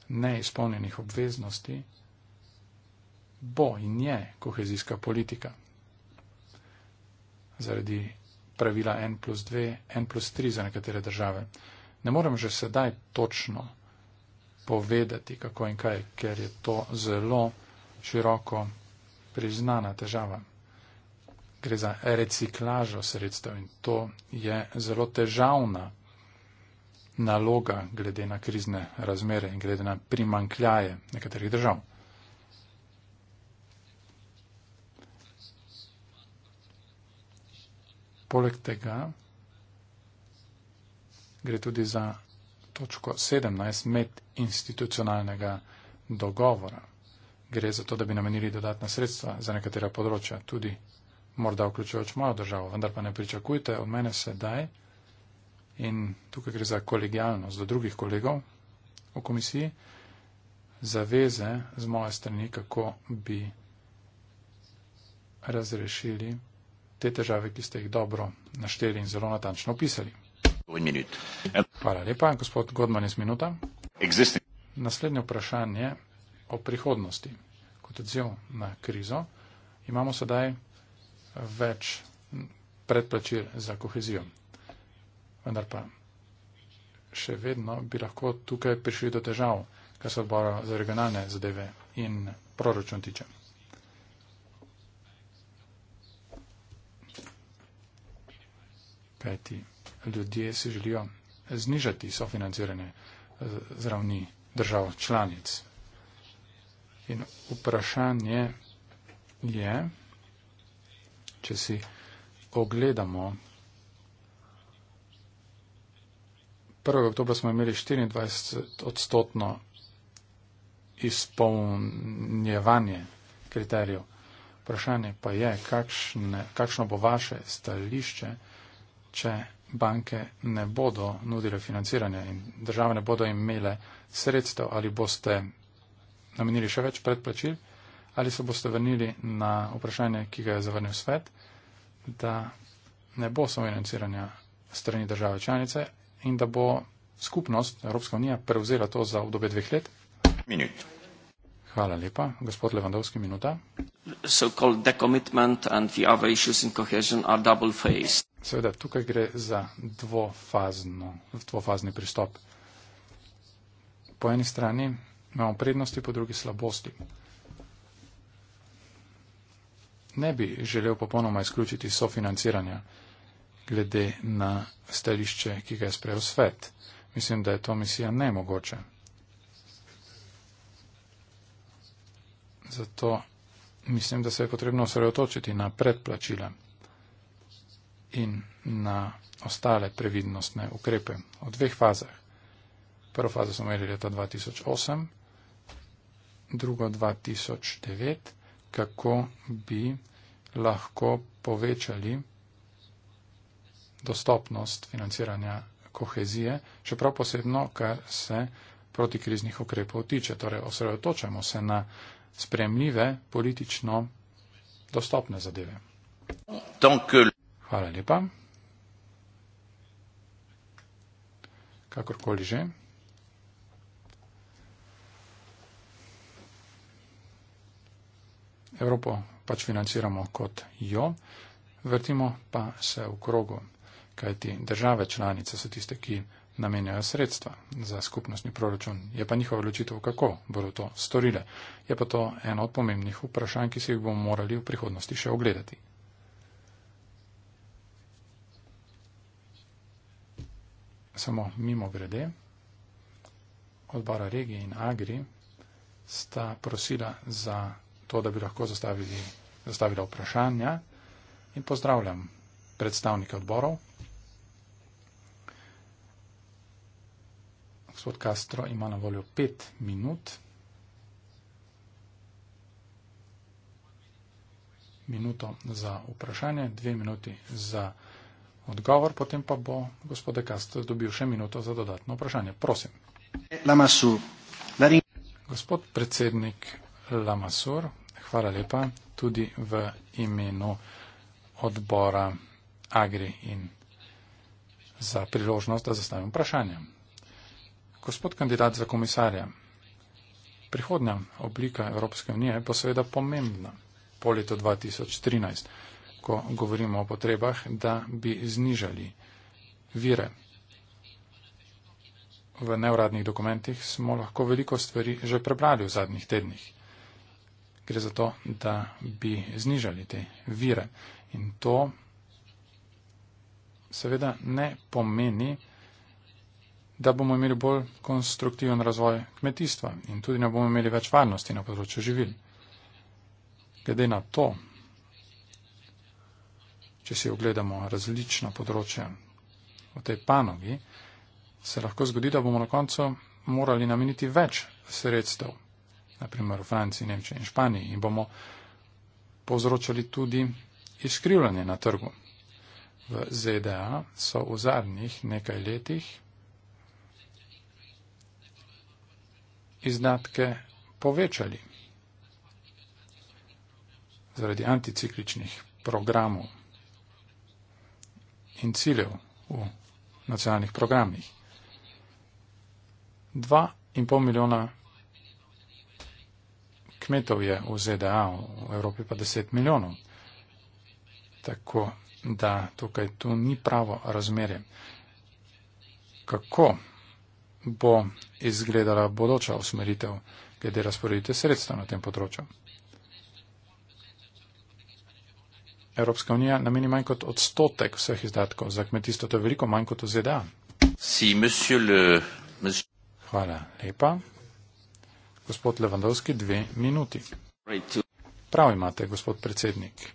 neizpolnjenih obveznosti bo in je kohezijska politika. Zaradi pravila N plus 2, N plus 3 za nekatere države. Ne morem že sedaj točno povedati, kako in kaj, ker je to zelo široko priznana težava. Gre za reciklažo sredstev in to je zelo težavna naloga glede na krizne razmere in glede na primankljaje nekaterih držav. Poleg tega gre tudi za točko 17 medinstitucionalnega dogovora. Gre za to, da bi namenili dodatna sredstva za nekatera področja, tudi morda vključujoč mojo državo, vendar pa ne pričakujte od mene sedaj in tukaj gre za kolegijalnost do drugih kolegov v komisiji, zaveze z moje strani, kako bi razrešili te težave, ki ste jih dobro našteli in zelo natančno opisali. Hvala lepa, gospod Godman iz Minuta. Naslednje vprašanje o prihodnosti. Kot odziv na krizo imamo sedaj več predplačil za kohezijo. Vendar pa še vedno bi lahko tukaj prišli do težav, kar se odbora za regionalne zadeve in proračun tiče. peti. Ljudje si želijo znižati sofinanciranje eh, z ravni držav članic. In vprašanje je, če si ogledamo, 1. oktober smo imeli 24 odstotno izpolnjevanje kriterijev. Vprašanje pa je, kakšne, kakšno bo vaše stališče, če banke ne bodo nudile financiranja in države ne bodo imele sredstev, ali boste namenili še več predplačil, ali se boste vrnili na vprašanje, ki ga je zavrnil svet, da ne bo samofinanciranja strani države članice in da bo skupnost Evropska unija prevzela to za obdobje dveh let. Minut. Hvala lepa. Gospod Levandovski, minuta. So-called decommitment and the other issues in cohesion are double-faced. Seveda, tukaj gre za dvofazno, dvofazni pristop. Po eni strani imamo prednosti, po drugi slabosti. Ne bi želel popolnoma izključiti sofinanciranja glede na stališče, ki ga je sprejel svet. Mislim, da je to misija nemogoče. Zato mislim, da se je potrebno osredotočiti na predplačila in na ostale previdnostne ukrepe v dveh fazah. Prvo fazo smo imeli leta 2008, drugo 2009, kako bi lahko povečali dostopnost financiranja kohezije, čeprav posebno, kar se protikriznih ukrepov tiče. Torej, osredotočamo se na spremljive politično dostopne zadeve. Tant que... Hvala lepa. Kakorkoli že. Evropo pač financiramo kot jo, vrtimo pa se v krogu, kajti države članice so tiste, ki namenjajo sredstva za skupnostni proračun. Je pa njihova odločitev, kako bodo to storile. Je pa to eno od pomembnih vprašanj, ki se jih bomo morali v prihodnosti še ogledati. samo mimo grede, odbora regije in Agri sta prosila za to, da bi lahko zastavili, zastavila vprašanja in pozdravljam predstavnike odborov, Gospod Castro ima na voljo pet minut. Minuto za vprašanje, dve minuti za vprašanje odgovor, potem pa bo gospod Kast dobil še minuto za dodatno vprašanje. Prosim. Gospod predsednik Lamasur, hvala lepa tudi v imenu odbora Agri in za priložnost, da zastavim vprašanje. Gospod kandidat za komisarja, prihodnja oblika Evropske unije bo seveda pomembna po letu 2013 ko govorimo o potrebah, da bi znižali vire. V neuradnih dokumentih smo lahko veliko stvari že prebrali v zadnjih tednih. Gre za to, da bi znižali te vire. In to seveda ne pomeni, da bomo imeli bolj konstruktiven razvoj kmetijstva in tudi ne bomo imeli več varnosti na področju živil. Glede na to, če si ogledamo različna področja v tej panogi, se lahko zgodi, da bomo na koncu morali nameniti več sredstev, naprimer v Franciji, Nemčiji in Španiji, in bomo povzročali tudi izkrivljanje na trgu. V ZDA so v zadnjih nekaj letih izdatke povečali zaradi anticikličnih programov in ciljev v nacionalnih programih. Dva in pol milijona kmetov je v ZDA, v Evropi pa deset milijonov. Tako da tukaj tu ni pravo razmerje. Kako bo izgledala bodoča usmeritev, glede razporedite sredstva na tem področju? Evropska unija nameni manj kot odstotek vseh izdatkov, za kmetijstvo to je veliko manj kot v ZDA. Si, monsieur le, monsieur... Hvala lepa. Gospod Levandovski, dve minuti. Prav imate, gospod predsednik.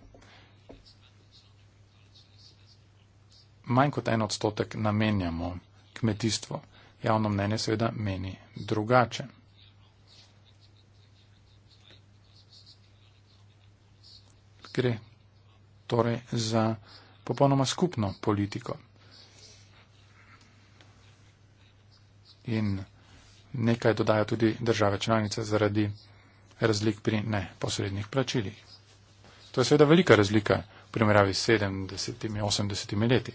Manj kot en odstotek namenjamo kmetijstvo. Javno mnenje seveda meni drugače. Gre torej za popolnoma skupno politiko. In nekaj dodajo tudi države članice zaradi razlik pri neposrednih plačilih. To je seveda velika razlika v primerjavi s 70-80 leti.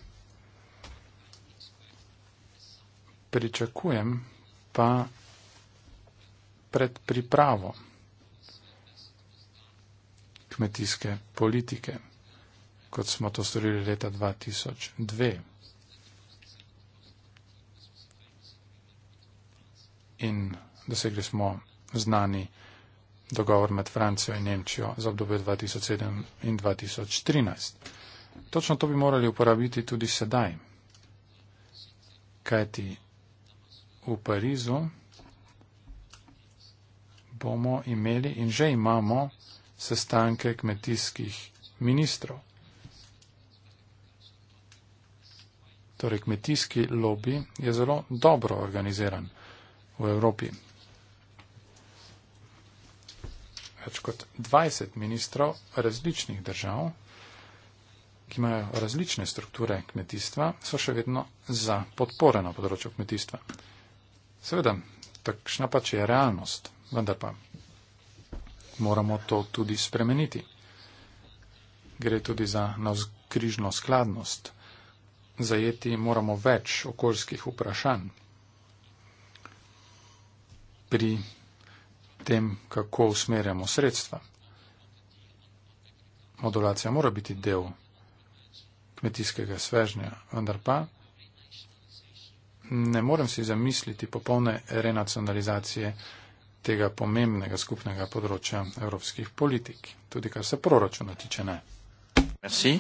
Pričakujem pa pred pripravo kmetijske politike kot smo to storili leta 2002. In dosegli smo znani dogovor med Francijo in Nemčijo za obdobje 2007 in 2013. Točno to bi morali uporabiti tudi sedaj, kajti v Parizu bomo imeli in že imamo sestanke kmetijskih ministrov. torej kmetijski lobby, je zelo dobro organiziran v Evropi. Več kot 20 ministrov različnih držav, ki imajo različne strukture kmetijstva, so še vedno za podpore na področju kmetijstva. Seveda, takšna pač je realnost, vendar pa moramo to tudi spremeniti. Gre tudi za navzkrižno skladnost zajeti moramo več okoljskih vprašanj. Pri tem, kako usmerjamo sredstva. Modulacija mora biti del kmetijskega svežnja, vendar pa ne morem si zamisliti popolne renacionalizacije tega pomembnega skupnega področja evropskih politik, tudi kar se proračuna tiče ne. Merci,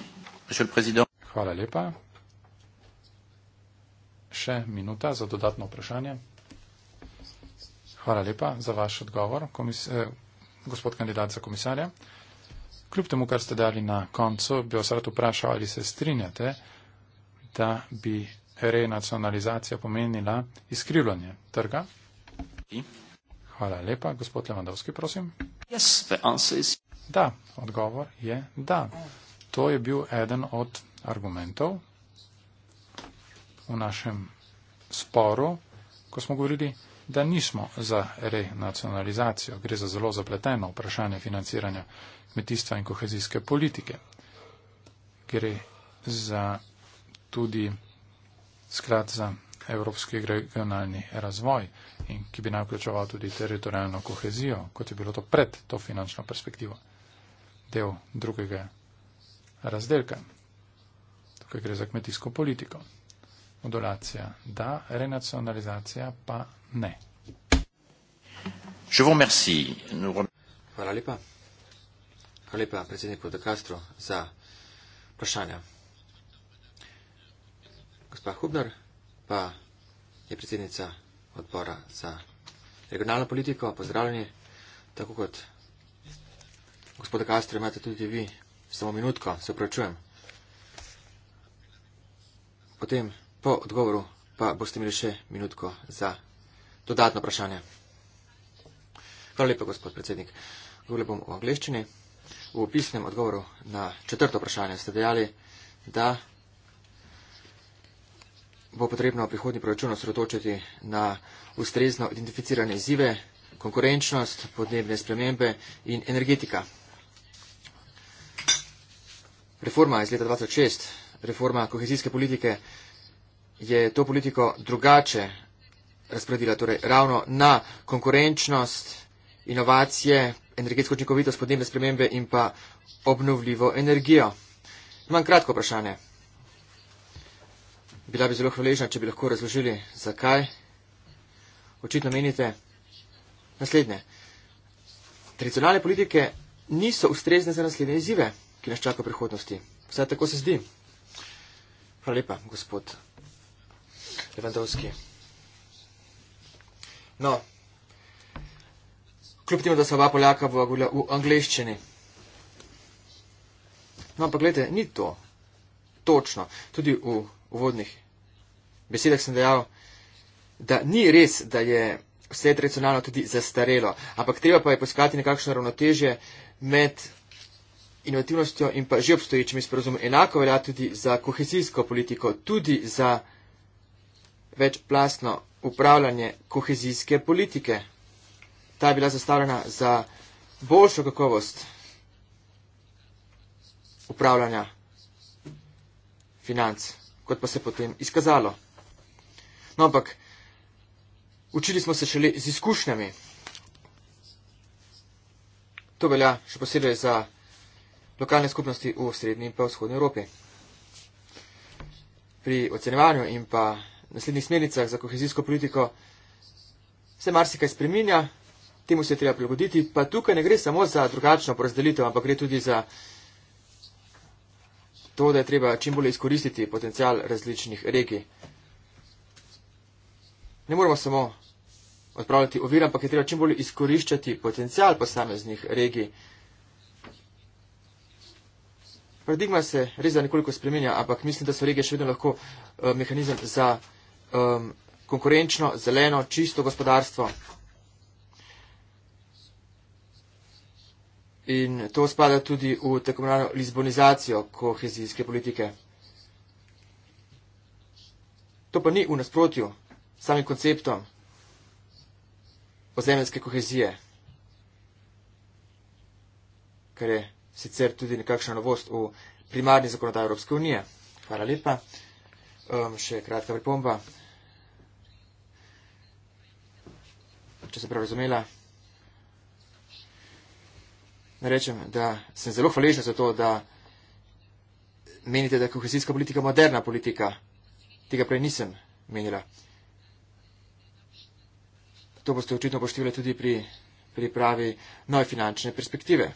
Hvala lepa še minuta za dodatno vprašanje. Hvala lepa za vaš odgovor, komis, eh, gospod kandidat za komisarja. Kljub temu, kar ste dali na koncu, bi vas rad vprašal, ali se strinjate, da bi renacionalizacija pomenila izkrivljanje trga. Hvala lepa. Gospod Levandovski, prosim. Yes, is... Da, odgovor je da. To je bil eden od argumentov, v našem sporu, ko smo govorili, da nismo za renacionalizacijo. Gre za zelo zapleteno vprašanje financiranja kmetijstva in kohezijske politike. Gre za tudi sklad za evropski regionalni razvoj, in ki bi naj vključeval tudi teritorijalno kohezijo, kot je bilo to pred to finančno perspektivo, del drugega razdelka. Tukaj gre za kmetijsko politiko. Modulacija da, renacionalizacija pa ne. Hvala lepa. Hvala lepa predsedniku De Castro za vprašanja. Gospa Hubner pa je predsednica odbora za regionalno politiko. Pozdravljeni. Tako kot gospoda Castro imate tudi vi samo minutko, se opravičujem. Potem Po odgovoru pa boste imeli še minutko za dodatno vprašanje. Hvala lepa, gospod predsednik. Govorili bom o angliščini. V pisnem odgovoru na četrto vprašanje ste dejali, da bo potrebno prihodnji proračun osredotočiti na ustrezno identificirane izzive, konkurenčnost, podnebne spremembe in energetika. Reforma iz leta 2006, reforma kohezijske politike je to politiko drugače razpredila, torej ravno na konkurenčnost, inovacije, energetsko učinkovitost, podnebne spremembe in pa obnovljivo energijo. Imam kratko vprašanje. Bila bi zelo hvaležna, če bi lahko razložili, zakaj. Očitno menite naslednje. Tradicionalne politike niso ustrezne za naslednje izzive, ki nas čaka v prihodnosti. Vsaj tako se zdi. Hvala lepa, gospod Levandovski. No, kljub temu, da so oba Poljaka v, v angleščini. No, ampak gledajte, ni to. Točno. Tudi v uvodnih besedah sem dejal, da ni res, da je vse tradicionalno tudi zastarelo. Ampak treba pa je poskati nekakšno ravnotežje med inovativnostjo in pa že obstoječimi sporozumi. Enako velja tudi za kohezijsko politiko, tudi za večplastno upravljanje kohezijske politike. Ta je bila zastavljena za boljšo kakovost upravljanja financ, kot pa se potem izkazalo. No, ampak učili smo se šele z izkušnjami. To velja še posebej za lokalne skupnosti v srednji in pa vzhodnji Evropi. Pri ocenjevanju in pa naslednjih smernicah za kohezijsko politiko, se marsikaj spreminja, temu se je treba prilagoditi, pa tukaj ne gre samo za drugačno porazdelitev, ampak gre tudi za to, da je treba čim bolje izkoristiti potencial različnih regij. Ne moramo samo odpravljati ovir, ampak je treba čim bolje izkoriščati potencial posameznih regij. Paradigma se res da nekoliko spremenja, ampak mislim, da so regije še vedno lahko eh, mehanizem za um, konkurenčno, zeleno, čisto gospodarstvo. In to spada tudi v tako imenovano lizbonizacijo kohezijske politike. To pa ni v nasprotju s samim konceptom ozemljske kohezije, kar je sicer tudi nekakšna novost v primarni zakonodaji Evropske unije. Hvala lepa. Um, še kratka pripomba. Če se prav razumela. Rečem, da sem zelo hvaležen za to, da menite, da je kohezijska politika moderna politika. Tega prej nisem menila. To boste očitno poštevali tudi pri pripravi nove finančne perspektive.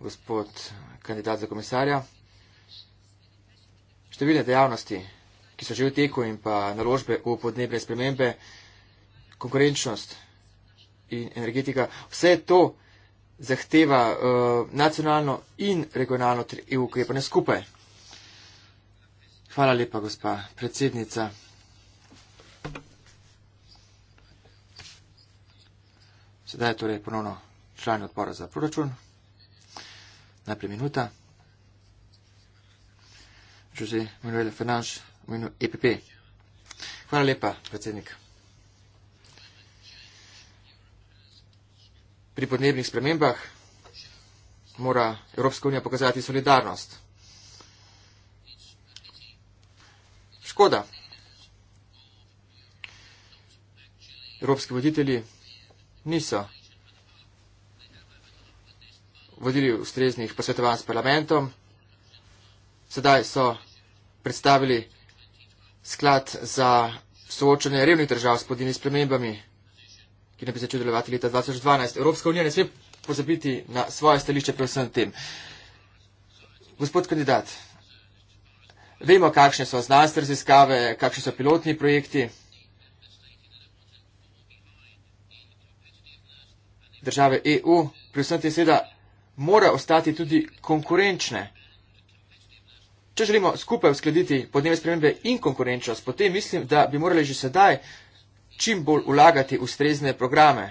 Gospod kandidat za komisarja številne dejavnosti, ki so že v teku in pa naložbe v podnebne spremembe, konkurenčnost in energetika, vse to zahteva uh, nacionalno in regionalno ukrepanje skupaj. Hvala lepa, gospa predsednica. Sedaj je torej ponovno član odbora za proračun. Najprej minuta. Jose Manuel Fenanš, imenu EPP. Hvala lepa, predsednik. Pri podnebnih spremembah mora Evropska unija pokazati solidarnost. Škoda. Evropski voditelji niso vodili ustreznih posvetovanj s parlamentom, sedaj so predstavili sklad za soočanje revnih držav s podnebnimi spremembami, ki ne bi začel delovati leta 2012. Evropska unija ne sme pozabiti na svoje stališče pri vsem tem. Gospod kandidat, vemo, kakšne so znanstvene raziskave, kakšni so pilotni projekti. Države EU, predvsem te seveda, mora ostati tudi konkurenčne. Če želimo skupaj uskladiti podnebne spremembe in konkurenčnost, potem mislim, da bi morali že sedaj čim bolj ulagati ustrezne programe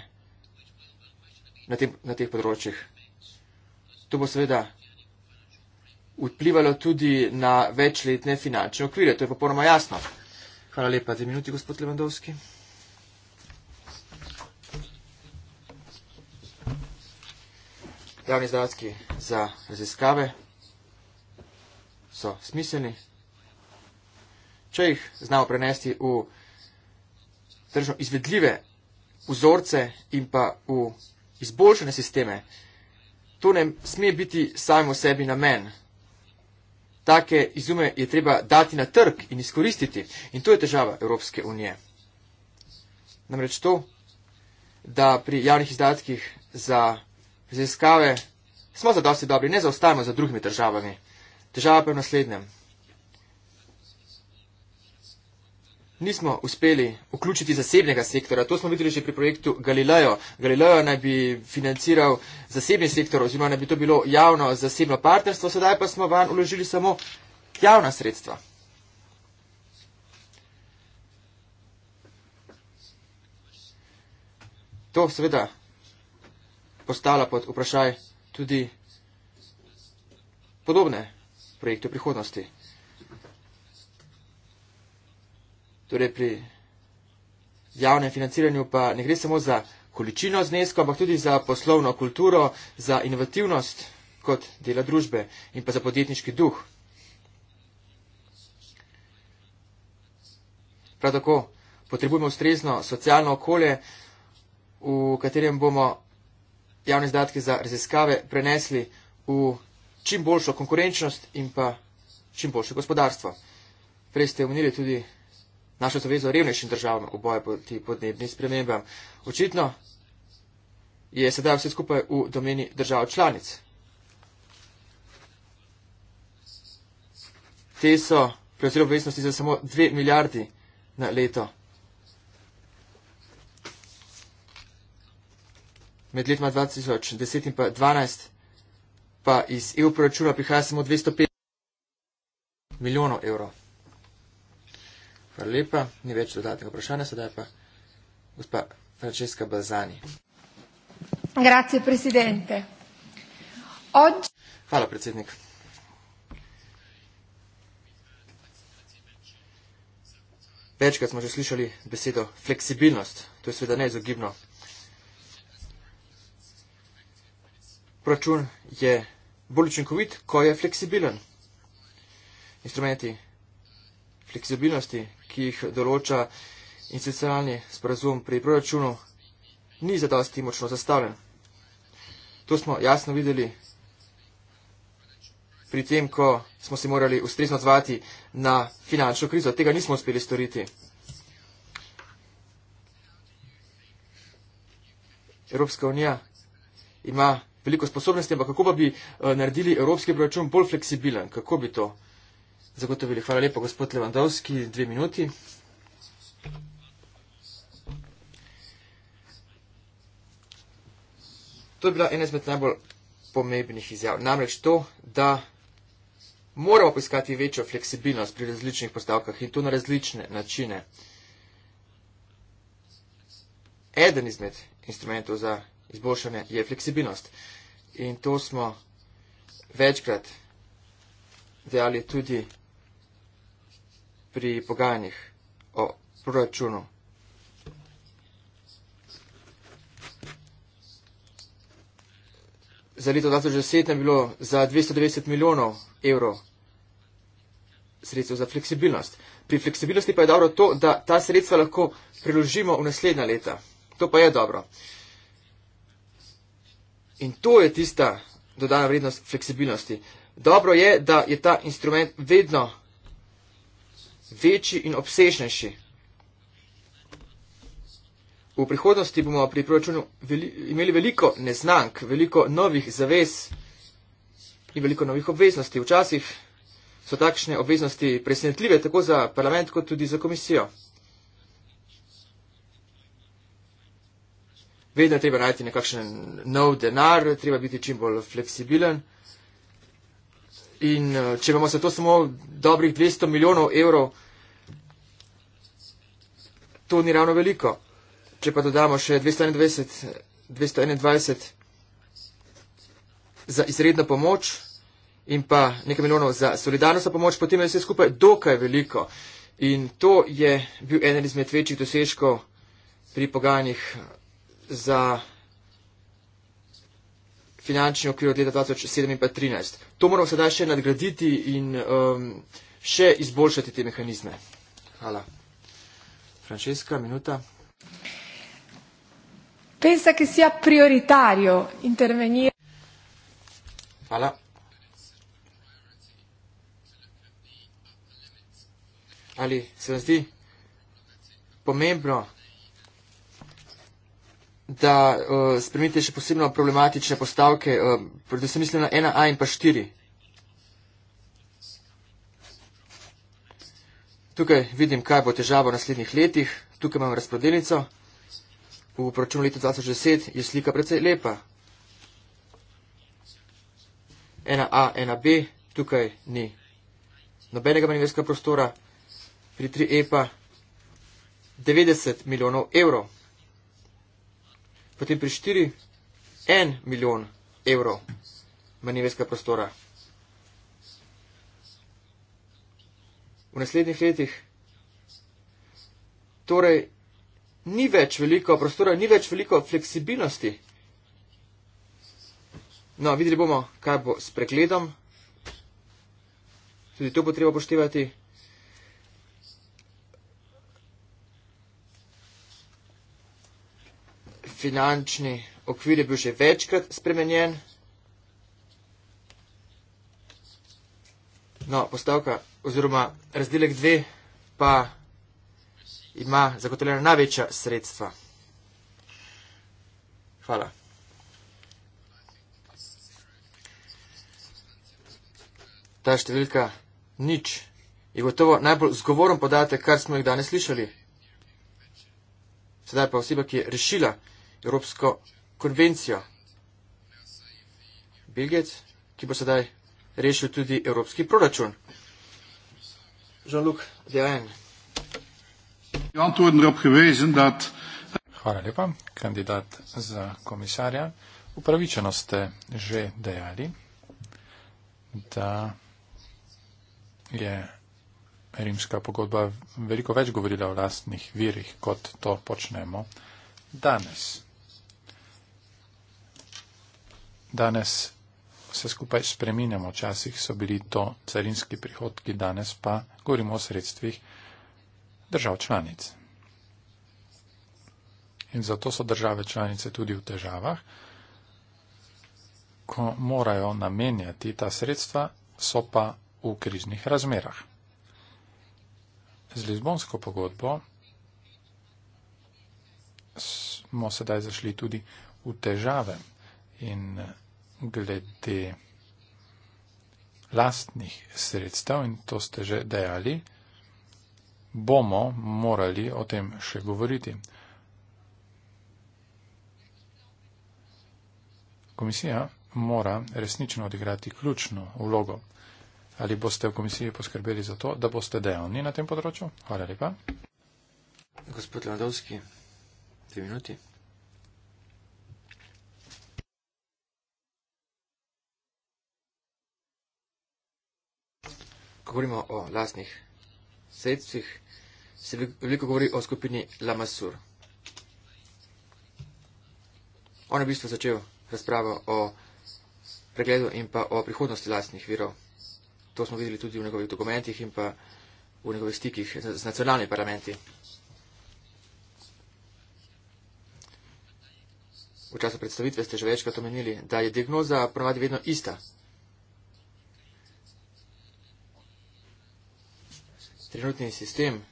na, tem, na teh področjih. To bo seveda vplivalo tudi na večletne finančne okvire. To je popolnoma jasno. Hvala lepa. Dve minuti, gospod Levandovski. Javni izdavatski za raziskave so smiselni, če jih znamo prenesti v tržno izvedljive vzorce in pa v izboljšane sisteme. To ne sme biti samo sebi namen. Take izume je treba dati na trg in izkoristiti. In to je težava Evropske unije. Namreč to, da pri javnih izdatkih za raziskave smo zadosti dobri, ne zaostajamo za drugimi državami. Težava pa je v naslednjem. Nismo uspeli vključiti zasebnega sektora. To smo videli že pri projektu Galileo. Galileo naj bi financiral zasebni sektor oziroma naj bi to bilo javno zasebno partnerstvo, sedaj pa smo van uložili samo javna sredstva. To seveda postala pod vprašaj tudi podobne projekte v prihodnosti. Torej pri javnem financiranju pa ne gre samo za količino znesko, ampak tudi za poslovno kulturo, za inovativnost kot dela družbe in pa za podjetniški duh. Prav tako potrebujemo ustrezno socialno okolje, v katerem bomo javne izdatke za raziskave prenesli v čim boljšo konkurenčnost in pa čim boljše gospodarstvo. Prej ste omenili tudi našo zavezo revnejšim državam v boju proti podnebnim spremembam. Očitno je sedaj vse skupaj v domeni držav članic. Te so prevzeli obveznosti za samo 2 milijardi na leto. Med letoma 2010 in pa 2012 pa iz EU proračuna prihaja samo 205 milijonov evrov. Hvala lepa, ni več dodatnega vprašanja, sedaj pa gospa Francesca Balzani. Grazie, presidente. Od... Hvala, predsednik. Večkrat smo že slišali besedo fleksibilnost, to je sveda neizogibno. Proračun je bolj učinkovit, ko je fleksibilen. Instrumenti fleksibilnosti, ki jih določa institucionalni sporazum pri proračunu, ni zadosti močno zastavljen. To smo jasno videli pri tem, ko smo se morali ustrezno odzvati na finančno krizo. Tega nismo uspeli storiti. Evropska unija ima veliko sposobnosti, ampak kako pa bi eh, naredili evropski proračun bolj fleksibilen? Kako bi to zagotovili? Hvala lepa, gospod Levandovski, dve minuti. To je bila ena izmed najbolj pomembnih izjav. Namreč to, da moramo poiskati večjo fleksibilnost pri različnih postavkah in to na različne načine. Eden izmed instrumentov za izboljšanje je fleksibilnost. Uh, In to smo večkrat dejali tudi pri pogajanjih o proračunu. Za leto 2010 je bilo za 290 milijonov evrov sredstev za fleksibilnost. Pri fleksibilnosti pa je dobro to, da ta sredstva lahko preložimo v naslednja leta. To pa je dobro. Uh, In to je tista dodana vrednost fleksibilnosti. Dobro je, da je ta instrument vedno večji in obsežnejši. V prihodnosti bomo pri proračunu veli, imeli veliko neznank, veliko novih zavez in veliko novih obveznosti. Včasih so takšne obveznosti presenetljive tako za parlament kot tudi za komisijo. vedno treba najti nekakšen nov denar, treba biti čim bolj fleksibilen. In eh, če imamo za to samo dobrih 200 milijonov evrov, to ni ravno veliko. Če pa dodamo še 221, 221 za izredno pomoč in pa nekaj milijonov za solidarnostno pomoč, potem je vse skupaj dokaj veliko. In to je bil eden izmed večjih dosežkov pri pogajanjih za finančni okvir od leta 2007 in pa 2013. To moramo sedaj še nadgraditi in um, še izboljšati te mehanizme. Hvala. Francesca, minuta. Pensa che sia prioritario intervenire. Hvala. Ali se vam zdi pomembno da uh, spremenite še posebno problematične postavke, uh, predvsem mislim na 1A in pa 4. Tukaj vidim, kaj bo težava v naslednjih letih. Tukaj imam razprodelnico. V proračunu leta 2010 je slika precej lepa. 1A, 1B, tukaj ni nobenega manjverskega prostora. Pri 3E pa 90 milijonov evrov potem pri 4 en milijon evrov manjvenskega prostora. V naslednjih letih torej ni več veliko prostora, ni več veliko fleksibilnosti. No, videli bomo, kaj bo s pregledom. Tudi to bo treba poštevati. finančni okvir je bil že večkrat spremenjen. No, postavka oziroma razdelek 2 pa ima zagotovljena največja sredstva. Hvala. Ta številka nič je gotovo najbolj zgovoren podatek, kar smo jih danes slišali. Sedaj pa oseba, ki je rešila Evropsko konvencijo. Bilgec, ki bo sedaj rešil tudi evropski proračun. Žaluk, zelen. Hvala lepa, kandidat za komisarja. Upravičeno ste že dejali, da je rimska pogodba veliko več govorila o lastnih virih, kot to počnemo danes danes vse skupaj spreminjamo. Včasih so bili to carinski prihodki, danes pa govorimo o sredstvih držav članic. In zato so države članice tudi v težavah, ko morajo namenjati ta sredstva, so pa v križnih razmerah. Z Lizbonsko pogodbo smo sedaj zašli tudi v težave, in eh, glede lastnih sredstev, in to ste že dejali, bomo morali o tem še govoriti. Komisija mora resnično odigrati ključno vlogo. Ali boste v komisiji poskrbeli za to, da boste dejavni na tem področju? Hvala lepa. Gospod Ladovski, dve minuti. govorimo o lastnih sredstvih, se veliko govori o skupini Lamasur. On je v bistvu začel razpravo o pregledu in pa o prihodnosti lastnih virov. To smo videli tudi v njegovih dokumentih in pa v njegovih stikih z nacionalnimi parlamenti. V času predstavitve ste že večkrat omenili, da je diagnoza ponavadi vedno ista. trenutni sistem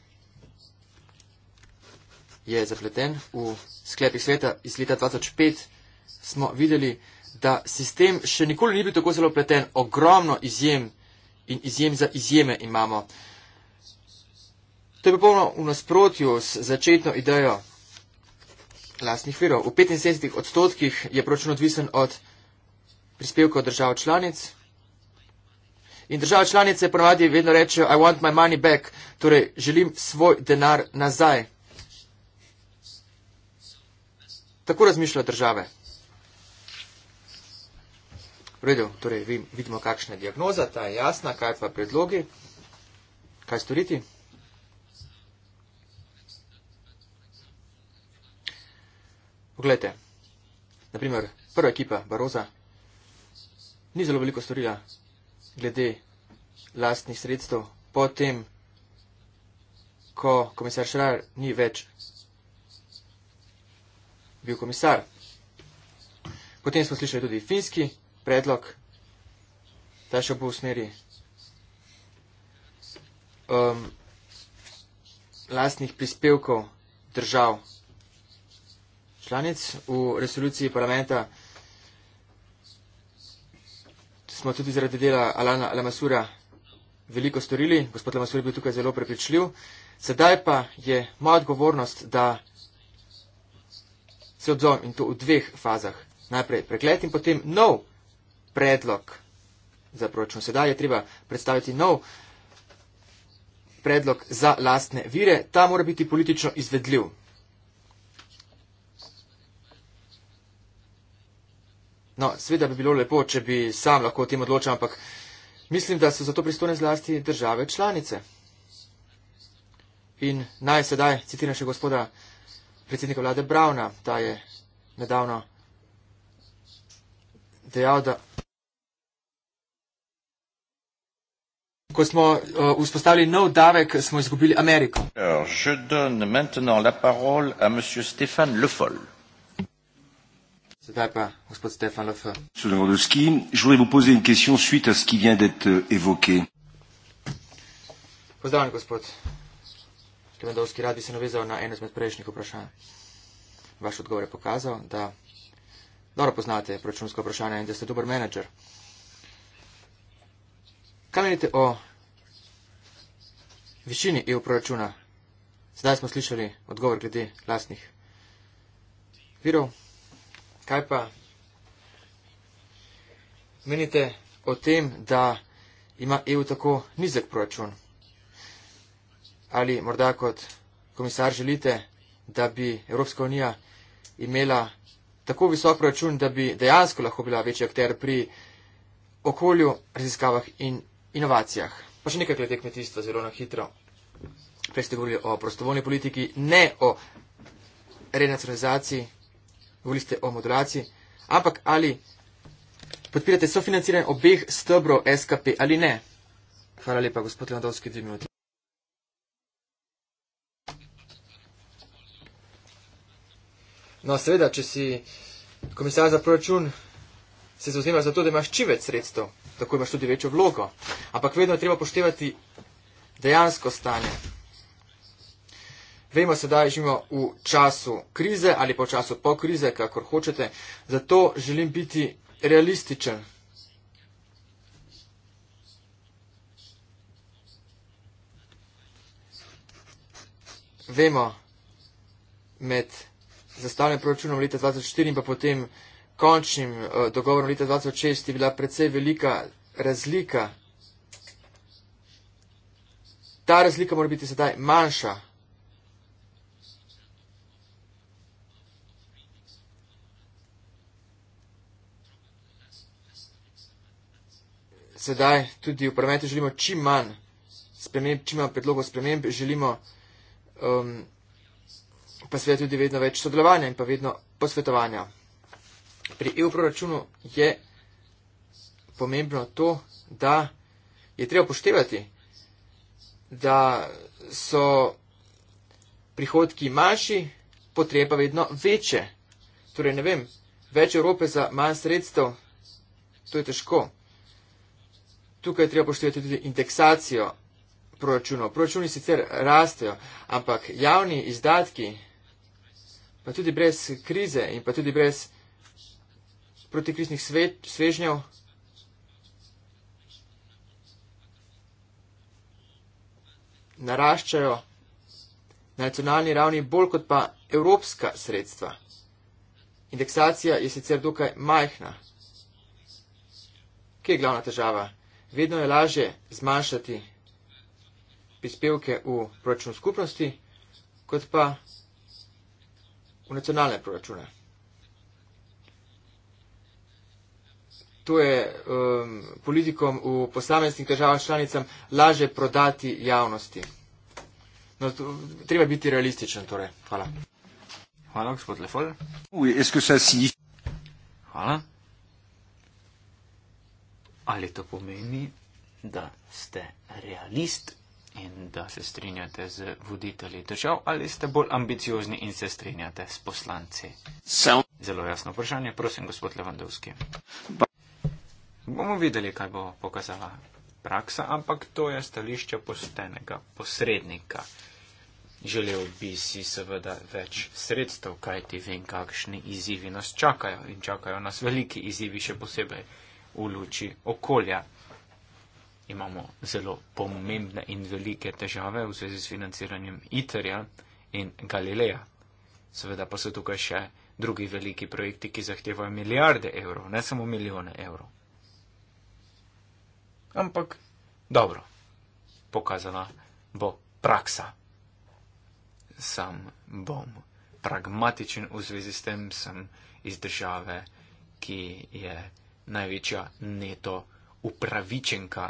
je zapleten. V sklepih sveta iz leta 2005 smo videli, da sistem še nikoli ni bil tako zelo pleten. Ogromno izjem in izjem za izjeme imamo. To je bilo polno v nasprotju s začetno idejo lastnih virov. V 75 odstotkih je proračun odvisen od prispevkov držav članic. In država članice ponavadi vedno reče, I want my money back, torej želim svoj denar nazaj. Tako razmišlja države. Redu, torej vidimo, kakšna je diagnoza, ta je jasna, kaj pa predlogi, kaj storiti. Poglejte, naprimer, prva ekipa Baroza ni zelo veliko storila, glede lastnih sredstev, potem, ko komisar Šrar ni več bil komisar. Potem smo slišali tudi finski predlog, da še bo v smeri um, lastnih prispevkov držav članic v resoluciji parlamenta smo tudi zaradi dela Alana Lamasura veliko storili. Gospod Lamasur je bil tukaj zelo prepričljiv. Sedaj pa je moja odgovornost, da se odzovem in to v dveh fazah. Najprej pregled in potem nov predlog za proračun. Sedaj je treba predstaviti nov predlog za lastne vire. Ta mora biti politično izvedljiv. No, sveda bi bilo lepo, če bi sam lahko o tem odločal, ampak mislim, da so za to pristojne zlasti države članice. In naj sedaj citiram še gospoda predsednika vlade Brauna, ta je nedavno dejal, da. Ko smo uh, vzpostavili nov davek, smo izgubili Ameriko. Alors, Sedaj pa gospod Stefan Lefer. Euh, Pozdravljen, gospod Levandovski. Rad bi se navezal na eno izmed prejšnjih vprašanj. Vaš odgovor je pokazal, da dobro poznate proračunsko vprašanje in da ste dober menedžer. Kaj menite o višini EU proračuna? Sedaj smo slišali odgovor glede lastnih virov. Kaj pa menite o tem, da ima EU tako nizek proračun? Ali morda kot komisar želite, da bi Evropska unija imela tako visok proračun, da bi dejansko lahko bila večji akter pri okolju, raziskavah in inovacijah? Pa še nekaj glede kmetijstva, zelo na hitro. Prej ste govorili o prostovoljni politiki, ne o renacionalizaciji govorili ste o modulaciji, ampak ali podpirate sofinanciranje obeh stebrov SKP ali ne? Hvala lepa, gospod Levandovski, dve minuti. No, seveda, če si komisar za proračun, se zauzemaš za to, da imaš čim več sredstev, tako imaš tudi večjo vlogo. Ampak vedno je treba poštevati dejansko stanje. Vemo sedaj, da živimo v času krize ali pa v času po krize, kakor hočete, zato želim biti realističen. Vemo med zastavljenim proračunom leta 2004 in pa potem končnim eh, dogovorom leta 2006 je bila precej velika razlika. Ta razlika mora biti sedaj manjša. sedaj tudi v parlamentu želimo čim manj sprememb, čim manj predlogov sprememb, želimo um, pa seveda tudi vedno več sodelovanja in pa vedno posvetovanja. Pri EU proračunu je pomembno to, da je treba poštevati, da so prihodki manjši, potreba vedno večje. Torej, ne vem, več Evrope za manj sredstev, to je težko tukaj treba poštevati tudi indeksacijo proračunov. Proračuni sicer rastejo, ampak javni izdatki, pa tudi brez krize in pa tudi brez protikriznih svežnjev, naraščajo na nacionalni ravni bolj kot pa evropska sredstva. Indeksacija je sicer dokaj majhna. Kje je glavna težava? vedno je lažje zmanjšati prispevke v proračun skupnosti, kot pa v nacionalne proračune. To je um, politikom v posameznih državah članicam laže prodati javnosti. No, to, treba biti realističen, torej. Hvala. Hvala, gospod Lefol. Hvala. Ali to pomeni, da ste realist in da se strinjate z voditelji držav, ali ste bolj ambiciozni in se strinjate s poslanci? Sam. Zelo jasno vprašanje, prosim, gospod Levandovski. Bomo videli, kaj bo pokazala praksa, ampak to je stališče postenega posrednika. Želel bi si seveda več sredstev, kajti vem, kakšni izzivi nas čakajo in čakajo nas veliki izzivi še posebej v luči okolja. Imamo zelo pomembne in velike težave v zvezi s financiranjem ITER-ja in Galileja. Seveda pa so tukaj še drugi veliki projekti, ki zahtevajo milijarde evrov, ne samo milijone evrov. Ampak dobro, pokazala bo praksa. Sam bom pragmatičen v zvezi s tem, sem iz države, ki je največja neto upravičenka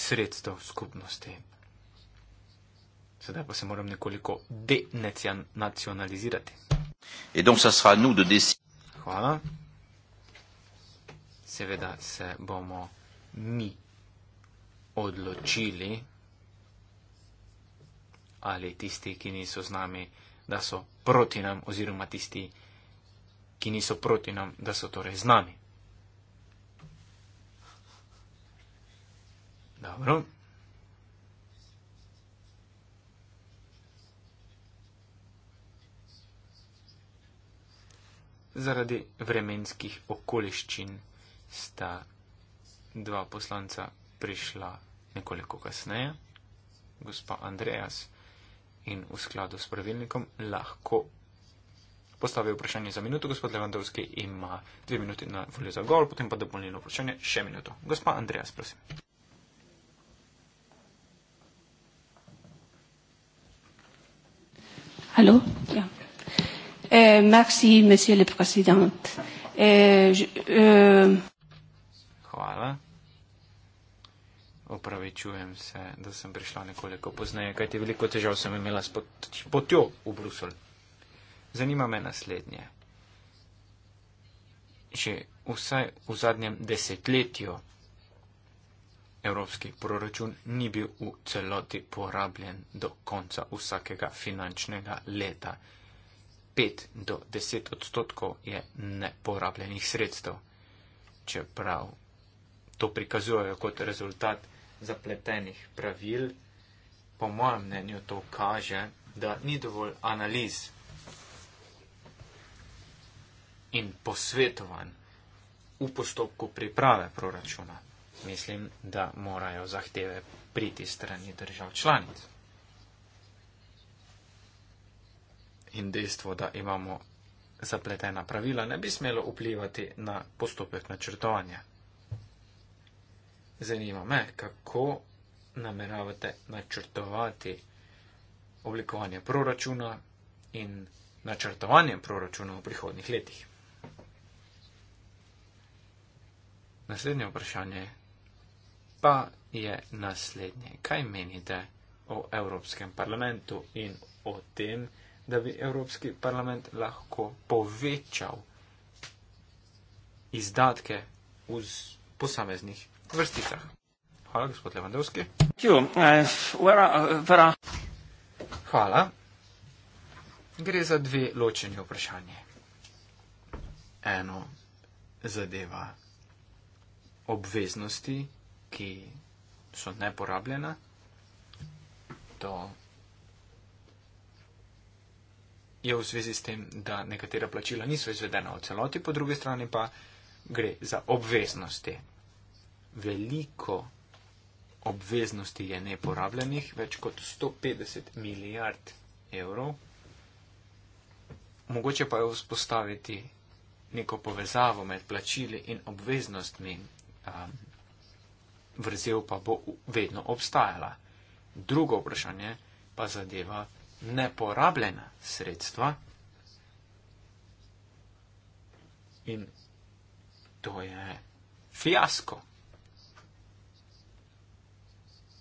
sredstev skupnosti. Sedaj pa se moram nekoliko denacionalizirati. Hvala. Seveda se bomo mi odločili, ali tisti, ki niso z nami, da so proti nam oziroma tisti, ki ki niso proti nam, da so torej z nami. Dobro. Zaradi vremenskih okoliščin sta dva poslanca prišla nekoliko kasneje, gospa Andreas, in v skladu s pravilnikom lahko postavil vprašanje za minuto, gospod Levandovski ima dve minuti na voljo za gol, potem pa dopolnilno vprašanje še minuto. Gospa Andreas, prosim. Allô? Yeah. Ja. Eh, merci, monsieur le président. Eh, je, euh... Opravičujem se, da sem prišla nekoliko pozneje, kajti veliko težav sem imela s pot, potjo v Bruselj. Zanima me naslednje. Že vsaj v zadnjem desetletju evropski proračun ni bil v celoti porabljen do konca vsakega finančnega leta. 5 do 10 odstotkov je neporabljenih sredstev, čeprav to prikazujejo kot rezultat zapletenih pravil. Po mojem mnenju to kaže, da ni dovolj analiz in posvetovanj v postopku priprave proračuna. Mislim, da morajo zahteve priti strani držav članic. In dejstvo, da imamo zapletena pravila, ne bi smelo vplivati na postopek načrtovanja. Zanima me, kako nameravate načrtovati oblikovanje proračuna in načrtovanje proračuna v prihodnih letih. Naslednje vprašanje pa je naslednje. Kaj menite o Evropskem parlamentu in o tem, da bi Evropski parlament lahko povečal izdatke v posameznih vrsticah? Hvala, gospod Levandovski. Uh, uh, Hvala. Gre za dve ločeni vprašanje. Eno zadeva obveznosti, ki so neporabljena, to je v zvezi s tem, da nekatera plačila niso izvedena v celoti, po drugi strani pa gre za obveznosti. Veliko obveznosti je neporabljenih, več kot 150 milijard evrov. Mogoče pa je vzpostaviti neko povezavo med plačili in obveznostmi um, vrzel pa bo vedno obstajala. Drugo vprašanje pa zadeva neporabljena sredstva in to je fiasko.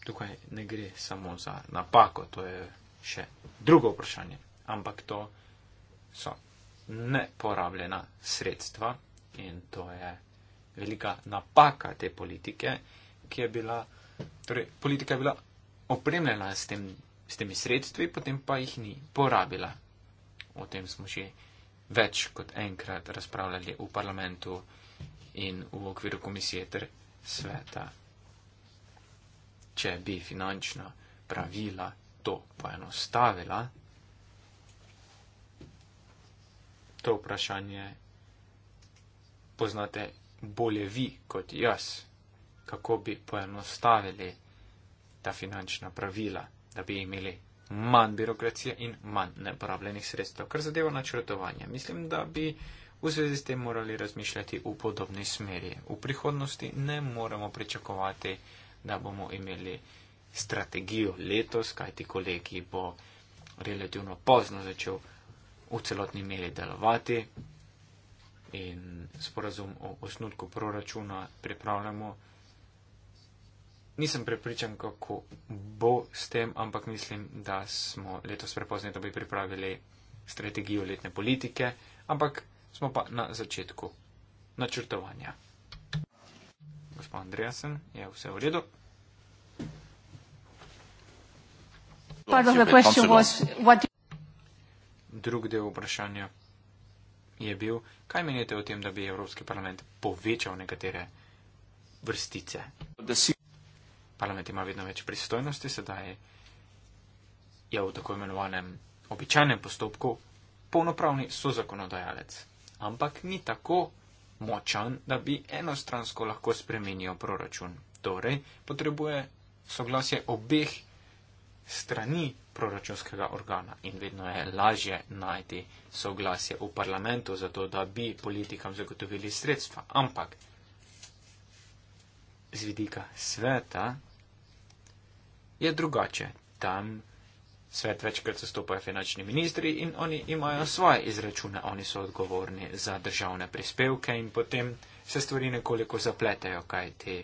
Tukaj ne gre samo za napako, to je še drugo vprašanje, ampak to so neporabljena sredstva in to je velika napaka te politike, ki je bila, torej politika je bila opremljena s, tem, s temi sredstvi, potem pa jih ni porabila. O tem smo že več kot enkrat razpravljali v parlamentu in v okviru komisije ter sveta. Če bi finančna pravila to poenostavila, to vprašanje poznate bolje vi kot jaz, kako bi poenostavili ta finančna pravila, da bi imeli manj birokracije in manj neporabljenih sredstev. Kar zadeva načrtovanje, mislim, da bi v zvezi s tem morali razmišljati v podobni smeri. V prihodnosti ne moremo pričakovati, da bomo imeli strategijo letos, kajti kolegi bo relativno pozno začel v celotni meri delovati, in sporazum o osnutku proračuna pripravljamo. Nisem prepričan, kako bo s tem, ampak mislim, da smo letos prepozni, da bi pripravili strategijo letne politike, ampak smo pa na začetku načrtovanja. Gospod Andreasen, je vse v redu? Drugi del vprašanja je bil, kaj menite o tem, da bi Evropski parlament povečal nekatere vrstice? Si... Parlament ima vedno več pristojnosti, sedaj je v tako imenovanem običajnem postopku polnopravni sozakonodajalec, ampak ni tako močan, da bi enostransko lahko spremenil proračun. Torej, potrebuje soglasje obeh strani proračunskega organa in vedno je lažje najti soglasje v parlamentu za to, da bi politikam zagotovili sredstva. Ampak z vidika sveta je drugače. Tam svet večkrat zastopajo finančni ministri in oni imajo svoje izračune, oni so odgovorni za državne prispevke in potem se stvari nekoliko zapletejo, kaj ti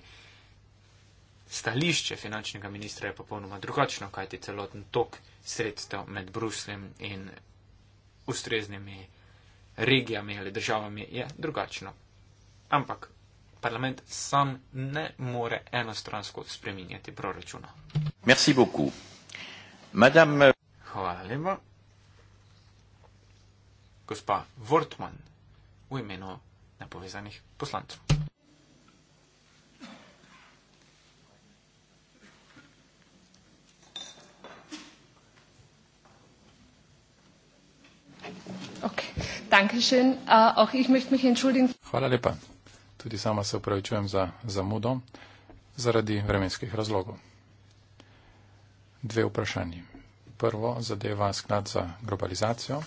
stališče finančnega ministra je popolnoma drugačno, kajti celoten tok sredstev med Bruslem in ustreznimi regijami ali državami je drugačno. Ampak parlament sam ne more enostransko spreminjati proračuna. Merci beaucoup. Madame... Hvala lepa. Gospa Wortman v imenu nepovezanih poslancev. Okay. Dankeschön. Uh, auch ich möchte mich entschuldigen. Hvala lepa. Tudi sama se upravičujem za zamudo zaradi vremenskih razlogov. Dve vprašanje. Prvo zadeva sklad za globalizacijo.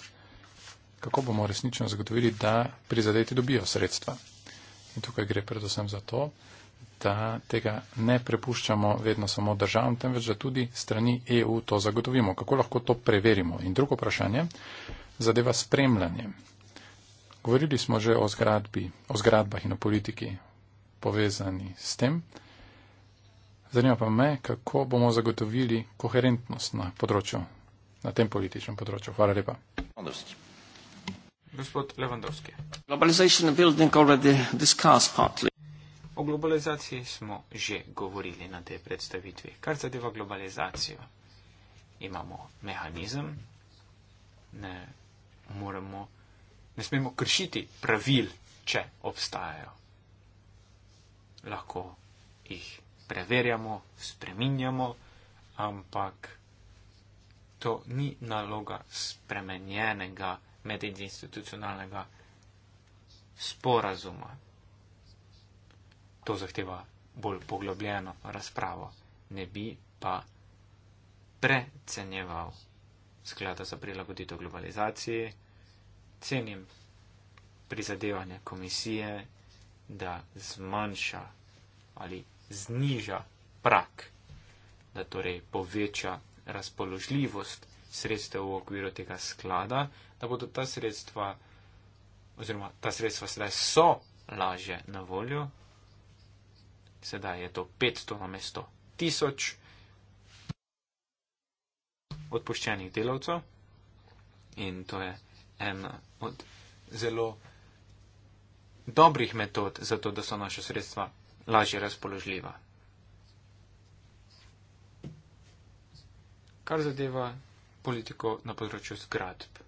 Kako bomo resnično zagotovili, da prizadeti dobijo sredstva? In tukaj gre predvsem za to, da tega ne prepuščamo vedno samo državam, temveč da tudi strani EU to zagotovimo. Kako lahko to preverimo? In drugo vprašanje zadeva spremljanje. Govorili smo že o, zgradbi, o zgradbah in o politiki povezani s tem. Zanima pa me, kako bomo zagotovili koherentnost na, področju, na tem političnem področju. Hvala lepa. Gospod Levandovski. O globalizaciji smo že govorili na tej predstavitvi. Kar zadeva globalizacijo, imamo mehanizem, ne, moramo, ne smemo kršiti pravil, če obstajajo. Lahko jih preverjamo, spreminjamo, ampak to ni naloga spremenjenega medinstitucionalnega sporazuma. To zahteva bolj poglobljeno razpravo. Ne bi pa precenjeval sklada za prilagoditev globalizaciji. Cenim prizadevanje komisije, da zmanjša ali zniža prak, da torej poveča razpoložljivost sredstev v okviru tega sklada, da bodo ta sredstva oziroma ta sredstva sedaj so laže na voljo. Sedaj je to 500 na mesto 1000 odpoščenih delavcev in to je ena od zelo dobrih metod za to, da so naše sredstva lažje razpoložljiva. Kar zadeva politiko na področju zgradb.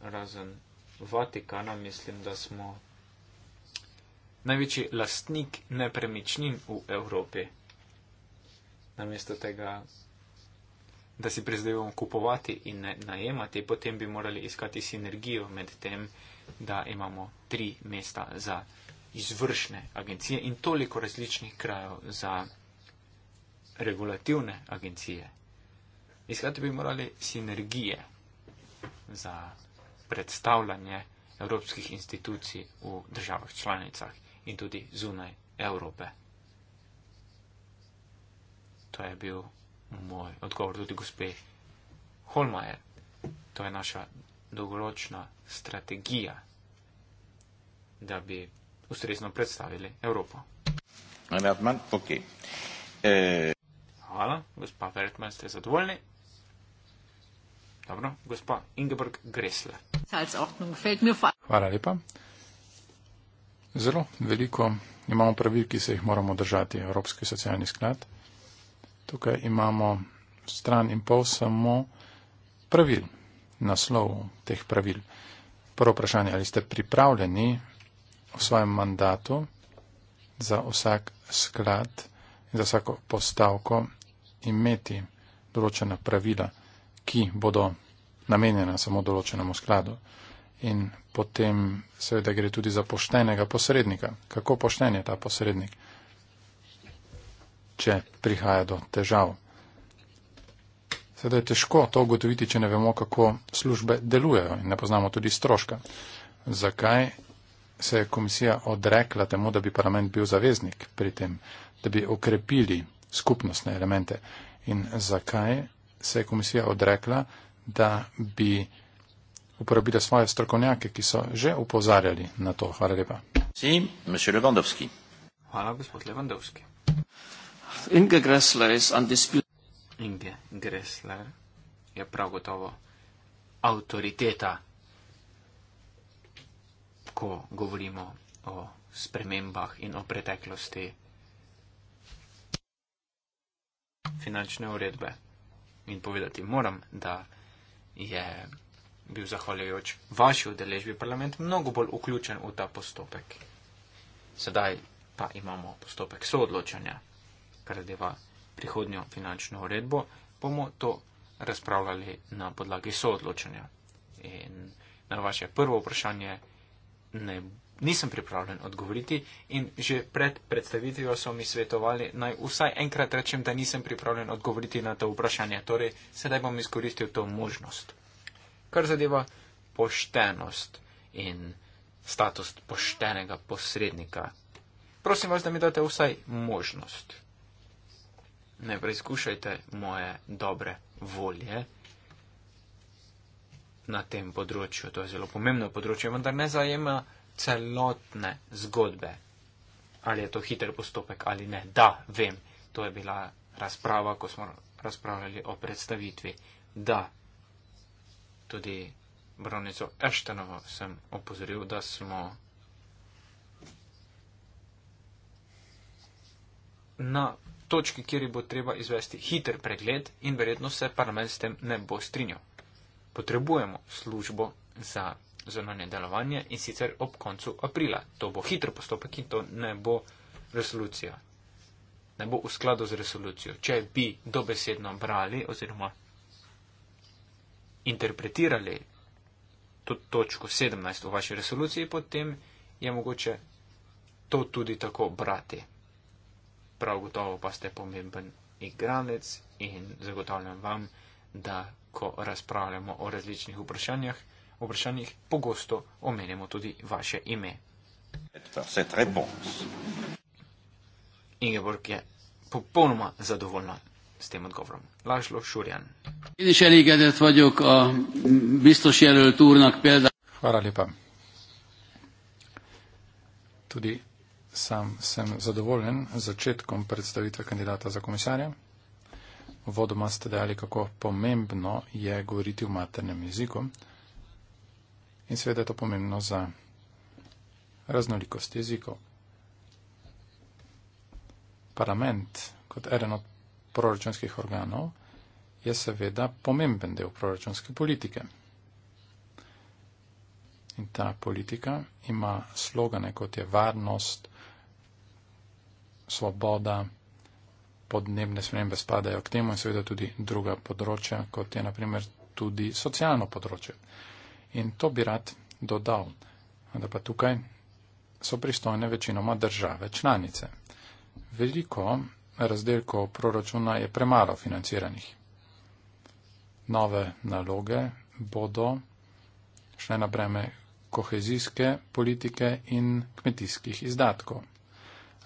Razen Vatikana mislim, da smo največji lastnik nepremičnin v Evropi namesto tega, da si prizadevamo kupovati in najemati, potem bi morali iskati sinergijo med tem, da imamo tri mesta za izvršne agencije in toliko različnih krajev za regulativne agencije. Iskati bi morali sinergije za predstavljanje evropskih institucij v državah članicah in tudi zunaj Evrope. To je bil moj odgovor tudi gospe Holmajer. To je naša dolgoročna strategija, da bi ustrezno predstavili Evropo. Okay. E... Hvala, gospa Vertman, ste zadovoljni. Dobro, gospa Ingeborg Gresle. Hvala lepa. Zelo veliko imamo pravil, ki se jih moramo držati. Evropski socialni sklad Tukaj imamo stran in pol samo pravil, naslov teh pravil. Prvo vprašanje, ali ste pripravljeni v svojem mandatu za vsak sklad in za vsako postavko imeti določena pravila, ki bodo namenjena samo določenemu skladu. In potem seveda gre tudi za poštenega posrednika. Kako pošten je ta posrednik? če prihaja do težav. Sedaj je težko to ugotoviti, če ne vemo, kako službe delujejo in ne poznamo tudi stroška. Zakaj se je komisija odrekla temu, da bi parlament bil zaveznik pri tem, da bi okrepili skupnostne elemente in zakaj se je komisija odrekla, da bi uporabila svoje strokovnjake, ki so že upozarjali na to. Hvala lepa. Si, Hvala, gospod Levandovski. Inge Gressler iz Undisputed. Inge Gressler je prav gotovo avtoriteta, ko govorimo o spremembah in o preteklosti finančne uredbe. In povedati moram, da je bil zahvaljujoč vaši udeležbi parlament mnogo bolj vključen v ta postopek. Sedaj pa imamo postopek soodločanja predeva prihodnjo finančno uredbo, bomo to razpravljali na podlagi soodločanja. In na vaše prvo vprašanje ne, nisem pripravljen odgovoriti in že pred predstavitvijo so mi svetovali, naj vsaj enkrat rečem, da nisem pripravljen odgovoriti na to vprašanje. Torej, sedaj bom izkoristil to možnost. Kar zadeva poštenost in status poštenega posrednika. Prosim vas, da mi date vsaj možnost ne preizkušajte moje dobre volje na tem področju. To je zelo pomembno področje, vendar ne zajema celotne zgodbe. Ali je to hiter postopek ali ne. Da, vem, to je bila razprava, ko smo razpravljali o predstavitvi. Da, tudi bronico Eštenovo sem opozoril, da smo na točki, kjer bo treba izvesti hiter pregled in verjetno se parlament s tem ne bo strinjal. Potrebujemo službo za zonanje delovanje in sicer ob koncu aprila. To bo hitro postopek in to ne bo resolucija. Ne bo v skladu z resolucijo. Če bi dobesedno brali oziroma interpretirali to točko 17 v vaši resoluciji, potem je mogoče to tudi tako brati prav gotovo pa ste pomemben igralec in zagotavljam vam, da ko razpravljamo o različnih vprašanjah, vprašanjih pogosto omenjamo tudi vaše ime. Ingeborg je popolnoma zadovoljna s tem odgovorom. Lašlo Šurjan. Hvala lepa. Tudi Sam sem zadovoljen z začetkom predstavitve kandidata za komisarja. Vodoma ste dejali, kako pomembno je govoriti v maternem jeziku. In seveda je to pomembno za raznolikost jezikov. Parlament kot eden od proračunskih organov je seveda pomemben del proračunske politike. In ta politika ima slogane kot je varnost, svoboda, podnebne spremembe spadajo k temu in seveda tudi druga področja, kot je naprimer tudi socialno področje. In to bi rad dodal, da pa tukaj so pristojne večinoma države članice. Veliko razdelkov proračuna je premalo financiranih. Nove naloge bodo šle na breme kohezijske politike in kmetijskih izdatkov.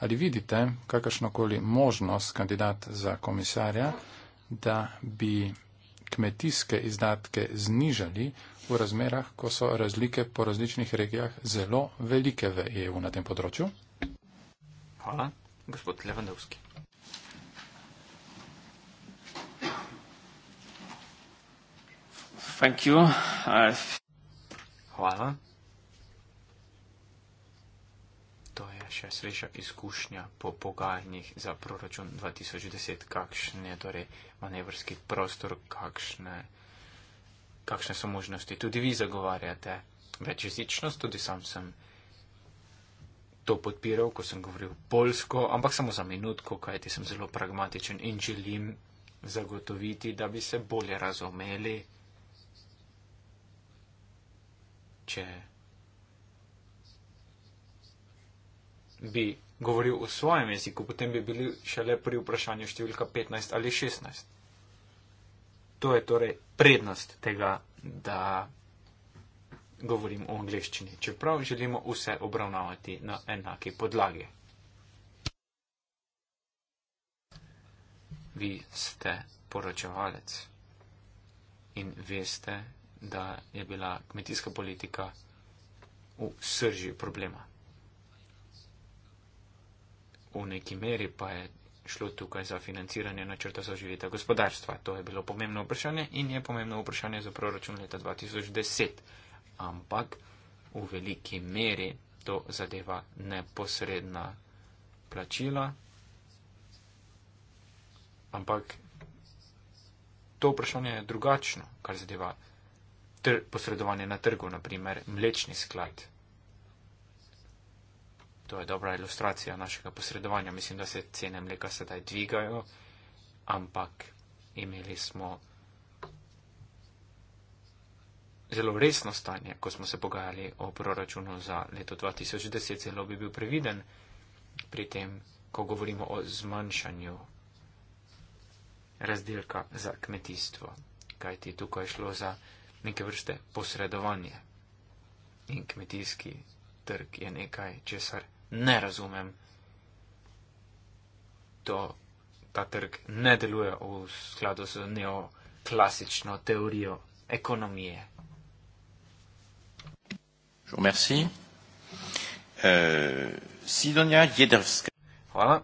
Ali vidite kakršnokoli možnost kandidat za komisarja, da bi kmetijske izdatke znižali v razmerah, ko so razlike po različnih regijah zelo velike v EU na tem področju? Hvala, gospod Levandovski. Hvala. še sveža izkušnja po pogajanjih za proračun 2010, kakšen je torej manevrski prostor, kakšne, kakšne so možnosti. Tudi vi zagovarjate večjezičnost, tudi sam sem to podpiral, ko sem govoril polsko, ampak samo za minutko, kajti sem zelo pragmatičen in želim zagotoviti, da bi se bolje razumeli. bi govoril v svojem jeziku, potem bi bili šele pri vprašanju številka 15 ali 16. To je torej prednost tega, da govorim v angleščini, čeprav želimo vse obravnavati na enake podlage. Vi ste poročevalec in veste, da je bila kmetijska politika v srži problema v neki meri pa je šlo tukaj za financiranje načrta za oživitev gospodarstva. To je bilo pomembno vprašanje in je pomembno vprašanje za proračun leta 2010. Ampak v veliki meri to zadeva neposredna plačila. Ampak to vprašanje je drugačno, kar zadeva posredovanje na trgu, naprimer mlečni sklad to je dobra ilustracija našega posredovanja. Mislim, da se cene mleka sedaj dvigajo, ampak imeli smo zelo resno stanje, ko smo se pogajali o proračunu za leto 2010. Zelo bi bil previden pri tem, ko govorimo o zmanjšanju razdelka za kmetijstvo, kajti tukaj je šlo za neke vrste posredovanje in kmetijski trg je nekaj, česar ne razumem, da ta trg ne deluje v skladu z neoklasično teorijo ekonomije. Euh, Hvala.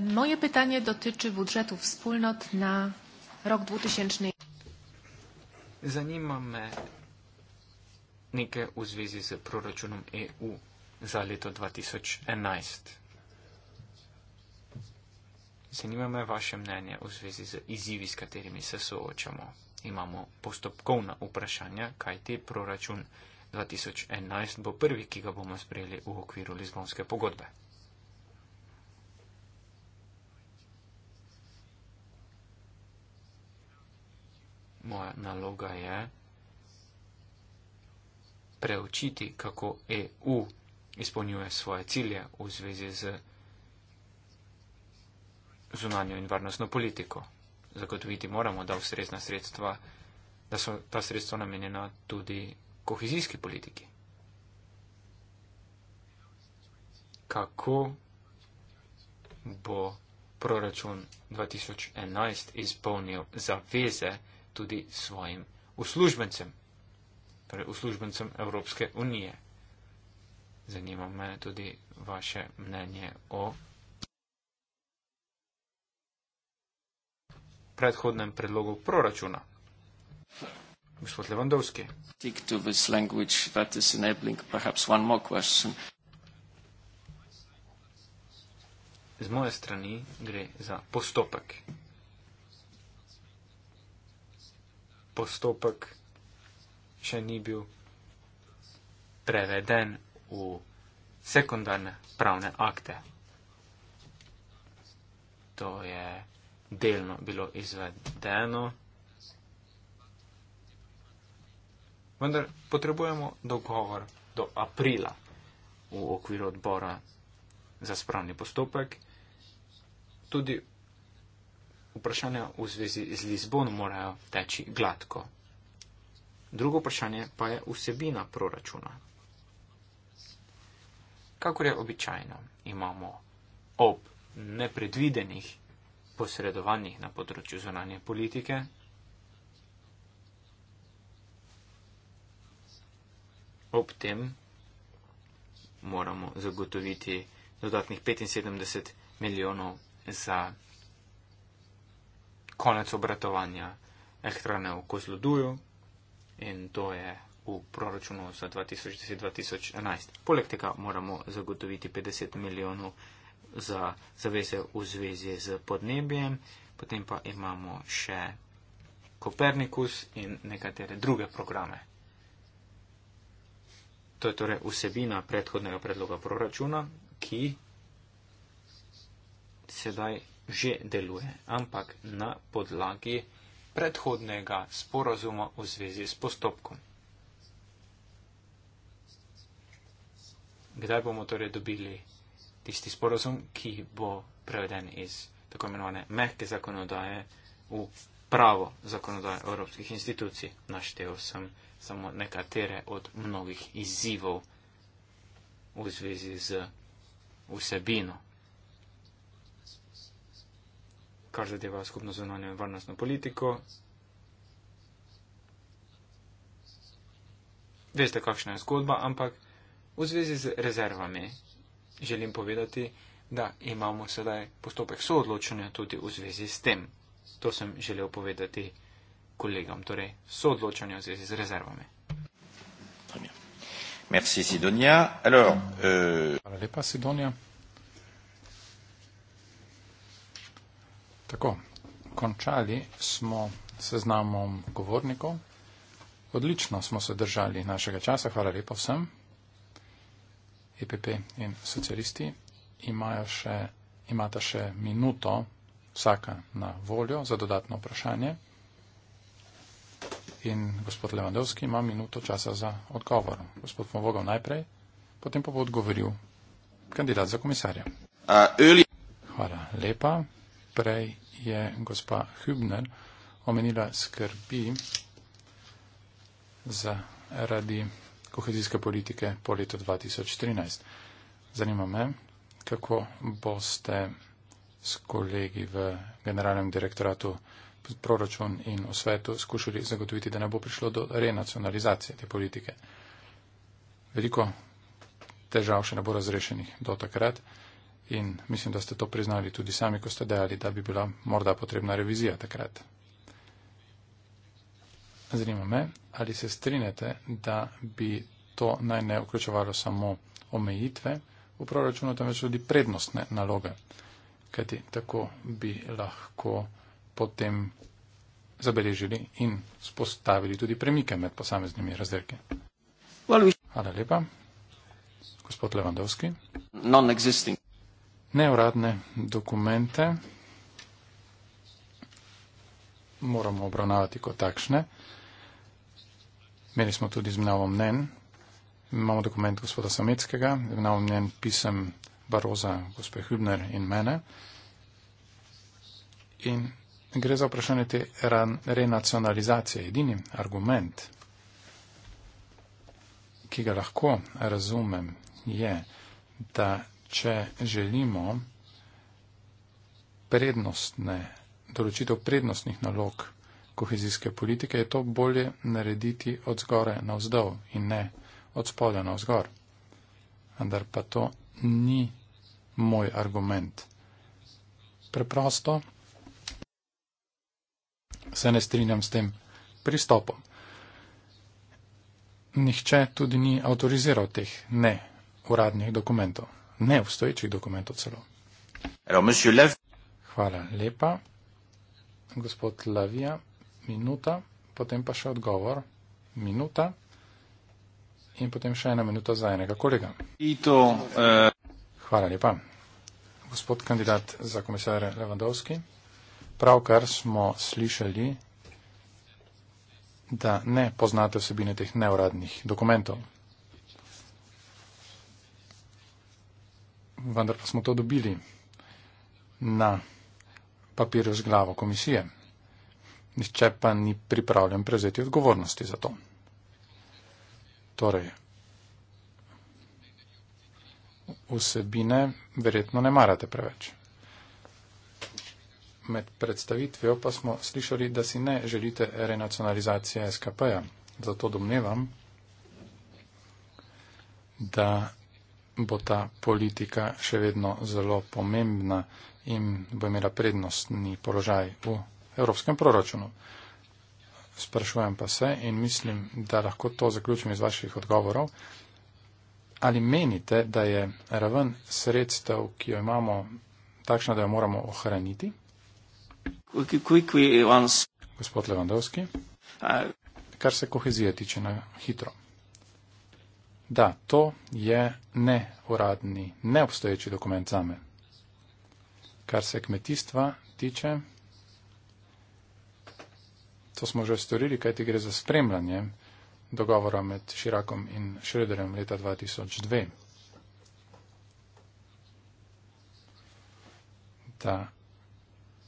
Moje pytanie dotyczy budżetu wspólnot na rok 2000. Zanima mnie neke v zvezi z proračunom EU za leto 2011. Zanima me vaše mnenje v zvezi z izzivi, s katerimi se soočamo. Imamo postopkovna vprašanja, kaj ti proračun 2011 bo prvi, ki ga bomo sprejeli v okviru Lizbonske pogodbe. Moja naloga je preučiti, kako EU izpolnjuje svoje cilje v zvezi z zunanjo in varnostno politiko. Zagotoviti moramo, da, sredstva, da so ta sredstva namenjena tudi kohezijski politiki. Kako bo proračun 2011 izpolnil zaveze tudi svojim uslužbencem torej uslužbencem Evropske unije. Zanima me tudi vaše mnenje o predhodnem predlogu proračuna. Gospod Levandovski. Stick to this language that is enabling perhaps one more question. Z moje strani gre za postopek. Postopek še ni bil preveden v sekundarne pravne akte. To je delno bilo izvedeno. Vendar potrebujemo dogovor do aprila v okviru odbora za spravni postopek. Tudi vprašanja v zvezi z Lizbon morajo teči gladko. Drugo vprašanje pa je vsebina proračuna. Kakor je običajno, imamo ob nepredvidenih posredovanjih na področju zvonanje politike Ob tem moramo zagotoviti dodatnih 75 milijonov za konec obratovanja elektrane v Kozloduju, in to je v proračunu za 2010-2011. Poleg tega moramo zagotoviti 50 milijonov za zaveze v zvezi z podnebjem, potem pa imamo še Kopernikus in nekatere druge programe. To je torej vsebina predhodnega predloga proračuna, ki sedaj že deluje, ampak na podlagi predhodnega sporazuma v zvezi s postopkom. Kdaj bomo torej dobili tisti sporazum, ki bo preveden iz tako imenovane mehke zakonodaje v pravo zakonodaje evropskih institucij? Naštel sem samo nekatere od mnogih izzivov v zvezi z vsebino kar zadeva skupno zunanjo in varnostno politiko. Veste, kakšna je zgodba, ampak v zvezi z rezervami želim povedati, da imamo sedaj postopek soodločanja tudi v zvezi s tem. To sem želel povedati kolegom, torej soodločanje v zvezi z rezervami. Merci, Sidonia. Alors, euh... Hvala lepa, Sidonia. Tako, končali smo seznamom govornikov. Odlično smo se držali našega časa, hvala lepa vsem. EPP in socialisti imajo še, imata še minuto vsaka na voljo za dodatno vprašanje. In gospod Levandovski ima minuto časa za odgovor. Gospod Pomogov najprej, potem pa bo odgovoril kandidat za komisarja. Hvala lepa prej je gospa Hübner omenila skrbi zaradi kohezijske politike po letu 2013. Zanima me, kako boste s kolegi v generalnem direktoratu proračun in v svetu skušali zagotoviti, da ne bo prišlo do renacionalizacije te politike. Veliko težav še ne bo razrešenih do takrat in mislim, da ste to priznali tudi sami, ko ste dejali, da bi bila morda potrebna revizija takrat. Zanima me, ali se strinjate, da bi to naj ne vključevalo samo omejitve v proračunu, temveč tudi prednostne naloge, kajti tako bi lahko potem zabeležili in spostavili tudi premike med posameznimi razdelki. Hvala lepa. Gospod Levandovski. Non-existing neuradne dokumente moramo obravnavati kot takšne. Imeli smo tudi zmenjavo mnen. Imamo dokument gospoda Sametskega, zmenjavo mnen pisem Baroza, gospe Hübner in mene. In gre za vprašanje te renacionalizacije. Edini argument, ki ga lahko razumem, je, da če želimo prednostne, določitev prednostnih nalog kohezijske politike, je to bolje narediti od zgore na vzdolj in ne od spodaj na vzgor. Vendar pa to ni moj argument. Preprosto se ne strinjam s tem pristopom. Nihče tudi ni avtoriziral teh ne uradnih dokumentov neobstoječih dokumentov celo. Hvala lepa. Gospod Lavija, minuta, potem pa še odgovor. Minuta in potem še ena minuta za enega kolega. Eh, Hvala lepa. Gospod kandidat za komisar Levandovski, pravkar smo slišali, da ne poznate vsebine teh neuradnih dokumentov. vendar pa smo to dobili na papirju z glavo komisije. Nihče pa ni pripravljen prevzeti odgovornosti za to. Torej, vsebine verjetno ne marate preveč. Med predstavitvijo pa smo slišali, da si ne želite renacionalizacije SKP-ja. Zato domnevam, da bo ta politika še vedno zelo pomembna in bo imela prednostni položaj v evropskem proračunu. Sprašujem pa se in mislim, da lahko to zaključim iz vaših odgovorov. Ali menite, da je raven sredstev, ki jo imamo, takšna, da jo moramo ohraniti? Gospod Levandovski. Uh, Kar se kohezije tiče na hitro. Da, to je neuradni, neobstoječi dokument zame. Kar se kmetijstva tiče, to smo že storili, kajti gre za spremljanje dogovora med Širakom in Šrederjem leta 2002. Da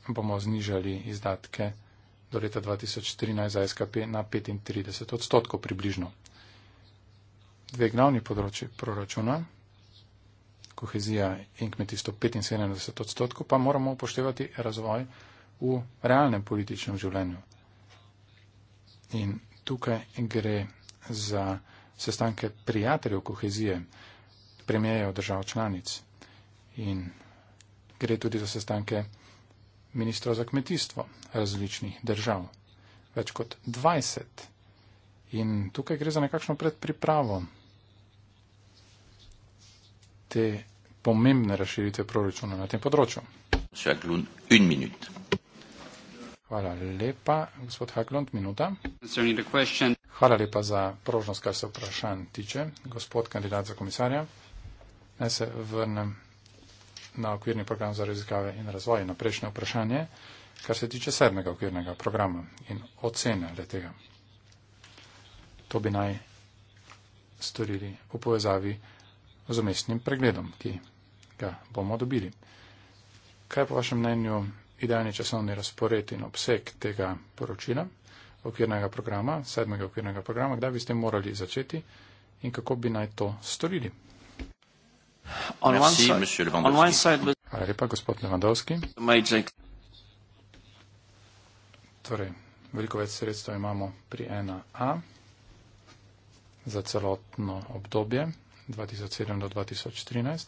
bomo znižali izdatke do leta 2013 za SKP na 35 odstotkov približno dve glavni področji proračuna, kohezija in kmetijstvo 75 odstotkov, pa moramo upoštevati razvoj v realnem političnem življenju. In tukaj gre za sestanke prijateljev kohezije, premijejev držav članic in gre tudi za sestanke ministrov za kmetijstvo različnih držav. Več kot 20. In tukaj gre za nekakšno predpripravo te pomembne razširitve proračuna na tem področju. Hvala lepa, gospod Haglund, minuta. Hvala lepa za prožnost, kar se vprašanj tiče. Gospod kandidat za komisarja, naj se vrnem na okvirni program za raziskave in razvoj na prejšnje vprašanje, kar se tiče sedmega okvirnega programa in ocene le tega. To bi naj storili v povezavi z umestnim pregledom, ki ga bomo dobili. Kaj po vašem mnenju idealni časovni razpored in obseg tega poročila, okvirnega programa, sedmega okvirnega programa, kdaj bi s tem morali začeti in kako bi naj to storili? Hvala lepa, gospod Levandovski. Torej, veliko več sredstev imamo pri 1A za celotno obdobje. 2007 do 2013,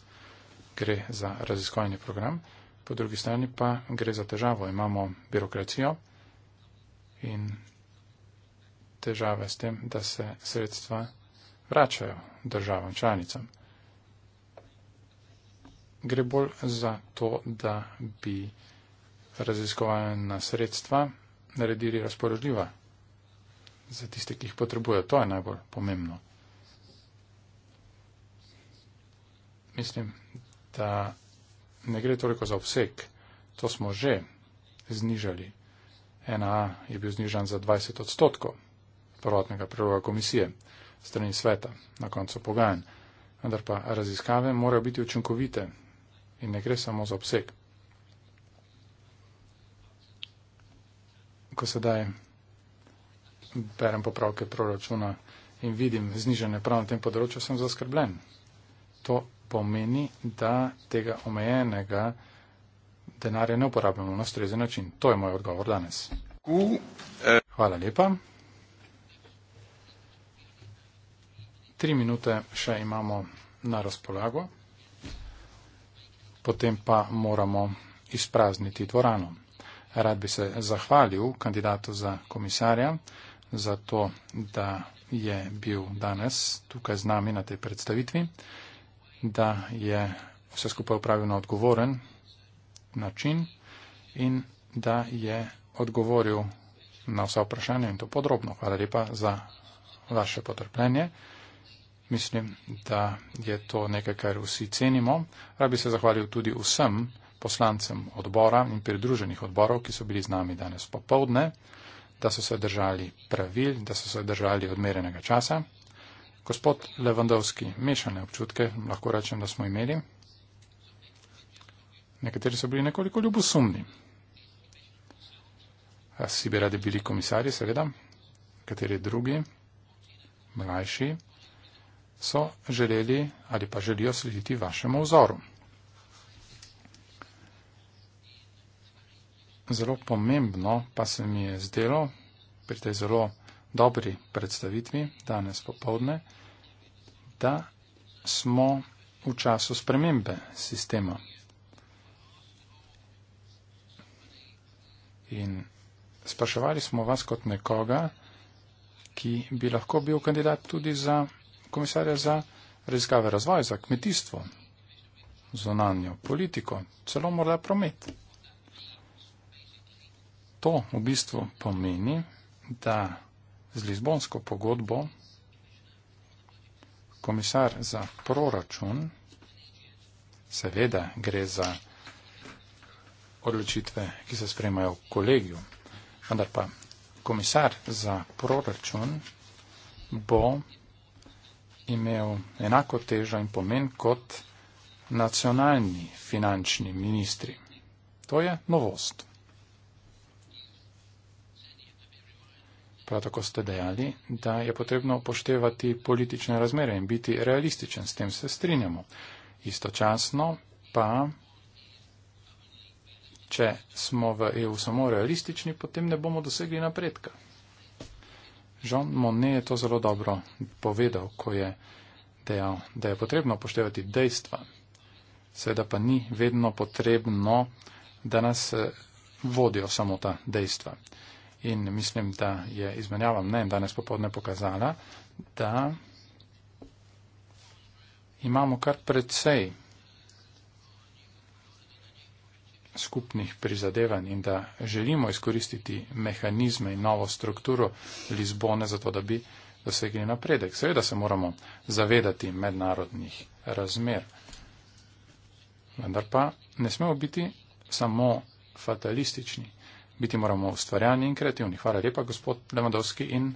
gre za raziskovalni program, po drugi strani pa gre za težavo. Imamo birokracijo in težave s tem, da se sredstva vračajo državam članicam. Gre bolj za to, da bi raziskovalna sredstva naredili razpoložljiva za tiste, ki jih potrebujejo. To je najbolj pomembno. mislim, da ne gre toliko za obseg. To smo že znižali. NA je bil znižan za 20 odstotkov prvotnega preloga komisije strani sveta na koncu pogajanj. Vendar pa raziskave morajo biti učinkovite in ne gre samo za obseg. Ko sedaj berem popravke proračuna in vidim znižanje prav na tem področju, sem zaskrbljen. To pomeni, da tega omejenega denarja ne uporabljamo na ustrezen način. To je moj odgovor danes. Eh. Hvala lepa. Tri minute še imamo na razpolago, potem pa moramo izprazniti dvorano. Rad bi se zahvalil kandidatu za komisarja za to, da je bil danes tukaj z nami na tej predstavitvi da je vse skupaj upravil na odgovoren način in da je odgovoril na vsa vprašanja in to podrobno. Hvala lepa za vaše potrpljenje. Mislim, da je to nekaj, kar vsi cenimo. Rad bi se zahvalil tudi vsem poslancem odbora in pridruženih odborov, ki so bili z nami danes popovdne, da so se držali pravil, da so se držali odmerenega časa. Gospod Levandovski, mešane občutke lahko rečem, da smo imeli. Nekateri so bili nekoliko ljubosumni. Vsi bi radi bili komisarji, seveda. Kateri drugi, mlajši, so želeli ali pa želijo slediti vašemu vzoru. Zelo pomembno pa se mi je zdelo pri tej zelo dobri predstavitvi danes popovdne, da smo v času spremembe sistema. In spraševali smo vas kot nekoga, ki bi lahko bil kandidat tudi za komisarja za raziskave razvoja, za kmetijstvo, zonanjo politiko, celo morda promet. To v bistvu pomeni, da z Lizbonsko pogodbo komisar za proračun, seveda gre za odločitve, ki se spremajo v kolegiju, vendar pa komisar za proračun bo imel enako težo in pomen kot nacionalni finančni ministri. To je novost. Prav tako ste dejali, da je potrebno upoštevati politične razmere in biti realističen, s tem se strinjamo. Istočasno pa, če smo v EU samo realistični, potem ne bomo dosegli napredka. Jean Monnet je to zelo dobro povedal, ko je dejal, da je potrebno upoštevati dejstva. Seveda pa ni vedno potrebno, da nas eh, vodijo samo ta dejstva in mislim, da je izmenjava mnen danes popodne pokazala, da imamo kar predvsej skupnih prizadevanj in da želimo izkoristiti mehanizme in novo strukturo Lizbone za to, da bi dosegli napredek. Seveda se moramo zavedati mednarodnih razmer, vendar pa ne smemo biti samo fatalistični biti moramo ustvarjani in kreativni. Hvala lepa, gospod Lemadovski in